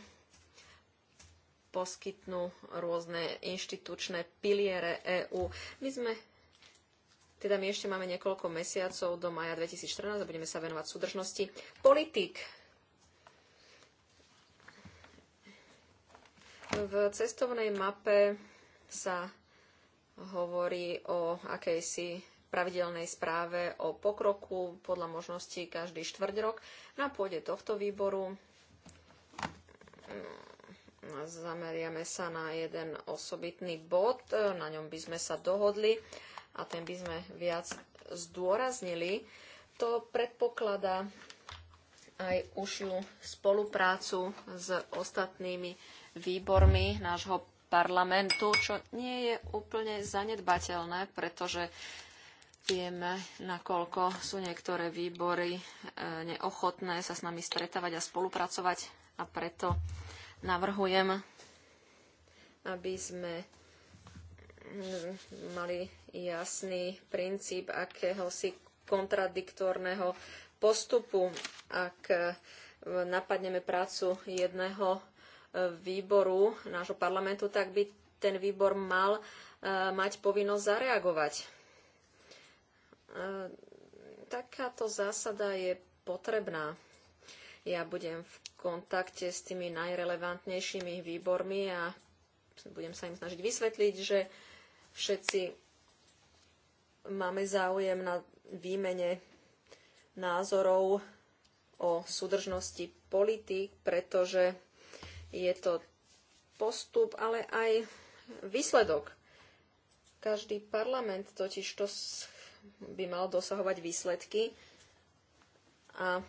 poskytnú rôzne inštitučné piliere EÚ. My sme teda my ešte máme niekoľko mesiacov do maja 2014 a budeme sa venovať súdržnosti politik V cestovnej mape sa hovorí o akejsi pravidelnej správe o pokroku podľa možností každý štvrť rok. Na pôde tohto výboru mm, zameriame sa na jeden osobitný bod, e, na ňom by sme sa dohodli a ten by sme viac zdôraznili. To predpokladá aj užšiu spoluprácu s ostatnými výbormi nášho parlamentu, čo nie je úplne zanedbateľné, pretože vieme, nakoľko sú niektoré výbory e, neochotné sa s nami stretávať a spolupracovať a preto navrhujem, aby sme mm, mali jasný princíp akéhosi kontradiktórneho postupu. Ak e, napadneme prácu jedného výboru nášho parlamentu, tak by ten výbor mal e, mať povinnosť zareagovať. E, takáto zásada je potrebná. Ja budem v kontakte s tými najrelevantnejšími výbormi a budem sa im snažiť vysvetliť, že všetci máme záujem na výmene názorov o súdržnosti politík, pretože je to postup, ale aj výsledok. Každý parlament totiž to by mal dosahovať výsledky a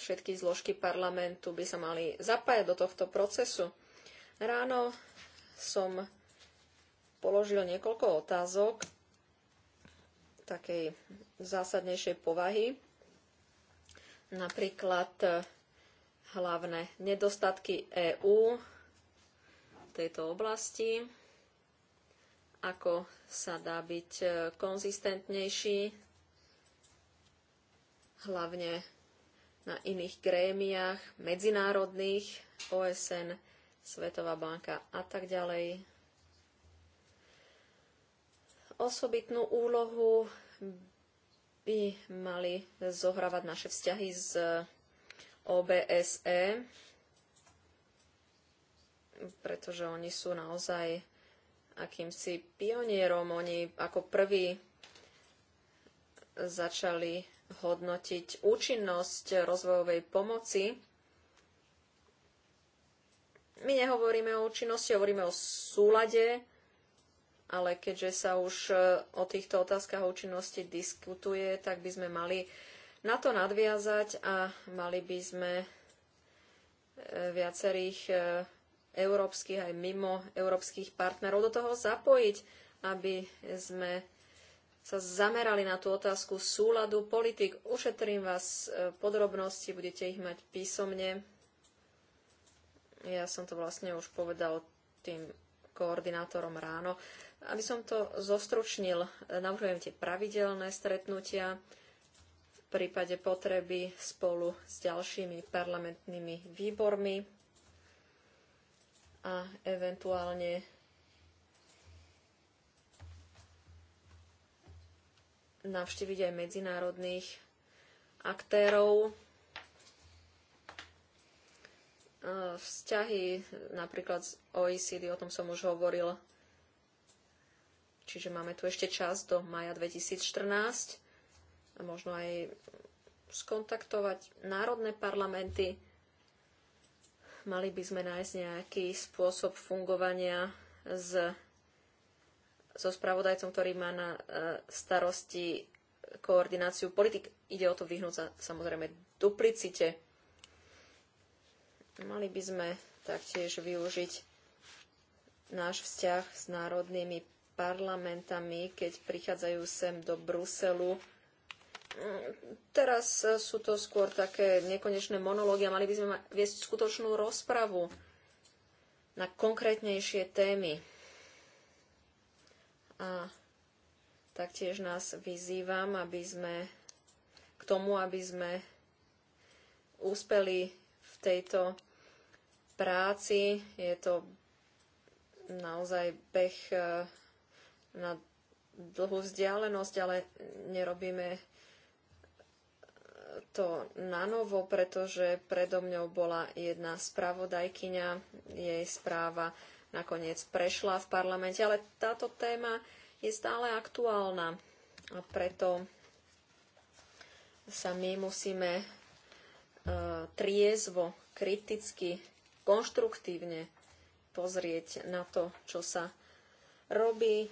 všetky zložky parlamentu by sa mali zapájať do tohto procesu. Ráno som položil niekoľko otázok takej zásadnejšej povahy. Napríklad hlavné nedostatky EÚ v tejto oblasti, ako sa dá byť e, konzistentnejší, hlavne na iných grémiách, medzinárodných, OSN, Svetová banka a tak ďalej. Osobitnú úlohu by mali zohrávať naše vzťahy s OBSE, pretože oni sú naozaj akýmsi pionierom. Oni ako prví začali hodnotiť účinnosť rozvojovej pomoci. My nehovoríme o účinnosti, hovoríme o súlade, ale keďže sa už o týchto otázkach účinnosti diskutuje, tak by sme mali na to nadviazať a mali by sme e, viacerých e, európskych aj mimo európskych partnerov do toho zapojiť, aby sme sa zamerali na tú otázku súladu politik. Ušetrím vás e, podrobnosti, budete ich mať písomne. Ja som to vlastne už povedal tým koordinátorom ráno. Aby som to zostručnil, navrhujem tie pravidelné stretnutia prípade potreby spolu s ďalšími parlamentnými výbormi a eventuálne navštíviť aj medzinárodných aktérov. Vzťahy napríklad z OECD, o tom som už hovoril, čiže máme tu ešte čas do maja 2014 možno aj skontaktovať národné parlamenty. Mali by sme nájsť nejaký spôsob fungovania s, so spravodajcom, ktorý má na e, starosti koordináciu politik. Ide o to vyhnúť sa samozrejme duplicite. Mali by sme taktiež využiť náš vzťah s národnými parlamentami, keď prichádzajú sem do Bruselu Teraz e, sú to skôr také nekonečné monológie a mali by sme viesť skutočnú rozpravu na konkrétnejšie témy. A taktiež nás vyzývam, aby sme k tomu, aby sme úspeli v tejto práci. Je to naozaj beh e, na dlhú vzdialenosť, ale nerobíme to na novo, pretože predo mňou bola jedna spravodajkyňa, jej správa nakoniec prešla v parlamente, ale táto téma je stále aktuálna a preto sa my musíme e, triezvo, kriticky, konštruktívne pozrieť na to, čo sa robí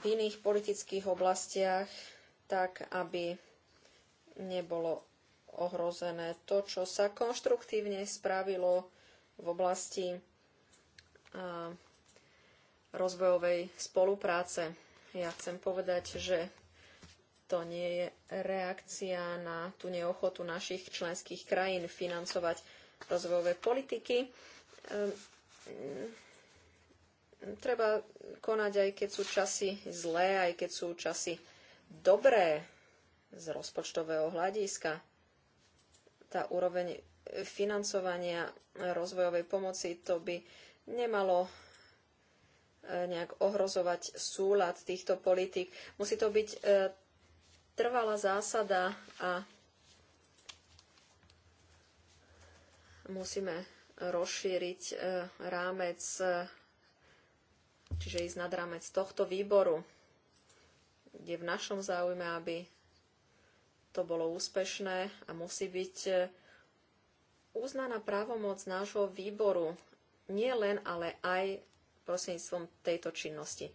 v iných politických oblastiach, tak aby nebolo ohrozené. To, čo sa konštruktívne spravilo v oblasti rozvojovej spolupráce. Ja chcem povedať, že to nie je reakcia na tú neochotu našich členských krajín financovať rozvojové politiky ehm, treba konať aj keď sú časy zlé, aj keď sú časy dobré z rozpočtového hľadiska tá úroveň financovania rozvojovej pomoci, to by nemalo e, nejak ohrozovať súlad týchto politík. Musí to byť e, trvalá zásada a musíme rozšíriť e, rámec, čiže ísť nad rámec tohto výboru. kde v našom záujme, aby to bolo úspešné a musí byť e, uznaná právomoc nášho výboru. Nie len, ale aj prostredníctvom tejto činnosti.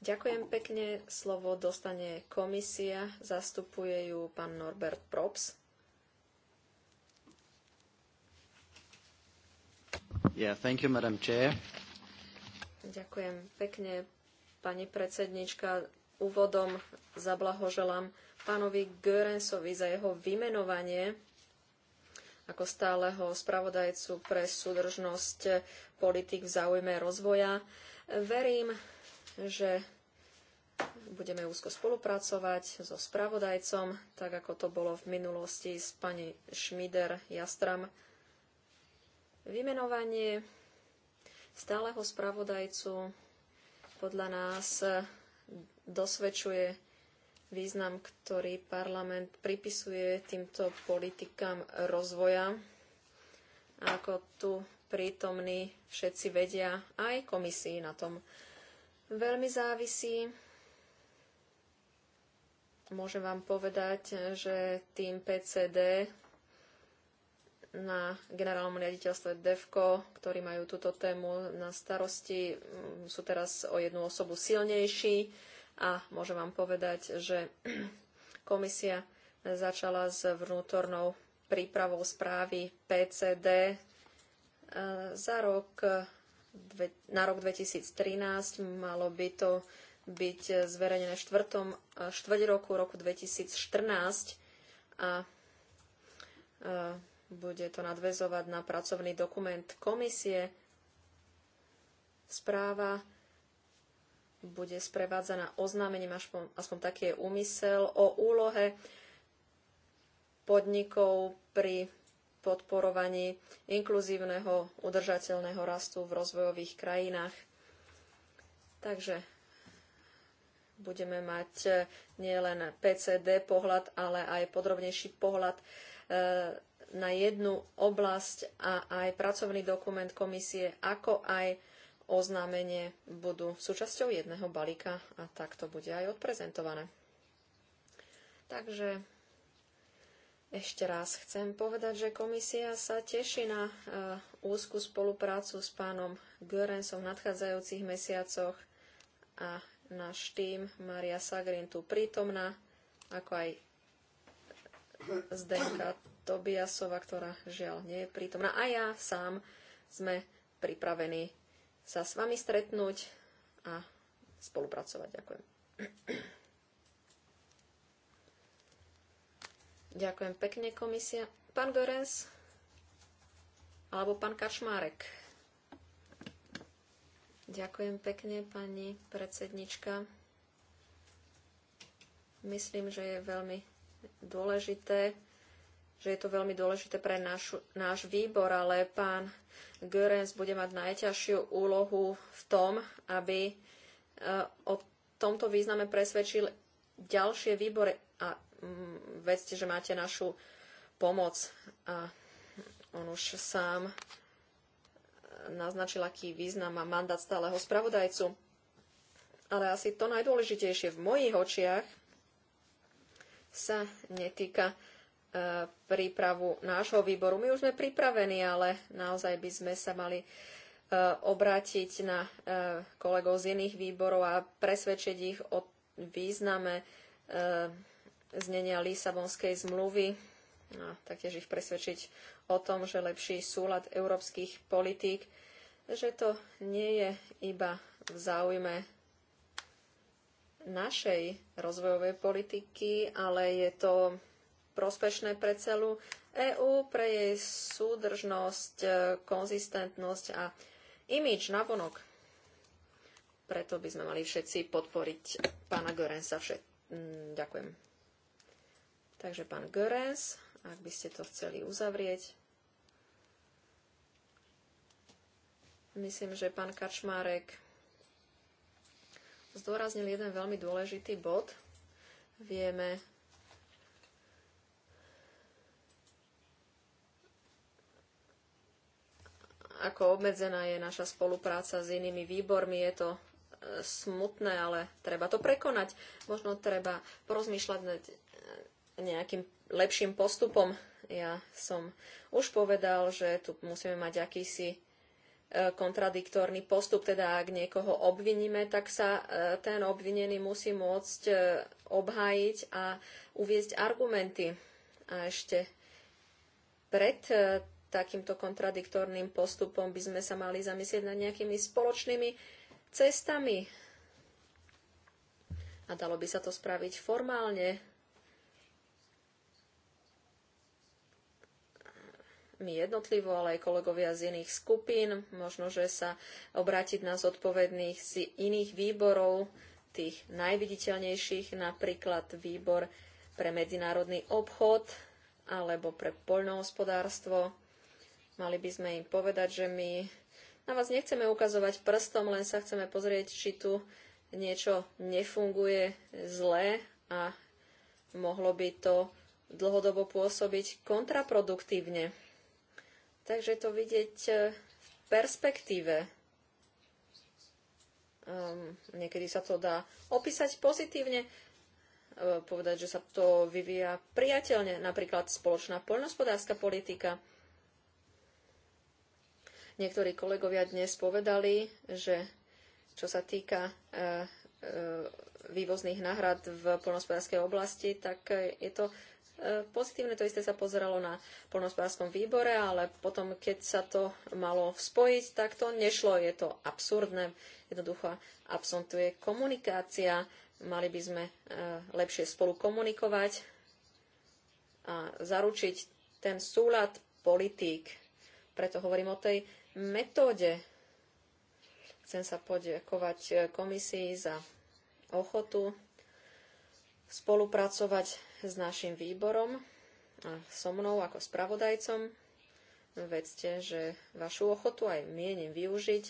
Ďakujem pekne. Slovo dostane komisia. Zastupuje ju pán Norbert Props. Yeah, thank you, Madam Chair. Ďakujem pekne, pani predsednička úvodom zablahoželám pánovi Görensovi za jeho vymenovanie ako stáleho spravodajcu pre súdržnosť politik v záujme rozvoja. Verím, že budeme úzko spolupracovať so spravodajcom, tak ako to bolo v minulosti s pani Šmider Jastram. Vymenovanie stáleho spravodajcu podľa nás dosvedčuje význam, ktorý parlament pripisuje týmto politikám rozvoja. A ako tu prítomní všetci vedia, aj komisii na tom veľmi závisí. Môžem vám povedať, že tým PCD na generálnom riaditeľstve DEVKO, ktorí majú túto tému na starosti, sú teraz o jednu osobu silnejší a môžem vám povedať, že [CLEARS THROAT] komisia začala s vnútornou prípravou správy PCD e, za rok, na rok 2013. Malo by to byť zverejnené v štvrtom e, štvrť roku, roku 2014 a e, bude to nadvezovať na pracovný dokument komisie. Správa bude sprevádzaná oznámením, aspoň, aspoň taký je úmysel, o úlohe podnikov pri podporovaní inkluzívneho udržateľného rastu v rozvojových krajinách. Takže budeme mať e, nielen PCD pohľad, ale aj podrobnejší pohľad e, na jednu oblasť a aj pracovný dokument komisie, ako aj oznámenie budú súčasťou jedného balíka a tak to bude aj odprezentované. Takže ešte raz chcem povedať, že komisia sa teší na eh, úzku spoluprácu s pánom Görensom v nadchádzajúcich mesiacoch a náš tým Maria Sagrin tu prítomná, ako aj Zdenka Tobiasova, ktorá žiaľ nie je prítomná. A ja sám sme pripravení sa s vami stretnúť a spolupracovať. Ďakujem. Ďakujem pekne, komisia. Pán Gorens alebo pán Kačmárek. Ďakujem pekne, pani predsednička. Myslím, že je veľmi dôležité že je to veľmi dôležité pre náš, náš výbor, ale pán Görens bude mať najťažšiu úlohu v tom, aby e, o tomto význame presvedčil ďalšie výbory a mm, vedzte, že máte našu pomoc. A on už sám e, naznačil, aký význam má mandát stáleho spravodajcu. Ale asi to najdôležitejšie v mojich očiach sa netýka E, prípravu nášho výboru. My už sme pripravení, ale naozaj by sme sa mali e, obrátiť na e, kolegov z iných výborov a presvedčiť ich o význame znenia Lisabonskej zmluvy a taktiež ich presvedčiť o tom, že lepší súlad európskych politík, že to nie je iba v záujme našej rozvojovej politiky, ale je to prospešné pre celú EÚ, pre jej súdržnosť, e, konzistentnosť a imič navonok. Preto by sme mali všetci podporiť pána Görensa. Všet... Mm, ďakujem. Takže pán Görens, ak by ste to chceli uzavrieť. Myslím, že pán Kačmárek zdôraznil jeden veľmi dôležitý bod. Vieme, ako obmedzená je naša spolupráca s inými výbormi. Je to e, smutné, ale treba to prekonať. Možno treba porozmýšľať nad e, nejakým lepším postupom. Ja som už povedal, že tu musíme mať akýsi e, kontradiktorný postup, teda ak niekoho obviníme, tak sa ten obvinený musí môcť obhájiť a uviezť argumenty. A ešte pred takýmto kontradiktorným postupom by sme sa mali zamyslieť nad nejakými spoločnými cestami. A dalo by sa to spraviť formálne. My jednotlivo, ale aj kolegovia z iných skupín, možno, že sa obrátiť na zodpovedných z iných výborov, tých najviditeľnejších, napríklad výbor pre medzinárodný obchod alebo pre poľnohospodárstvo, Mali by sme im povedať, že my na vás nechceme ukazovať prstom, len sa chceme pozrieť, či tu niečo nefunguje zle a mohlo by to dlhodobo pôsobiť kontraproduktívne. Takže to vidieť e, v perspektíve. Um, niekedy sa to dá opísať pozitívne, e, povedať, že sa to vyvíja priateľne, napríklad spoločná poľnohospodárska politika – Niektorí kolegovia dnes povedali, že čo sa týka e, e, vývozných náhrad v polnospodárskej oblasti, tak je to e, pozitívne. To isté sa pozeralo na polnospodárskom výbore, ale potom, keď sa to malo spojiť, tak to nešlo. Je to absurdné. Jednoducho absentuje komunikácia. Mali by sme lepšie spolu komunikovať a zaručiť ten súlad politík. Preto hovorím o tej metóde. Chcem sa poďakovať eh, komisii za ochotu spolupracovať s našim výborom a so mnou ako spravodajcom. Vedzte, že vašu ochotu aj mienim využiť.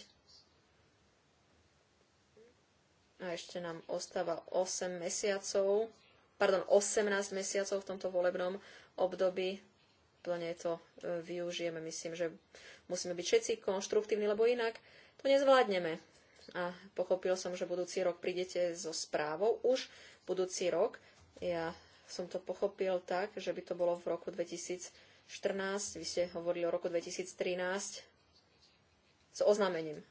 A ešte nám ostáva 8 mesiacov, pardon, 18 mesiacov v tomto volebnom období plne to e, využijeme. Myslím, že musíme byť všetci konštruktívni, lebo inak to nezvládneme. A pochopil som, že budúci rok prídete so správou. Už budúci rok. Ja som to pochopil tak, že by to bolo v roku 2014. Vy ste hovorili o roku 2013 s oznamením.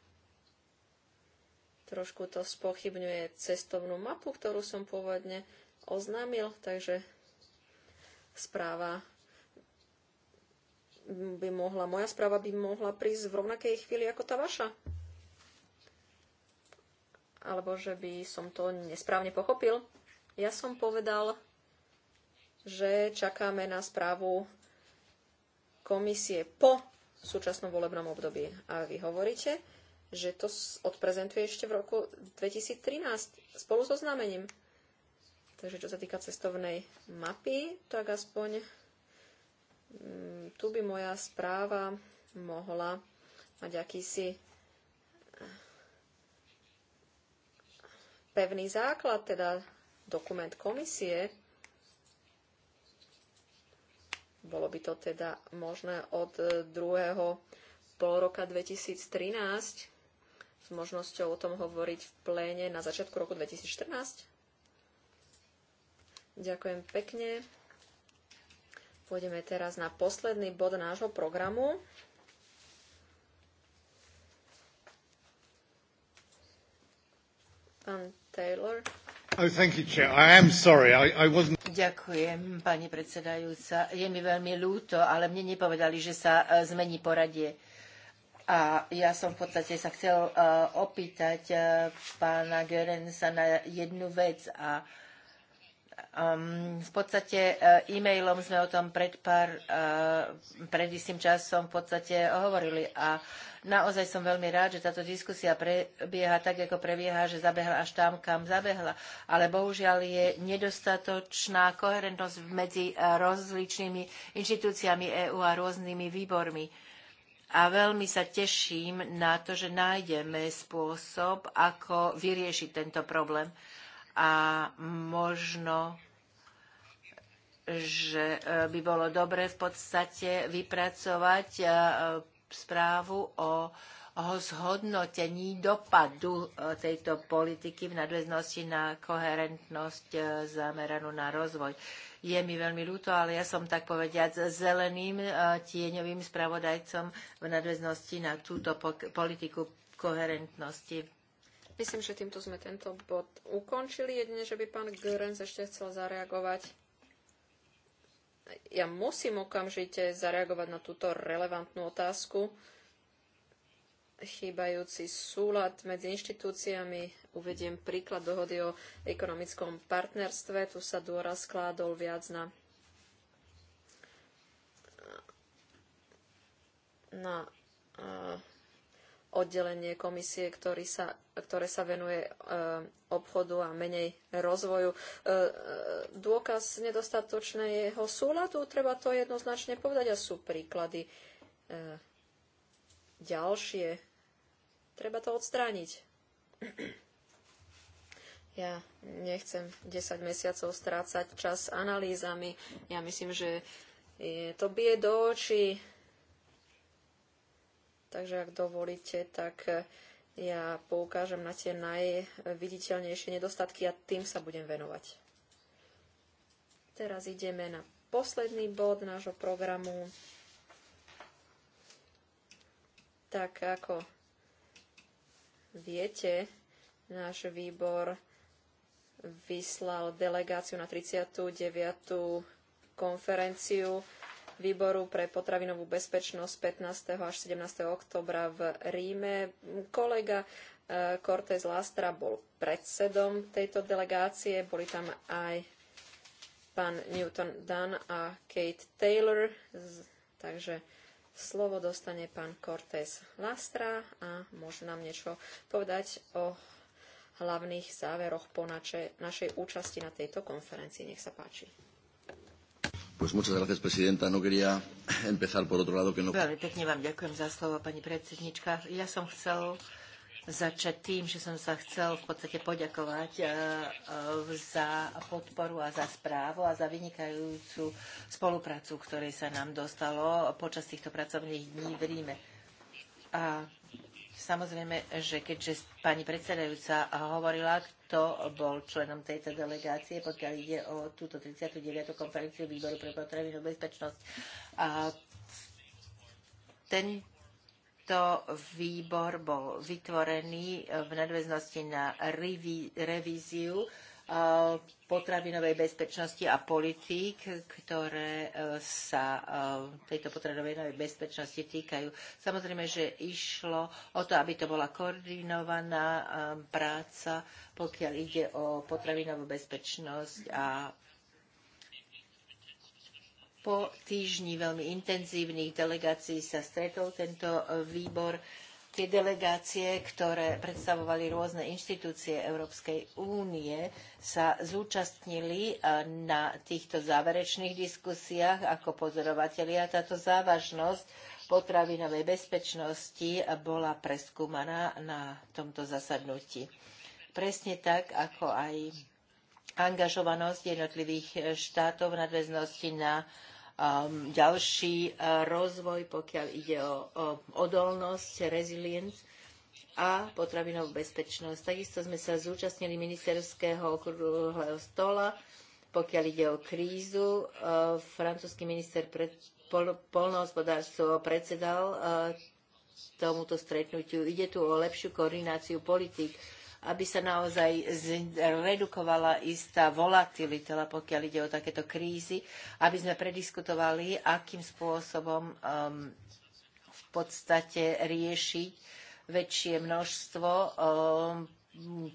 Trošku to spochybňuje cestovnú mapu, ktorú som pôvodne oznámil, takže správa by mohla, moja správa by mohla prísť v rovnakej chvíli ako tá vaša. Alebo že by som to nesprávne pochopil. Ja som povedal, že čakáme na správu komisie po súčasnom volebnom období. A vy hovoríte, že to odprezentuje ešte v roku 2013 spolu so znamením. Takže čo sa týka cestovnej mapy, tak aspoň Mm, tu by moja správa mohla mať akýsi eh, pevný základ, teda dokument komisie. Bolo by to teda možné od eh, druhého pol roka 2013 s možnosťou o tom hovoriť v pléne na začiatku roku 2014. Ďakujem pekne. Pôjdeme teraz na posledný bod nášho programu. Pán Taylor. Oh, you, I, I Ďakujem, pani predsedajúca. Je mi veľmi ľúto, ale mne nepovedali, že sa e, zmení poradie. A ja som v podstate sa chcel e, opýtať e, pána Gerensa na jednu vec a Um, v podstate uh, e-mailom sme o tom pred pár, uh, pred istým časom v podstate hovorili a naozaj som veľmi rád, že táto diskusia prebieha tak, ako prebieha, že zabehla až tam, kam zabehla. Ale bohužiaľ je nedostatočná koherentnosť medzi uh, rozličnými inštitúciami EÚ a rôznymi výbormi. A veľmi sa teším na to, že nájdeme spôsob, ako vyriešiť tento problém a možno že e, by bolo dobre v podstate vypracovať e, správu o zhodnotení dopadu e, tejto politiky v nadväznosti na koherentnosť zameranú na rozvoj. Je mi veľmi ľúto, ale ja som tak povediať zeleným tieňovým spravodajcom v nadväznosti na túto politiku koherentnosti Myslím, že týmto sme tento bod ukončili. Jedine, že by pán Görens ešte chcel zareagovať. Ja musím okamžite zareagovať na túto relevantnú otázku. Chýbajúci súlad medzi inštitúciami. Uvediem príklad dohody o ekonomickom partnerstve. Tu sa dôraz skládol viac na na uh, oddelenie komisie, ktorý sa, ktoré sa venuje e, obchodu a menej rozvoju. E, e dôkaz nedostatočného súladu, treba to jednoznačne povedať, a sú príklady e, ďalšie. Treba to odstrániť. Ja nechcem 10 mesiacov strácať čas analýzami. Ja myslím, že je to bie do očí Takže ak dovolíte, tak e, ja poukážem na tie najviditeľnejšie nedostatky a tým sa budem venovať. Teraz ideme na posledný bod nášho programu. Tak ako viete, náš výbor vyslal delegáciu na 39. konferenciu výboru pre potravinovú bezpečnosť 15. až 17. oktobra v Ríme. Kolega e, Cortés Lastra bol predsedom tejto delegácie. Boli tam aj pán Newton Dunn a Kate Taylor. Takže slovo dostane pán Cortés Lastra a môže nám niečo povedať o hlavných záveroch po naše, našej účasti na tejto konferencii. Nech sa páči. Pues muchas gracias, presidenta. No quería [LAUGHS] empezar por otro lado que no... Veľmi pekne vám ďakujem za slovo, pani predsednička. Ja som chcel začať tým, že som sa chcel v podstate poďakovať e, e, za podporu a za správu a za vynikajúcu spoluprácu, ktorej sa nám dostalo počas týchto pracovných dní v Ríme. A Samozrejme, že keďže pani predsedajúca hovorila, kto bol členom tejto delegácie, pokiaľ ide o túto 39. konferenciu výboru pre a bezpečnosť, a tento výbor bol vytvorený v nadväznosti na revíziu potravinovej bezpečnosti a politík, ktoré e, sa e, tejto potravinovej bezpečnosti týkajú. Samozrejme, že išlo o to, aby to bola koordinovaná e, práca, pokiaľ ide o potravinovú bezpečnosť a po týždni veľmi intenzívnych delegácií sa stretol tento výbor tie delegácie, ktoré predstavovali rôzne inštitúcie Európskej únie, sa zúčastnili e, na týchto záverečných diskusiách ako pozorovatelia. Táto závažnosť potravinovej bezpečnosti bola preskúmaná na tomto zasadnutí. Presne tak, ako aj angažovanosť jednotlivých štátov v nadväznosti na Um, ďalší uh, rozvoj, pokiaľ ide o, odolnosť, resilience a potravinovú bezpečnosť. Takisto sme sa zúčastnili ministerského okrúhleho stola, pokiaľ ide o krízu. Uh, francúzsky minister pred, pol, polnohospodárstvo predsedal uh, tomuto stretnutiu. Ide tu o lepšiu koordináciu politik aby sa naozaj zredukovala istá volatilita, teda pokiaľ ide o takéto krízy, aby sme prediskutovali, akým spôsobom um, v podstate riešiť väčšie množstvo um,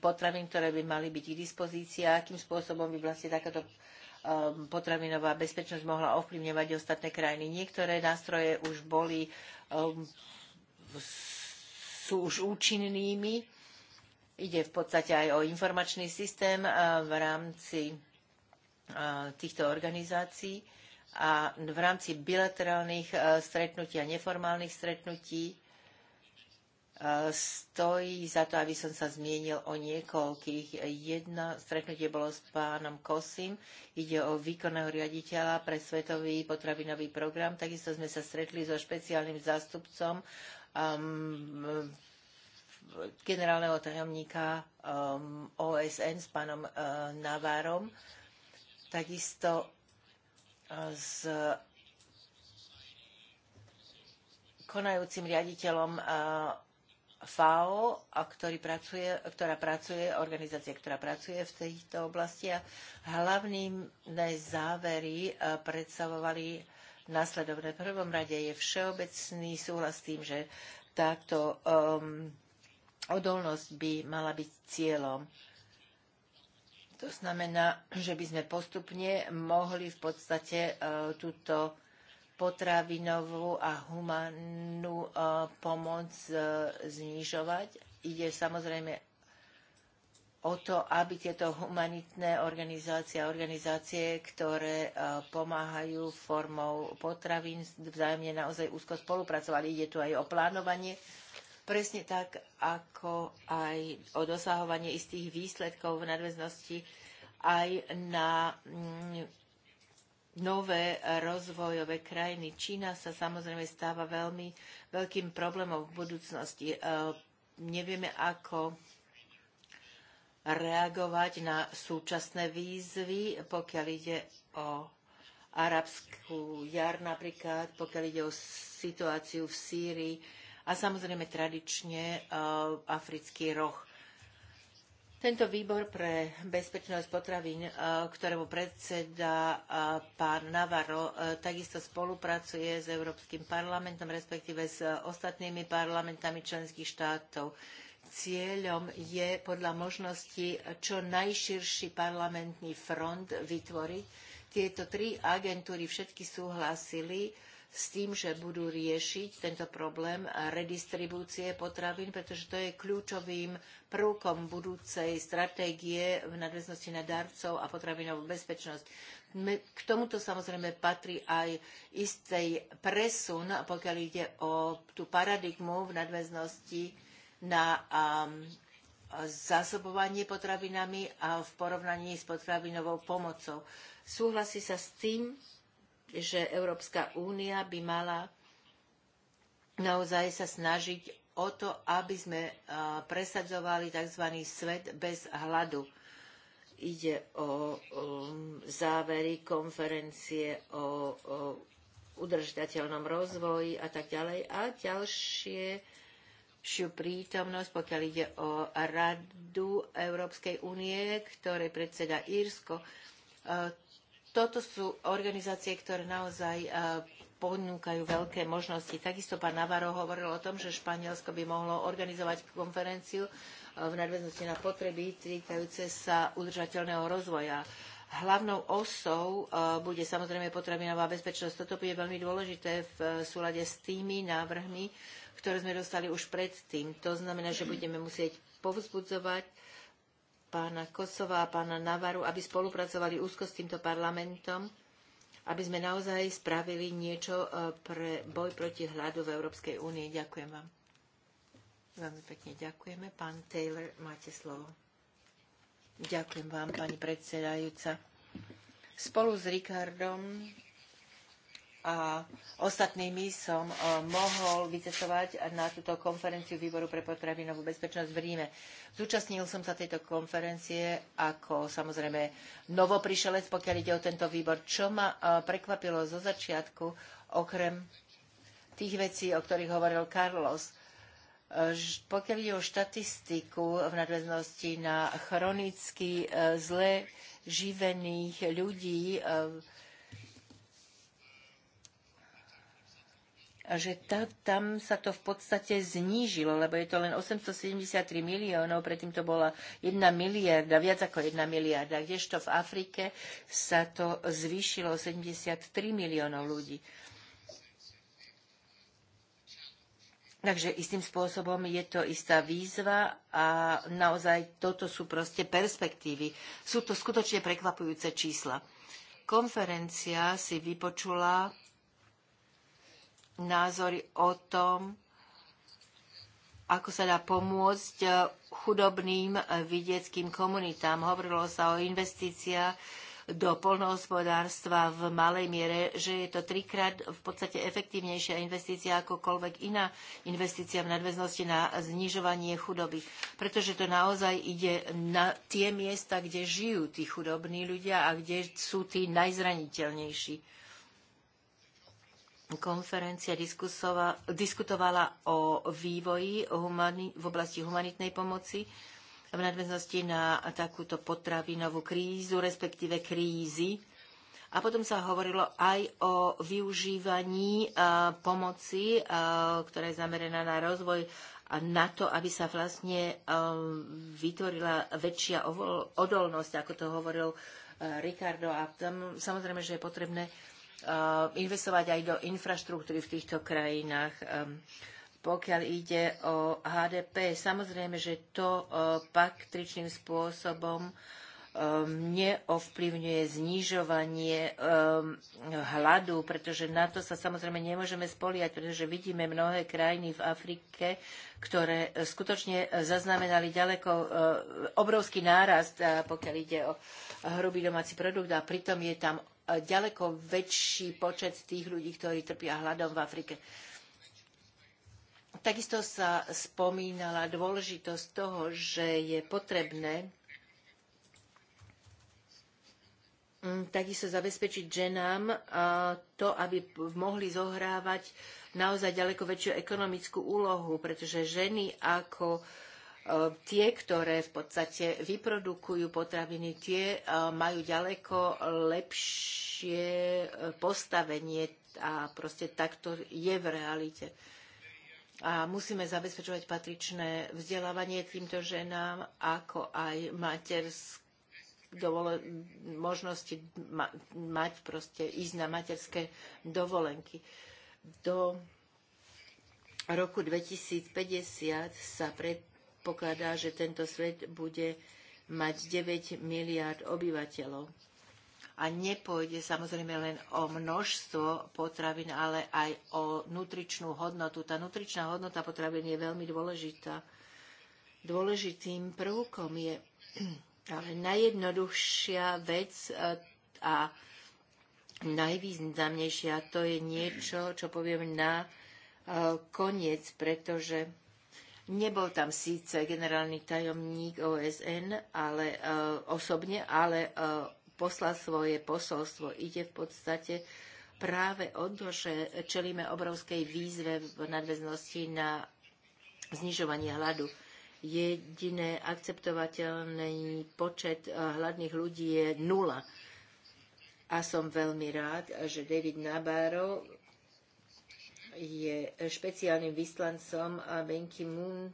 potravín, ktoré by mali byť k dispozícii a akým spôsobom by vlastne takáto um, potravinová bezpečnosť mohla ovplyvňovať ostatné krajiny. Niektoré nástroje už boli, um, sú už účinnými Ide v podstate aj o informačný systém v rámci týchto organizácií a v rámci bilaterálnych stretnutí a neformálnych stretnutí stojí za to, aby som sa zmienil o niekoľkých. Jedno stretnutie bolo s pánom Kosim, ide o výkonného riaditeľa pre Svetový potravinový program. Takisto sme sa stretli so špeciálnym zástupcom um, generálneho tajomníka um, OSN s pánom uh, Navárom, takisto uh, s konajúcim riaditeľom uh, FAO, ktorý pracuje, ktorá pracuje, organizácia, ktorá pracuje v oblasti a Hlavné závery predstavovali následovné. V prvom rade je všeobecný súhlas s tým, že táto um, odolnosť by mala byť cieľom. To znamená, že by sme postupne mohli v podstate e, túto potravinovú a humánnu e, pomoc e, znižovať. Ide samozrejme o to, aby tieto humanitné organizácie a organizácie, ktoré pomáhajú formou potravín, vzájomne naozaj úzko spolupracovali. Ide tu aj o plánovanie presne tak, ako aj o dosahovanie istých výsledkov v nadväznosti aj na mm, nové rozvojové krajiny. Čína sa samozrejme stáva veľmi veľkým problémom v budúcnosti. E, nevieme, ako reagovať na súčasné výzvy, pokiaľ ide o arabskú jar napríklad, pokiaľ ide o situáciu v Sýrii a samozrejme tradične eh, africký roh. Tento výbor pre bezpečnosť potravín, eh, ktorému predseda eh, pán Navarro, takisto spolupracuje s Európskym parlamentom, respektíve s ostatnými parlamentami členských štátov. Cieľom je podľa možnosti čo najširší parlamentný front vytvoriť. Tieto tri agentúry všetky súhlasili s tým, že budú riešiť tento problém redistribúcie potravín, pretože to je kľúčovým prvkom budúcej stratégie v nadväznosti na darcov a potravinovú bezpečnosť. K tomuto samozrejme patrí aj istý presun, pokiaľ ide o tú paradigmu v nadväznosti na um, zásobovanie potravinami a v porovnaní s potravinovou pomocou. Súhlasí sa s tým, že Európska únia by mala naozaj sa snažiť o to, aby sme presadzovali tzv. svet bez hladu. Ide o závery konferencie o udržateľnom rozvoji a tak ďalej. A ďalšie šiu prítomnosť, pokiaľ ide o Radu Európskej únie, ktorej predseda Írsko. Toto sú organizácie, ktoré naozaj e, ponúkajú veľké možnosti. Takisto pán Navarro hovoril o tom, že Španielsko by mohlo organizovať konferenciu e, v nadväznosti na potreby týkajúce sa udržateľného rozvoja. Hlavnou osou e, bude samozrejme potravinová bezpečnosť. Toto bude veľmi dôležité v súlade s tými návrhmi, ktoré sme dostali už predtým. To znamená, že budeme musieť povzbudzovať pána Kosova a pána Navaru, aby spolupracovali úzko s týmto parlamentom, aby sme naozaj spravili niečo e, pre boj proti hladu v Európskej únii. Ďakujem vám. Veľmi pekne ďakujeme. Pán Taylor, máte slovo. Ďakujem vám, pani predsedajúca. Spolu s Rikardom a ostatnými som e, mohol vycestovať na túto konferenciu Výboru pre potravinovú bezpečnosť v Ríme. Zúčastnil som sa tejto konferencie ako samozrejme novoprišelec, pokiaľ ide o tento výbor. Čo ma e, prekvapilo zo začiatku, okrem tých vecí, o ktorých hovoril Carlos, e, pokiaľ ide o štatistiku v nadväznosti na chronicky zle živených ľudí, že ta, tam sa to v podstate znížilo, lebo je to len 873 miliónov, predtým to bola 1 miliarda, viac ako 1 miliarda, kdežto v Afrike sa to zvýšilo o 73 miliónov ľudí. Takže istým spôsobom je to istá výzva a naozaj toto sú proste perspektívy. Sú to skutočne prekvapujúce čísla. Konferencia si vypočula názory o tom, ako sa dá pomôcť eh, chudobným eh, vidieckým komunitám. Hovorilo sa o investíciách do polnohospodárstva v malej miere, že je to trikrát v podstate efektívnejšia investícia akokoľvek iná investícia v nadväznosti na znižovanie chudoby. Pretože to naozaj ide na tie miesta, kde žijú tí chudobní ľudia a kde sú tí najzraniteľnejší konferencia diskutovala o vývoji v oblasti humanitnej pomoci v nadväznosti na takúto potravinovú krízu, respektíve krízy. A potom sa hovorilo aj o využívaní pomoci, ktorá je zameraná na rozvoj a na to, aby sa vlastne vytvorila väčšia odolnosť, ako to hovoril Ricardo. A tam samozrejme, že je potrebné Eh, investovať aj do infraštruktúry v týchto krajinách. Pokiaľ ide o HDP, samozrejme, že to eh, patričným spôsobom neovplyvňuje znižovanie hladu, pretože na to sa samozrejme nemôžeme spoliať, pretože vidíme mnohé krajiny v Afrike, ktoré eh, skutočne zaznamenali ďaleko obrovský nárast, pokiaľ ide o hrubý domáci produkt a pritom je tam E, ďaleko väčší počet tých ľudí, ktorí trpia hladom v Afrike. Takisto sa spomínala dôležitosť toho, že je potrebné mm, takisto zabezpečiť ženám e, to, aby mohli zohrávať naozaj ďaleko väčšiu ekonomickú úlohu, pretože ženy ako Ehm, tie, ktoré v podstate vyprodukujú potraviny, tie ehm, majú ďaleko lepšie e, postavenie a proste takto je v realite. A musíme zabezpečovať patričné vzdelávanie týmto ženám, ako aj materské možnosti ma, mať proste, ísť na materské dovolenky. Do roku 2050 sa pred predpokladá, že tento svet bude mať 9 miliárd obyvateľov. A nepôjde samozrejme len o množstvo potravín, ale aj o nutričnú hodnotu. Tá nutričná hodnota potravín je veľmi dôležitá. Dôležitým prvkom je [CLEARS THROAT] ale najjednoduchšia vec e, a najvýznamnejšia, to je niečo, čo poviem na e, koniec, pretože Nebol tam síce generálny tajomník OSN ale, e, osobne, ale e, poslal svoje posolstvo. Ide v podstate práve o to, že čelíme obrovskej výzve v nadväznosti na znižovanie hladu. Jediné akceptovateľný počet e, hladných ľudí je nula. A som veľmi rád, že David Nabarov je špeciálnym vyslancom Ben Ki-moon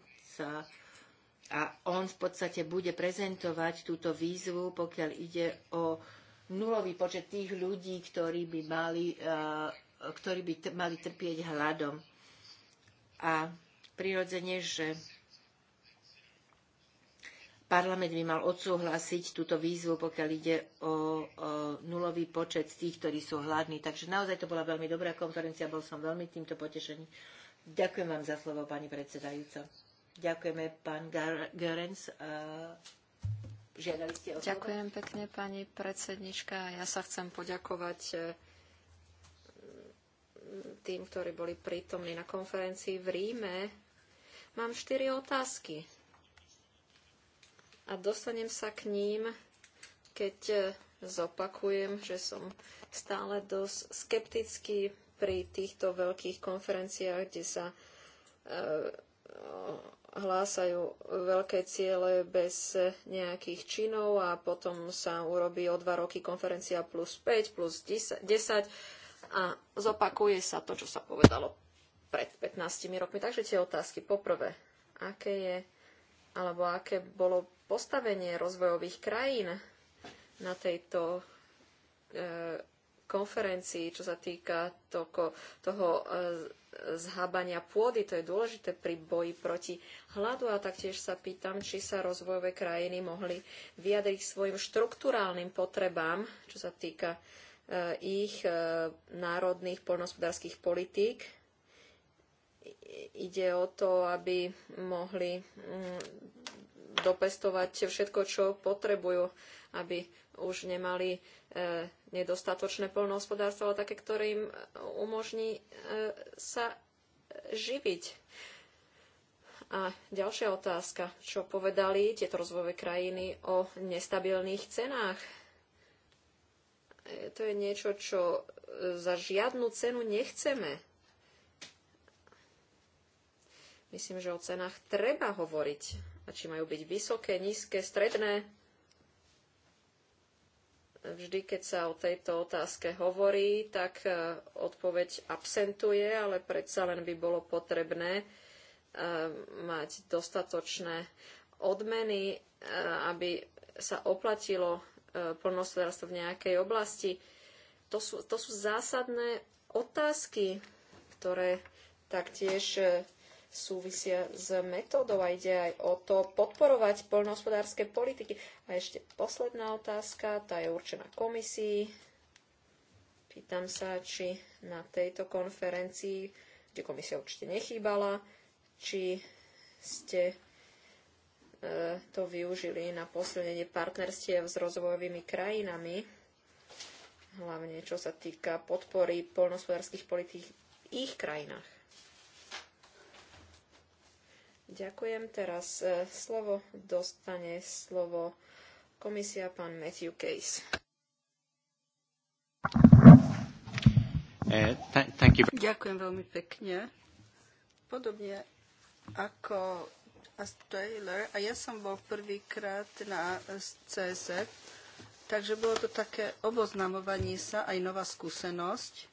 a on v podstate bude prezentovať túto výzvu, pokiaľ ide o nulový počet tých ľudí, ktorí by mali, ktorí by mali trpieť hladom. A prirodzene, že Parlament by mal odsúhlasiť túto výzvu, pokiaľ ide o, o nulový počet tých, ktorí sú hladní. Takže naozaj to bola veľmi dobrá konferencia, bol som veľmi týmto potešený. Ďakujem vám za slovo, pani predsedajúca. Ďakujeme, pán Görens. Žiadali ste o Ďakujem pekne, pani predsednička. Ja sa chcem poďakovať e, tým, ktorí boli prítomní na konferencii v Ríme. Mám štyri otázky a dostanem sa k ním, keď e, zopakujem, že som stále dosť skeptický pri týchto veľkých konferenciách, kde sa e, hlásajú veľké ciele bez nejakých činov a potom sa urobí o dva roky konferencia plus 5, plus 10 a zopakuje sa to, čo sa povedalo pred 15 rokmi. Takže tie otázky. Poprvé, aké je, alebo aké bolo postavenie rozvojových krajín na tejto e, konferencii, čo sa týka toho, e, zhábania pôdy, to je dôležité pri boji proti hladu a taktiež sa pýtam, či sa rozvojové krajiny mohli vyjadriť svojim štruktúrálnym potrebám, čo sa týka e, ich e, národných poľnohospodárskych politík. Ide o to, aby mohli mm, dopestovať všetko, čo potrebujú, aby už nemali e, nedostatočné polnohospodárstvo, ale také, ktoré im e, umožní e, sa živiť. A ďalšia otázka, čo povedali tieto rozvojové krajiny o nestabilných cenách. E, to je niečo, čo e, za žiadnu cenu nechceme. Myslím, že o cenách treba hovoriť a či majú byť vysoké, nízke, stredné. Vždy, keď sa o tejto otázke hovorí, tak e, odpoveď absentuje, ale predsa len by bolo potrebné e, mať dostatočné odmeny, e, aby sa oplatilo plnohospodárstvo v nejakej oblasti. To sú, to sú zásadné otázky, ktoré taktiež súvisia s metódou a ide aj o to podporovať poľnohospodárske politiky. A ešte posledná otázka, tá je určená komisii. Pýtam sa, či na tejto konferencii, kde komisia určite nechýbala, či ste e, to využili na posilnenie partnerstiev s rozvojovými krajinami, hlavne čo sa týka podpory poľnohospodárskych politík v ich krajinách. Ďakujem. Teraz e, slovo dostane slovo komisia pán Matthew Case. E, Ďakujem veľmi pekne. Podobne ako as Taylor a ja som bol prvýkrát na CSF, e, takže bolo to také oboznamovanie sa, aj nová skúsenosť.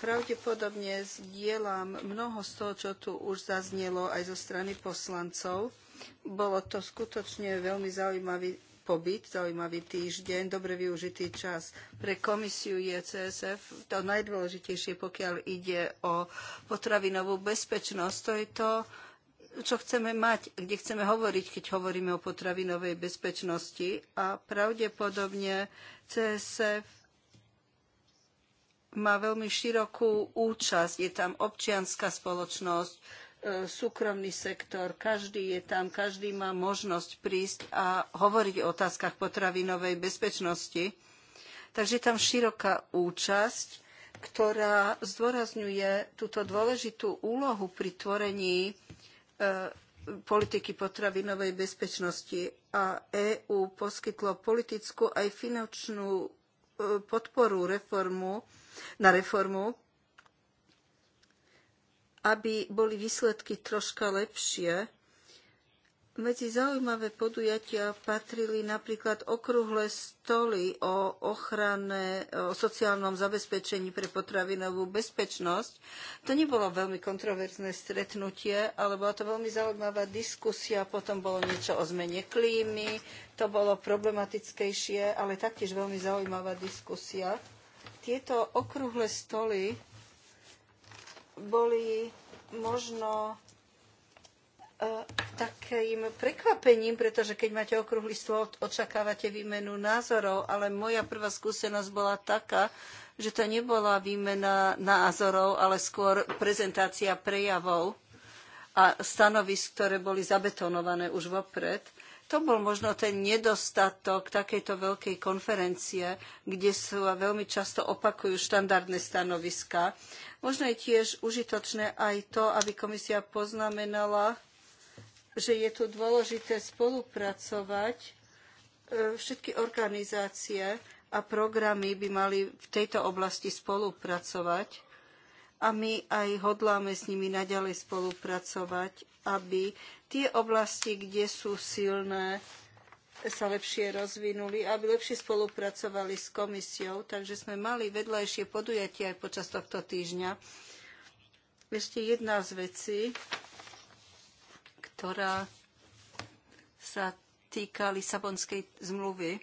Pravdepodobne zdieľam mnoho z toho, čo tu už zaznelo aj zo strany poslancov. Bolo to skutočne veľmi zaujímavý pobyt, zaujímavý týždeň, dobre využitý čas. Pre komisiu je CSF to najdôležitejšie, pokiaľ ide o potravinovú bezpečnosť. To je to, čo chceme mať, kde chceme hovoriť, keď hovoríme o potravinovej bezpečnosti. A pravdepodobne CSF má veľmi širokú účasť. Je tam občianská spoločnosť, e, súkromný sektor, každý je tam, každý má možnosť prísť a hovoriť o otázkach potravinovej bezpečnosti. Takže je tam široká účasť, ktorá zdôrazňuje túto dôležitú úlohu pri tvorení e, politiky potravinovej bezpečnosti a EÚ poskytlo politickú aj finančnú e, podporu reformu na reformu, aby boli výsledky troška lepšie. Medzi zaujímavé podujatia patrili napríklad okrúhle stoly o ochrane, o sociálnom zabezpečení pre potravinovú bezpečnosť. To nebolo veľmi kontroverzné stretnutie, ale bola to veľmi zaujímavá diskusia. Potom bolo niečo o zmene klímy, to bolo problematickejšie, ale taktiež veľmi zaujímavá diskusia. Tieto okrúhle stoly boli možno e, takým prekvapením, pretože keď máte okrúhly stôl, očakávate výmenu názorov, ale moja prvá skúsenosť bola taká, že to nebola výmena názorov, ale skôr prezentácia prejavov a stanovisk, ktoré boli zabetonované už vopred. To bol možno ten nedostatok takejto veľkej konferencie, kde sú veľmi často opakujú štandardné stanoviská. Možno je tiež užitočné aj to, aby komisia poznamenala, že je tu dôležité spolupracovať e, všetky organizácie a programy by mali v tejto oblasti spolupracovať a my aj hodláme s nimi naďalej spolupracovať, aby tie oblasti, kde sú silné, sa lepšie rozvinuli, aby lepšie spolupracovali s komisiou. Takže sme mali vedľajšie podujatie aj počas tohto týždňa. Ešte jedna z vecí, ktorá sa týka Lisabonskej zmluvy.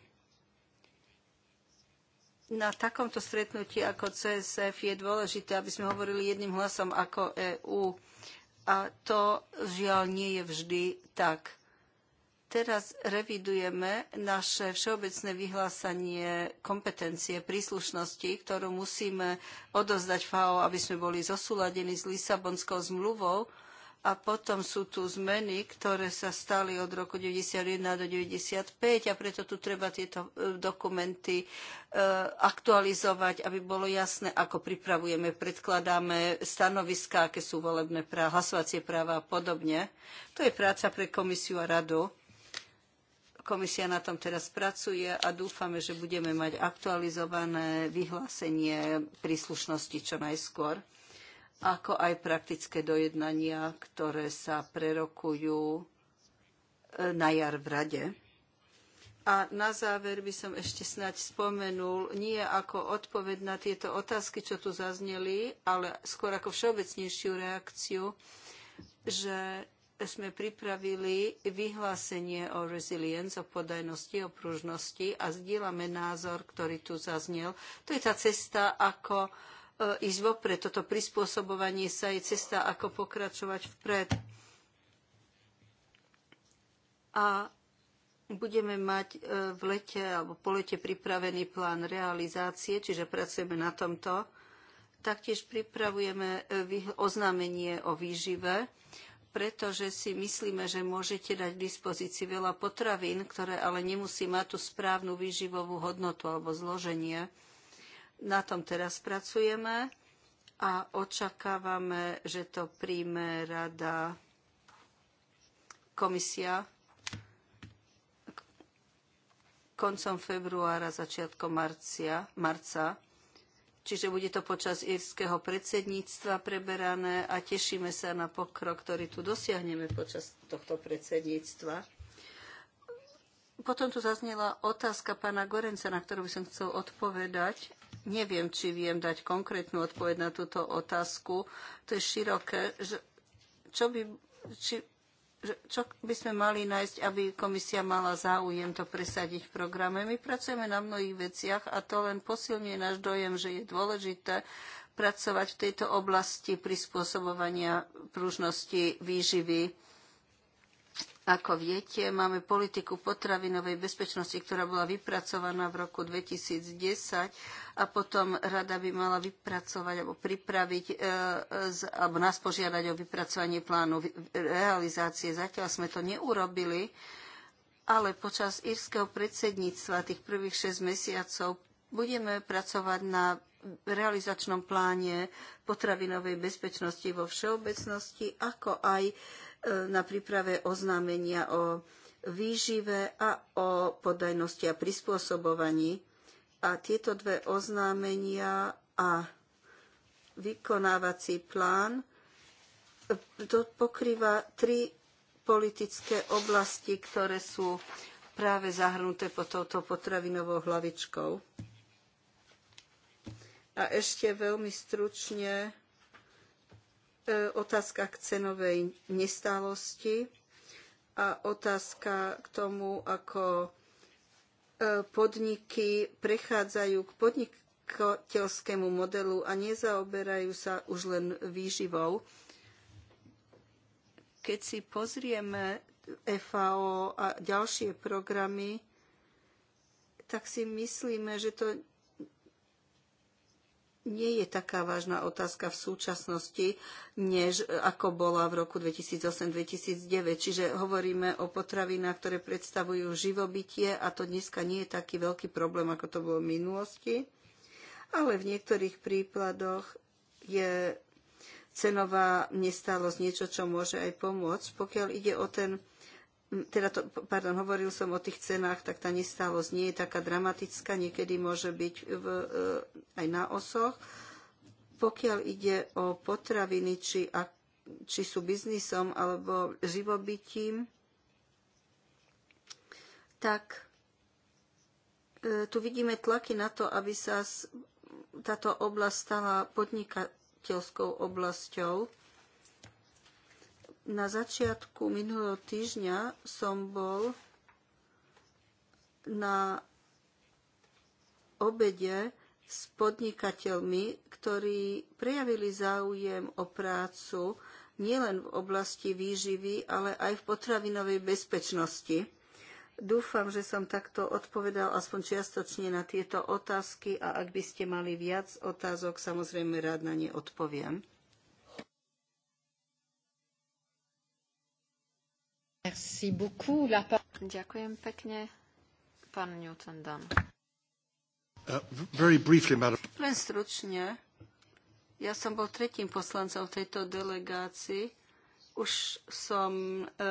Na takomto stretnutí ako CSF je dôležité, aby sme hovorili jedným hlasom ako EÚ a to žiaľ nie je vždy tak. Teraz revidujeme naše všeobecné vyhlásanie kompetencie príslušnosti, ktorú musíme odozdať FAO, aby sme boli zosúladení s Lisabonskou zmluvou, a potom sú tu zmeny, ktoré sa stali od roku 1991 do 1995 a preto tu treba tieto e, dokumenty e, aktualizovať, aby bolo jasné, ako pripravujeme, predkladáme stanoviská, aké sú volebné práva, hlasovacie práva a podobne. To je práca pre komisiu a radu. Komisia na tom teraz pracuje a dúfame, že budeme mať aktualizované vyhlásenie príslušnosti čo najskôr ako aj praktické dojednania, ktoré sa prerokujú e, na jar v rade. A na záver by som ešte snať spomenul, nie ako odpoveď na tieto otázky, čo tu zazneli, ale skôr ako všeobecnejšiu reakciu, že sme pripravili vyhlásenie o resilience, o podajnosti, o pružnosti a zdieľame názor, ktorý tu zaznel. To je tá cesta, ako E, ísť vopred. Toto prispôsobovanie sa je cesta, ako pokračovať vpred. A budeme mať e, v lete alebo po lete pripravený plán realizácie, čiže pracujeme na tomto. Taktiež pripravujeme e, oznámenie o výžive, pretože si myslíme, že môžete dať k dispozícii veľa potravín, ktoré ale nemusí mať tú správnu výživovú hodnotu alebo zloženie. Na tom teraz pracujeme a očakávame, že to príjme rada komisia koncom februára, začiatkom marcia, marca. Čiže bude to počas írskeho predsedníctva preberané a tešíme sa na pokrok, ktorý tu dosiahneme počas tohto predsedníctva. Potom tu zaznela otázka pána Gorenca, na ktorú by som chcel odpovedať. Neviem, či viem dať konkrétnu odpoveď na túto otázku. To je široké. Že, čo, by, či, že, čo by sme mali nájsť, aby komisia mala záujem to presadiť v programe? My pracujeme na mnohých veciach a to len posilňuje náš dojem, že je dôležité pracovať v tejto oblasti prispôsobovania pružnosti výživy ako viete, máme politiku potravinovej bezpečnosti, ktorá bola vypracovaná v roku 2010 a potom rada by mala vypracovať alebo pripraviť e, alebo nás požiadať o vypracovanie plánu realizácie. Zatiaľ sme to neurobili, ale počas írskeho predsedníctva tých prvých 6 mesiacov budeme pracovať na realizačnom pláne potravinovej bezpečnosti vo všeobecnosti, ako aj E, na príprave oznámenia o výžive a o podajnosti a prispôsobovaní. A tieto dve oznámenia a vykonávací plán e, to pokrýva tri politické oblasti, ktoré sú práve zahrnuté pod touto potravinovou hlavičkou. A ešte veľmi stručne E, otázka k cenovej nestálosti a otázka k tomu, ako e, podniky prechádzajú k podnikateľskému modelu a nezaoberajú sa už len výživou. Keď si pozrieme FAO a ďalšie programy, tak si myslíme, že to nie je taká vážna otázka v súčasnosti, než e, ako bola v roku 2008-2009. Čiže hovoríme o potravinách, ktoré predstavujú živobytie a to dneska nie je taký veľký problém, ako to bolo v minulosti. Ale v niektorých prípadoch je cenová nestálosť niečo, čo môže aj pomôcť. Pokiaľ ide o ten teda to, pardon, hovoril som o tých cenách, tak tá nestálosť nie je taká dramatická, niekedy môže byť v, e, aj na osoch. Pokiaľ ide o potraviny, či, a, či sú biznisom alebo živobytím, tak e, tu vidíme tlaky na to, aby sa táto oblasť stala podnikateľskou oblasťou na začiatku minulého týždňa som bol na obede s podnikateľmi, ktorí prejavili záujem o prácu nielen v oblasti výživy, ale aj v potravinovej bezpečnosti. Dúfam, že som takto odpovedal aspoň čiastočne na tieto otázky a ak by ste mali viac otázok, samozrejme rád na ne odpoviem. Merci beaucoup. La... Ďakujem pekne. Pán Newton Dunn. Uh, very briefly, madam. Len stručne. Ja som bol tretím poslancom v tejto delegácii. Už som e,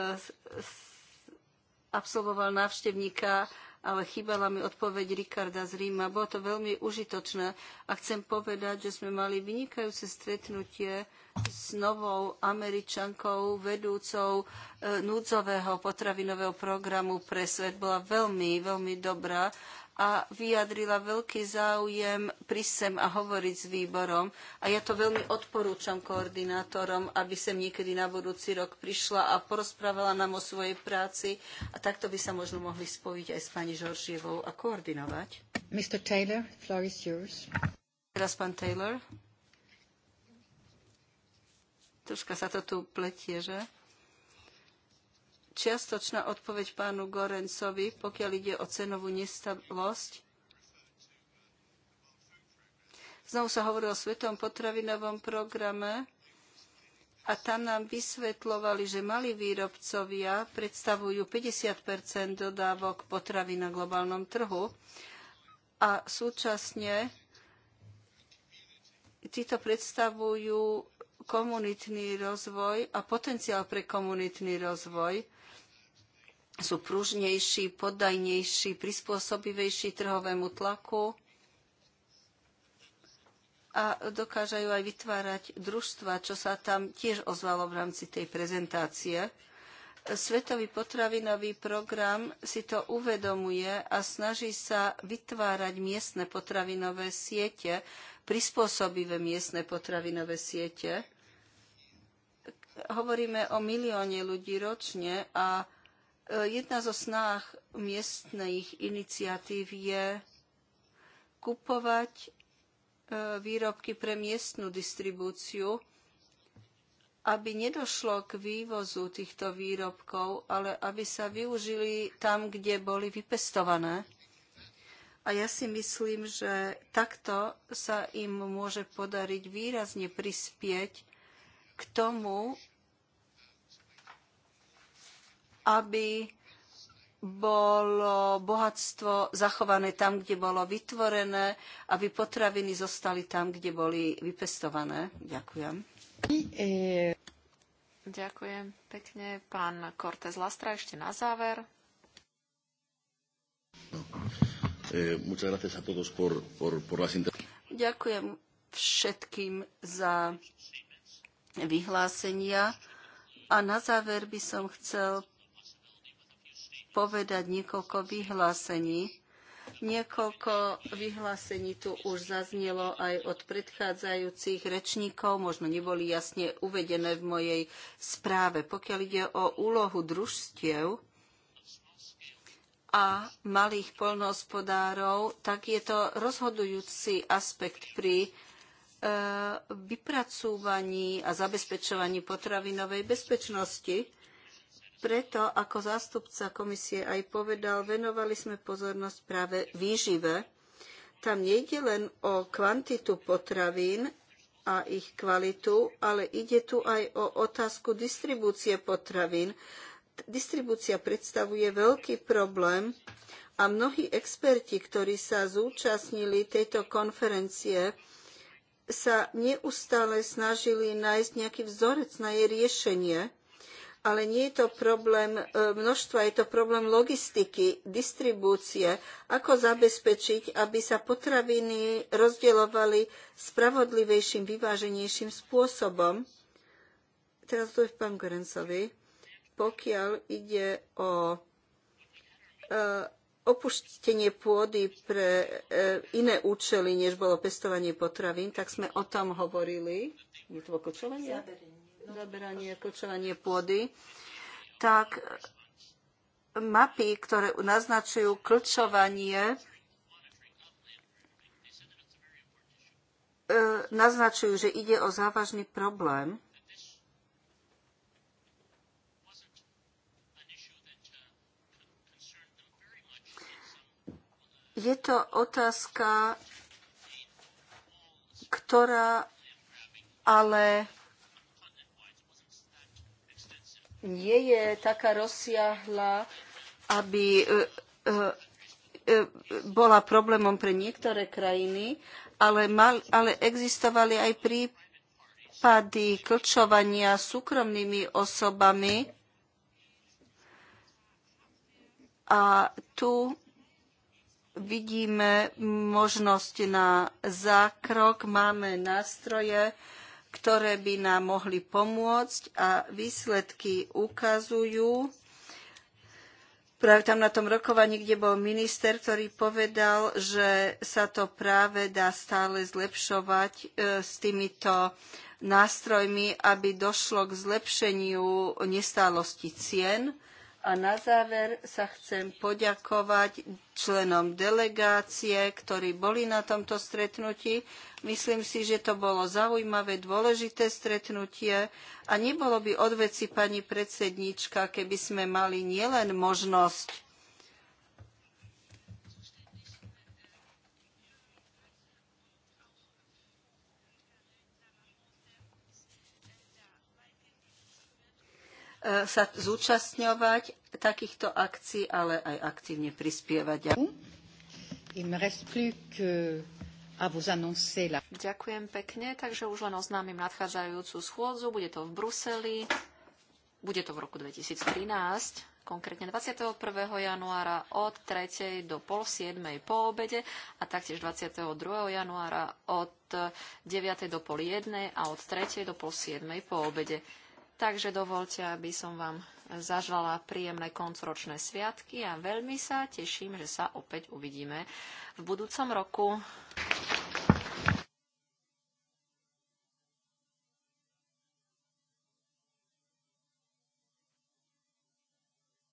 absolvoval návštevníka ale chýbala mi odpoveď Rikarda z Ríma. Bolo to veľmi užitočné a chcem povedať, že sme mali vynikajúce stretnutie s novou američankou vedúcou e, núdzového potravinového programu pre svet. Bola veľmi, veľmi dobrá a vyjadrila veľký záujem prísť sem a hovoriť s výborom. A ja to veľmi odporúčam koordinátorom, aby sem niekedy na budúci rok prišla a porozprávala nám o svojej práci. A takto by sa možno mohli spojiť aj s pani Žoržievou a koordinovať. Mr. Taylor, floor is yours. Teraz pán Taylor. Troška sa to tu pletie, že? čiastočná odpoveď pánu Gorencovi, pokiaľ ide o cenovú nestavosť. Znovu sa hovorilo o Svetom potravinovom programe a tam nám vysvetľovali, že mali výrobcovia predstavujú 50 dodávok potravy na globálnom trhu a súčasne títo predstavujú komunitný rozvoj a potenciál pre komunitný rozvoj sú pružnejší, poddajnejší, prispôsobivejší trhovému tlaku a dokážajú aj vytvárať družstva, čo sa tam tiež ozvalo v rámci tej prezentácie. Svetový potravinový program si to uvedomuje a snaží sa vytvárať miestne potravinové siete, prispôsobivé miestne potravinové siete. Hovoríme o milióne ľudí ročne a E, jedna zo snách miestnych iniciatív je kupovať e, výrobky pre miestnu distribúciu, aby nedošlo k vývozu týchto výrobkov, ale aby sa využili tam, kde boli vypestované. A ja si myslím, že takto sa im môže podariť výrazne prispieť k tomu, aby bolo bohatstvo zachované tam, kde bolo vytvorené, aby potraviny zostali tam, kde boli vypestované. Ďakujem. Ďakujem pekne. Pán Cortez Lastra ešte na záver. No, eh, Ďakujem všetkým za vyhlásenia. A na záver by som chcel povedať niekoľko vyhlásení. Niekoľko vyhlásení tu už zaznelo aj od predchádzajúcich rečníkov, možno neboli jasne uvedené v mojej správe. Pokiaľ ide o úlohu družstiev a malých poľnohospodárov, tak je to rozhodujúci aspekt pri e, vypracúvaní a zabezpečovaní potravinovej bezpečnosti preto, ako zástupca komisie aj povedal, venovali sme pozornosť práve výžive. Tam nejde len o kvantitu potravín a ich kvalitu, ale ide tu aj o otázku distribúcie potravín. Distribúcia predstavuje veľký problém a mnohí experti, ktorí sa zúčastnili tejto konferencie, sa neustále snažili nájsť nejaký vzorec na jej riešenie ale nie je to problém e, množstva, je to problém logistiky, distribúcie, ako zabezpečiť, aby sa potraviny rozdeľovali spravodlivejším, vyváženejším spôsobom. Teraz to je pán Gorencovi. Pokiaľ ide o e, opuštenie pôdy pre e, iné účely, než bolo pestovanie potravín, tak sme o tom hovorili. Je to zaberanie, kočovanie pôdy, tak mapy, ktoré naznačujú klčovanie, e, naznačujú, že ide o závažný problém. Je to otázka, ktorá ale nie je taká rozsiahla, aby e, e, e, bola problémom pre niektoré krajiny, ale, mal, ale existovali aj prípady klčovania súkromnými osobami. A tu vidíme možnosť na zákrok, máme nástroje, ktoré by nám mohli pomôcť a výsledky ukazujú. Práve tam na tom rokovaní, kde bol minister, ktorý povedal, že sa to práve dá stále zlepšovať e, s týmito nástrojmi, aby došlo k zlepšeniu nestálosti cien a na záver sa chcem poďakovať členom delegácie, ktorí boli na tomto stretnutí. Myslím si, že to bolo zaujímavé, dôležité stretnutie a nebolo by odveci pani predsednička, keby sme mali nielen možnosť E, sa zúčastňovať takýchto akcií, ale aj aktívne prispievať. Ďakujem pekne, takže už len oznámim nadchádzajúcu schôdzu. Bude to v Bruseli, bude to v roku 2013 konkrétne 21. januára od 3. do pol 7. po obede a taktiež 22. januára od 9. do pol 1. a od 3. do pol 7. po obede. Takže dovolte, aby som vám zažala príjemné koncoročné sviatky a veľmi sa teším, že sa opäť uvidíme v budúcom roku.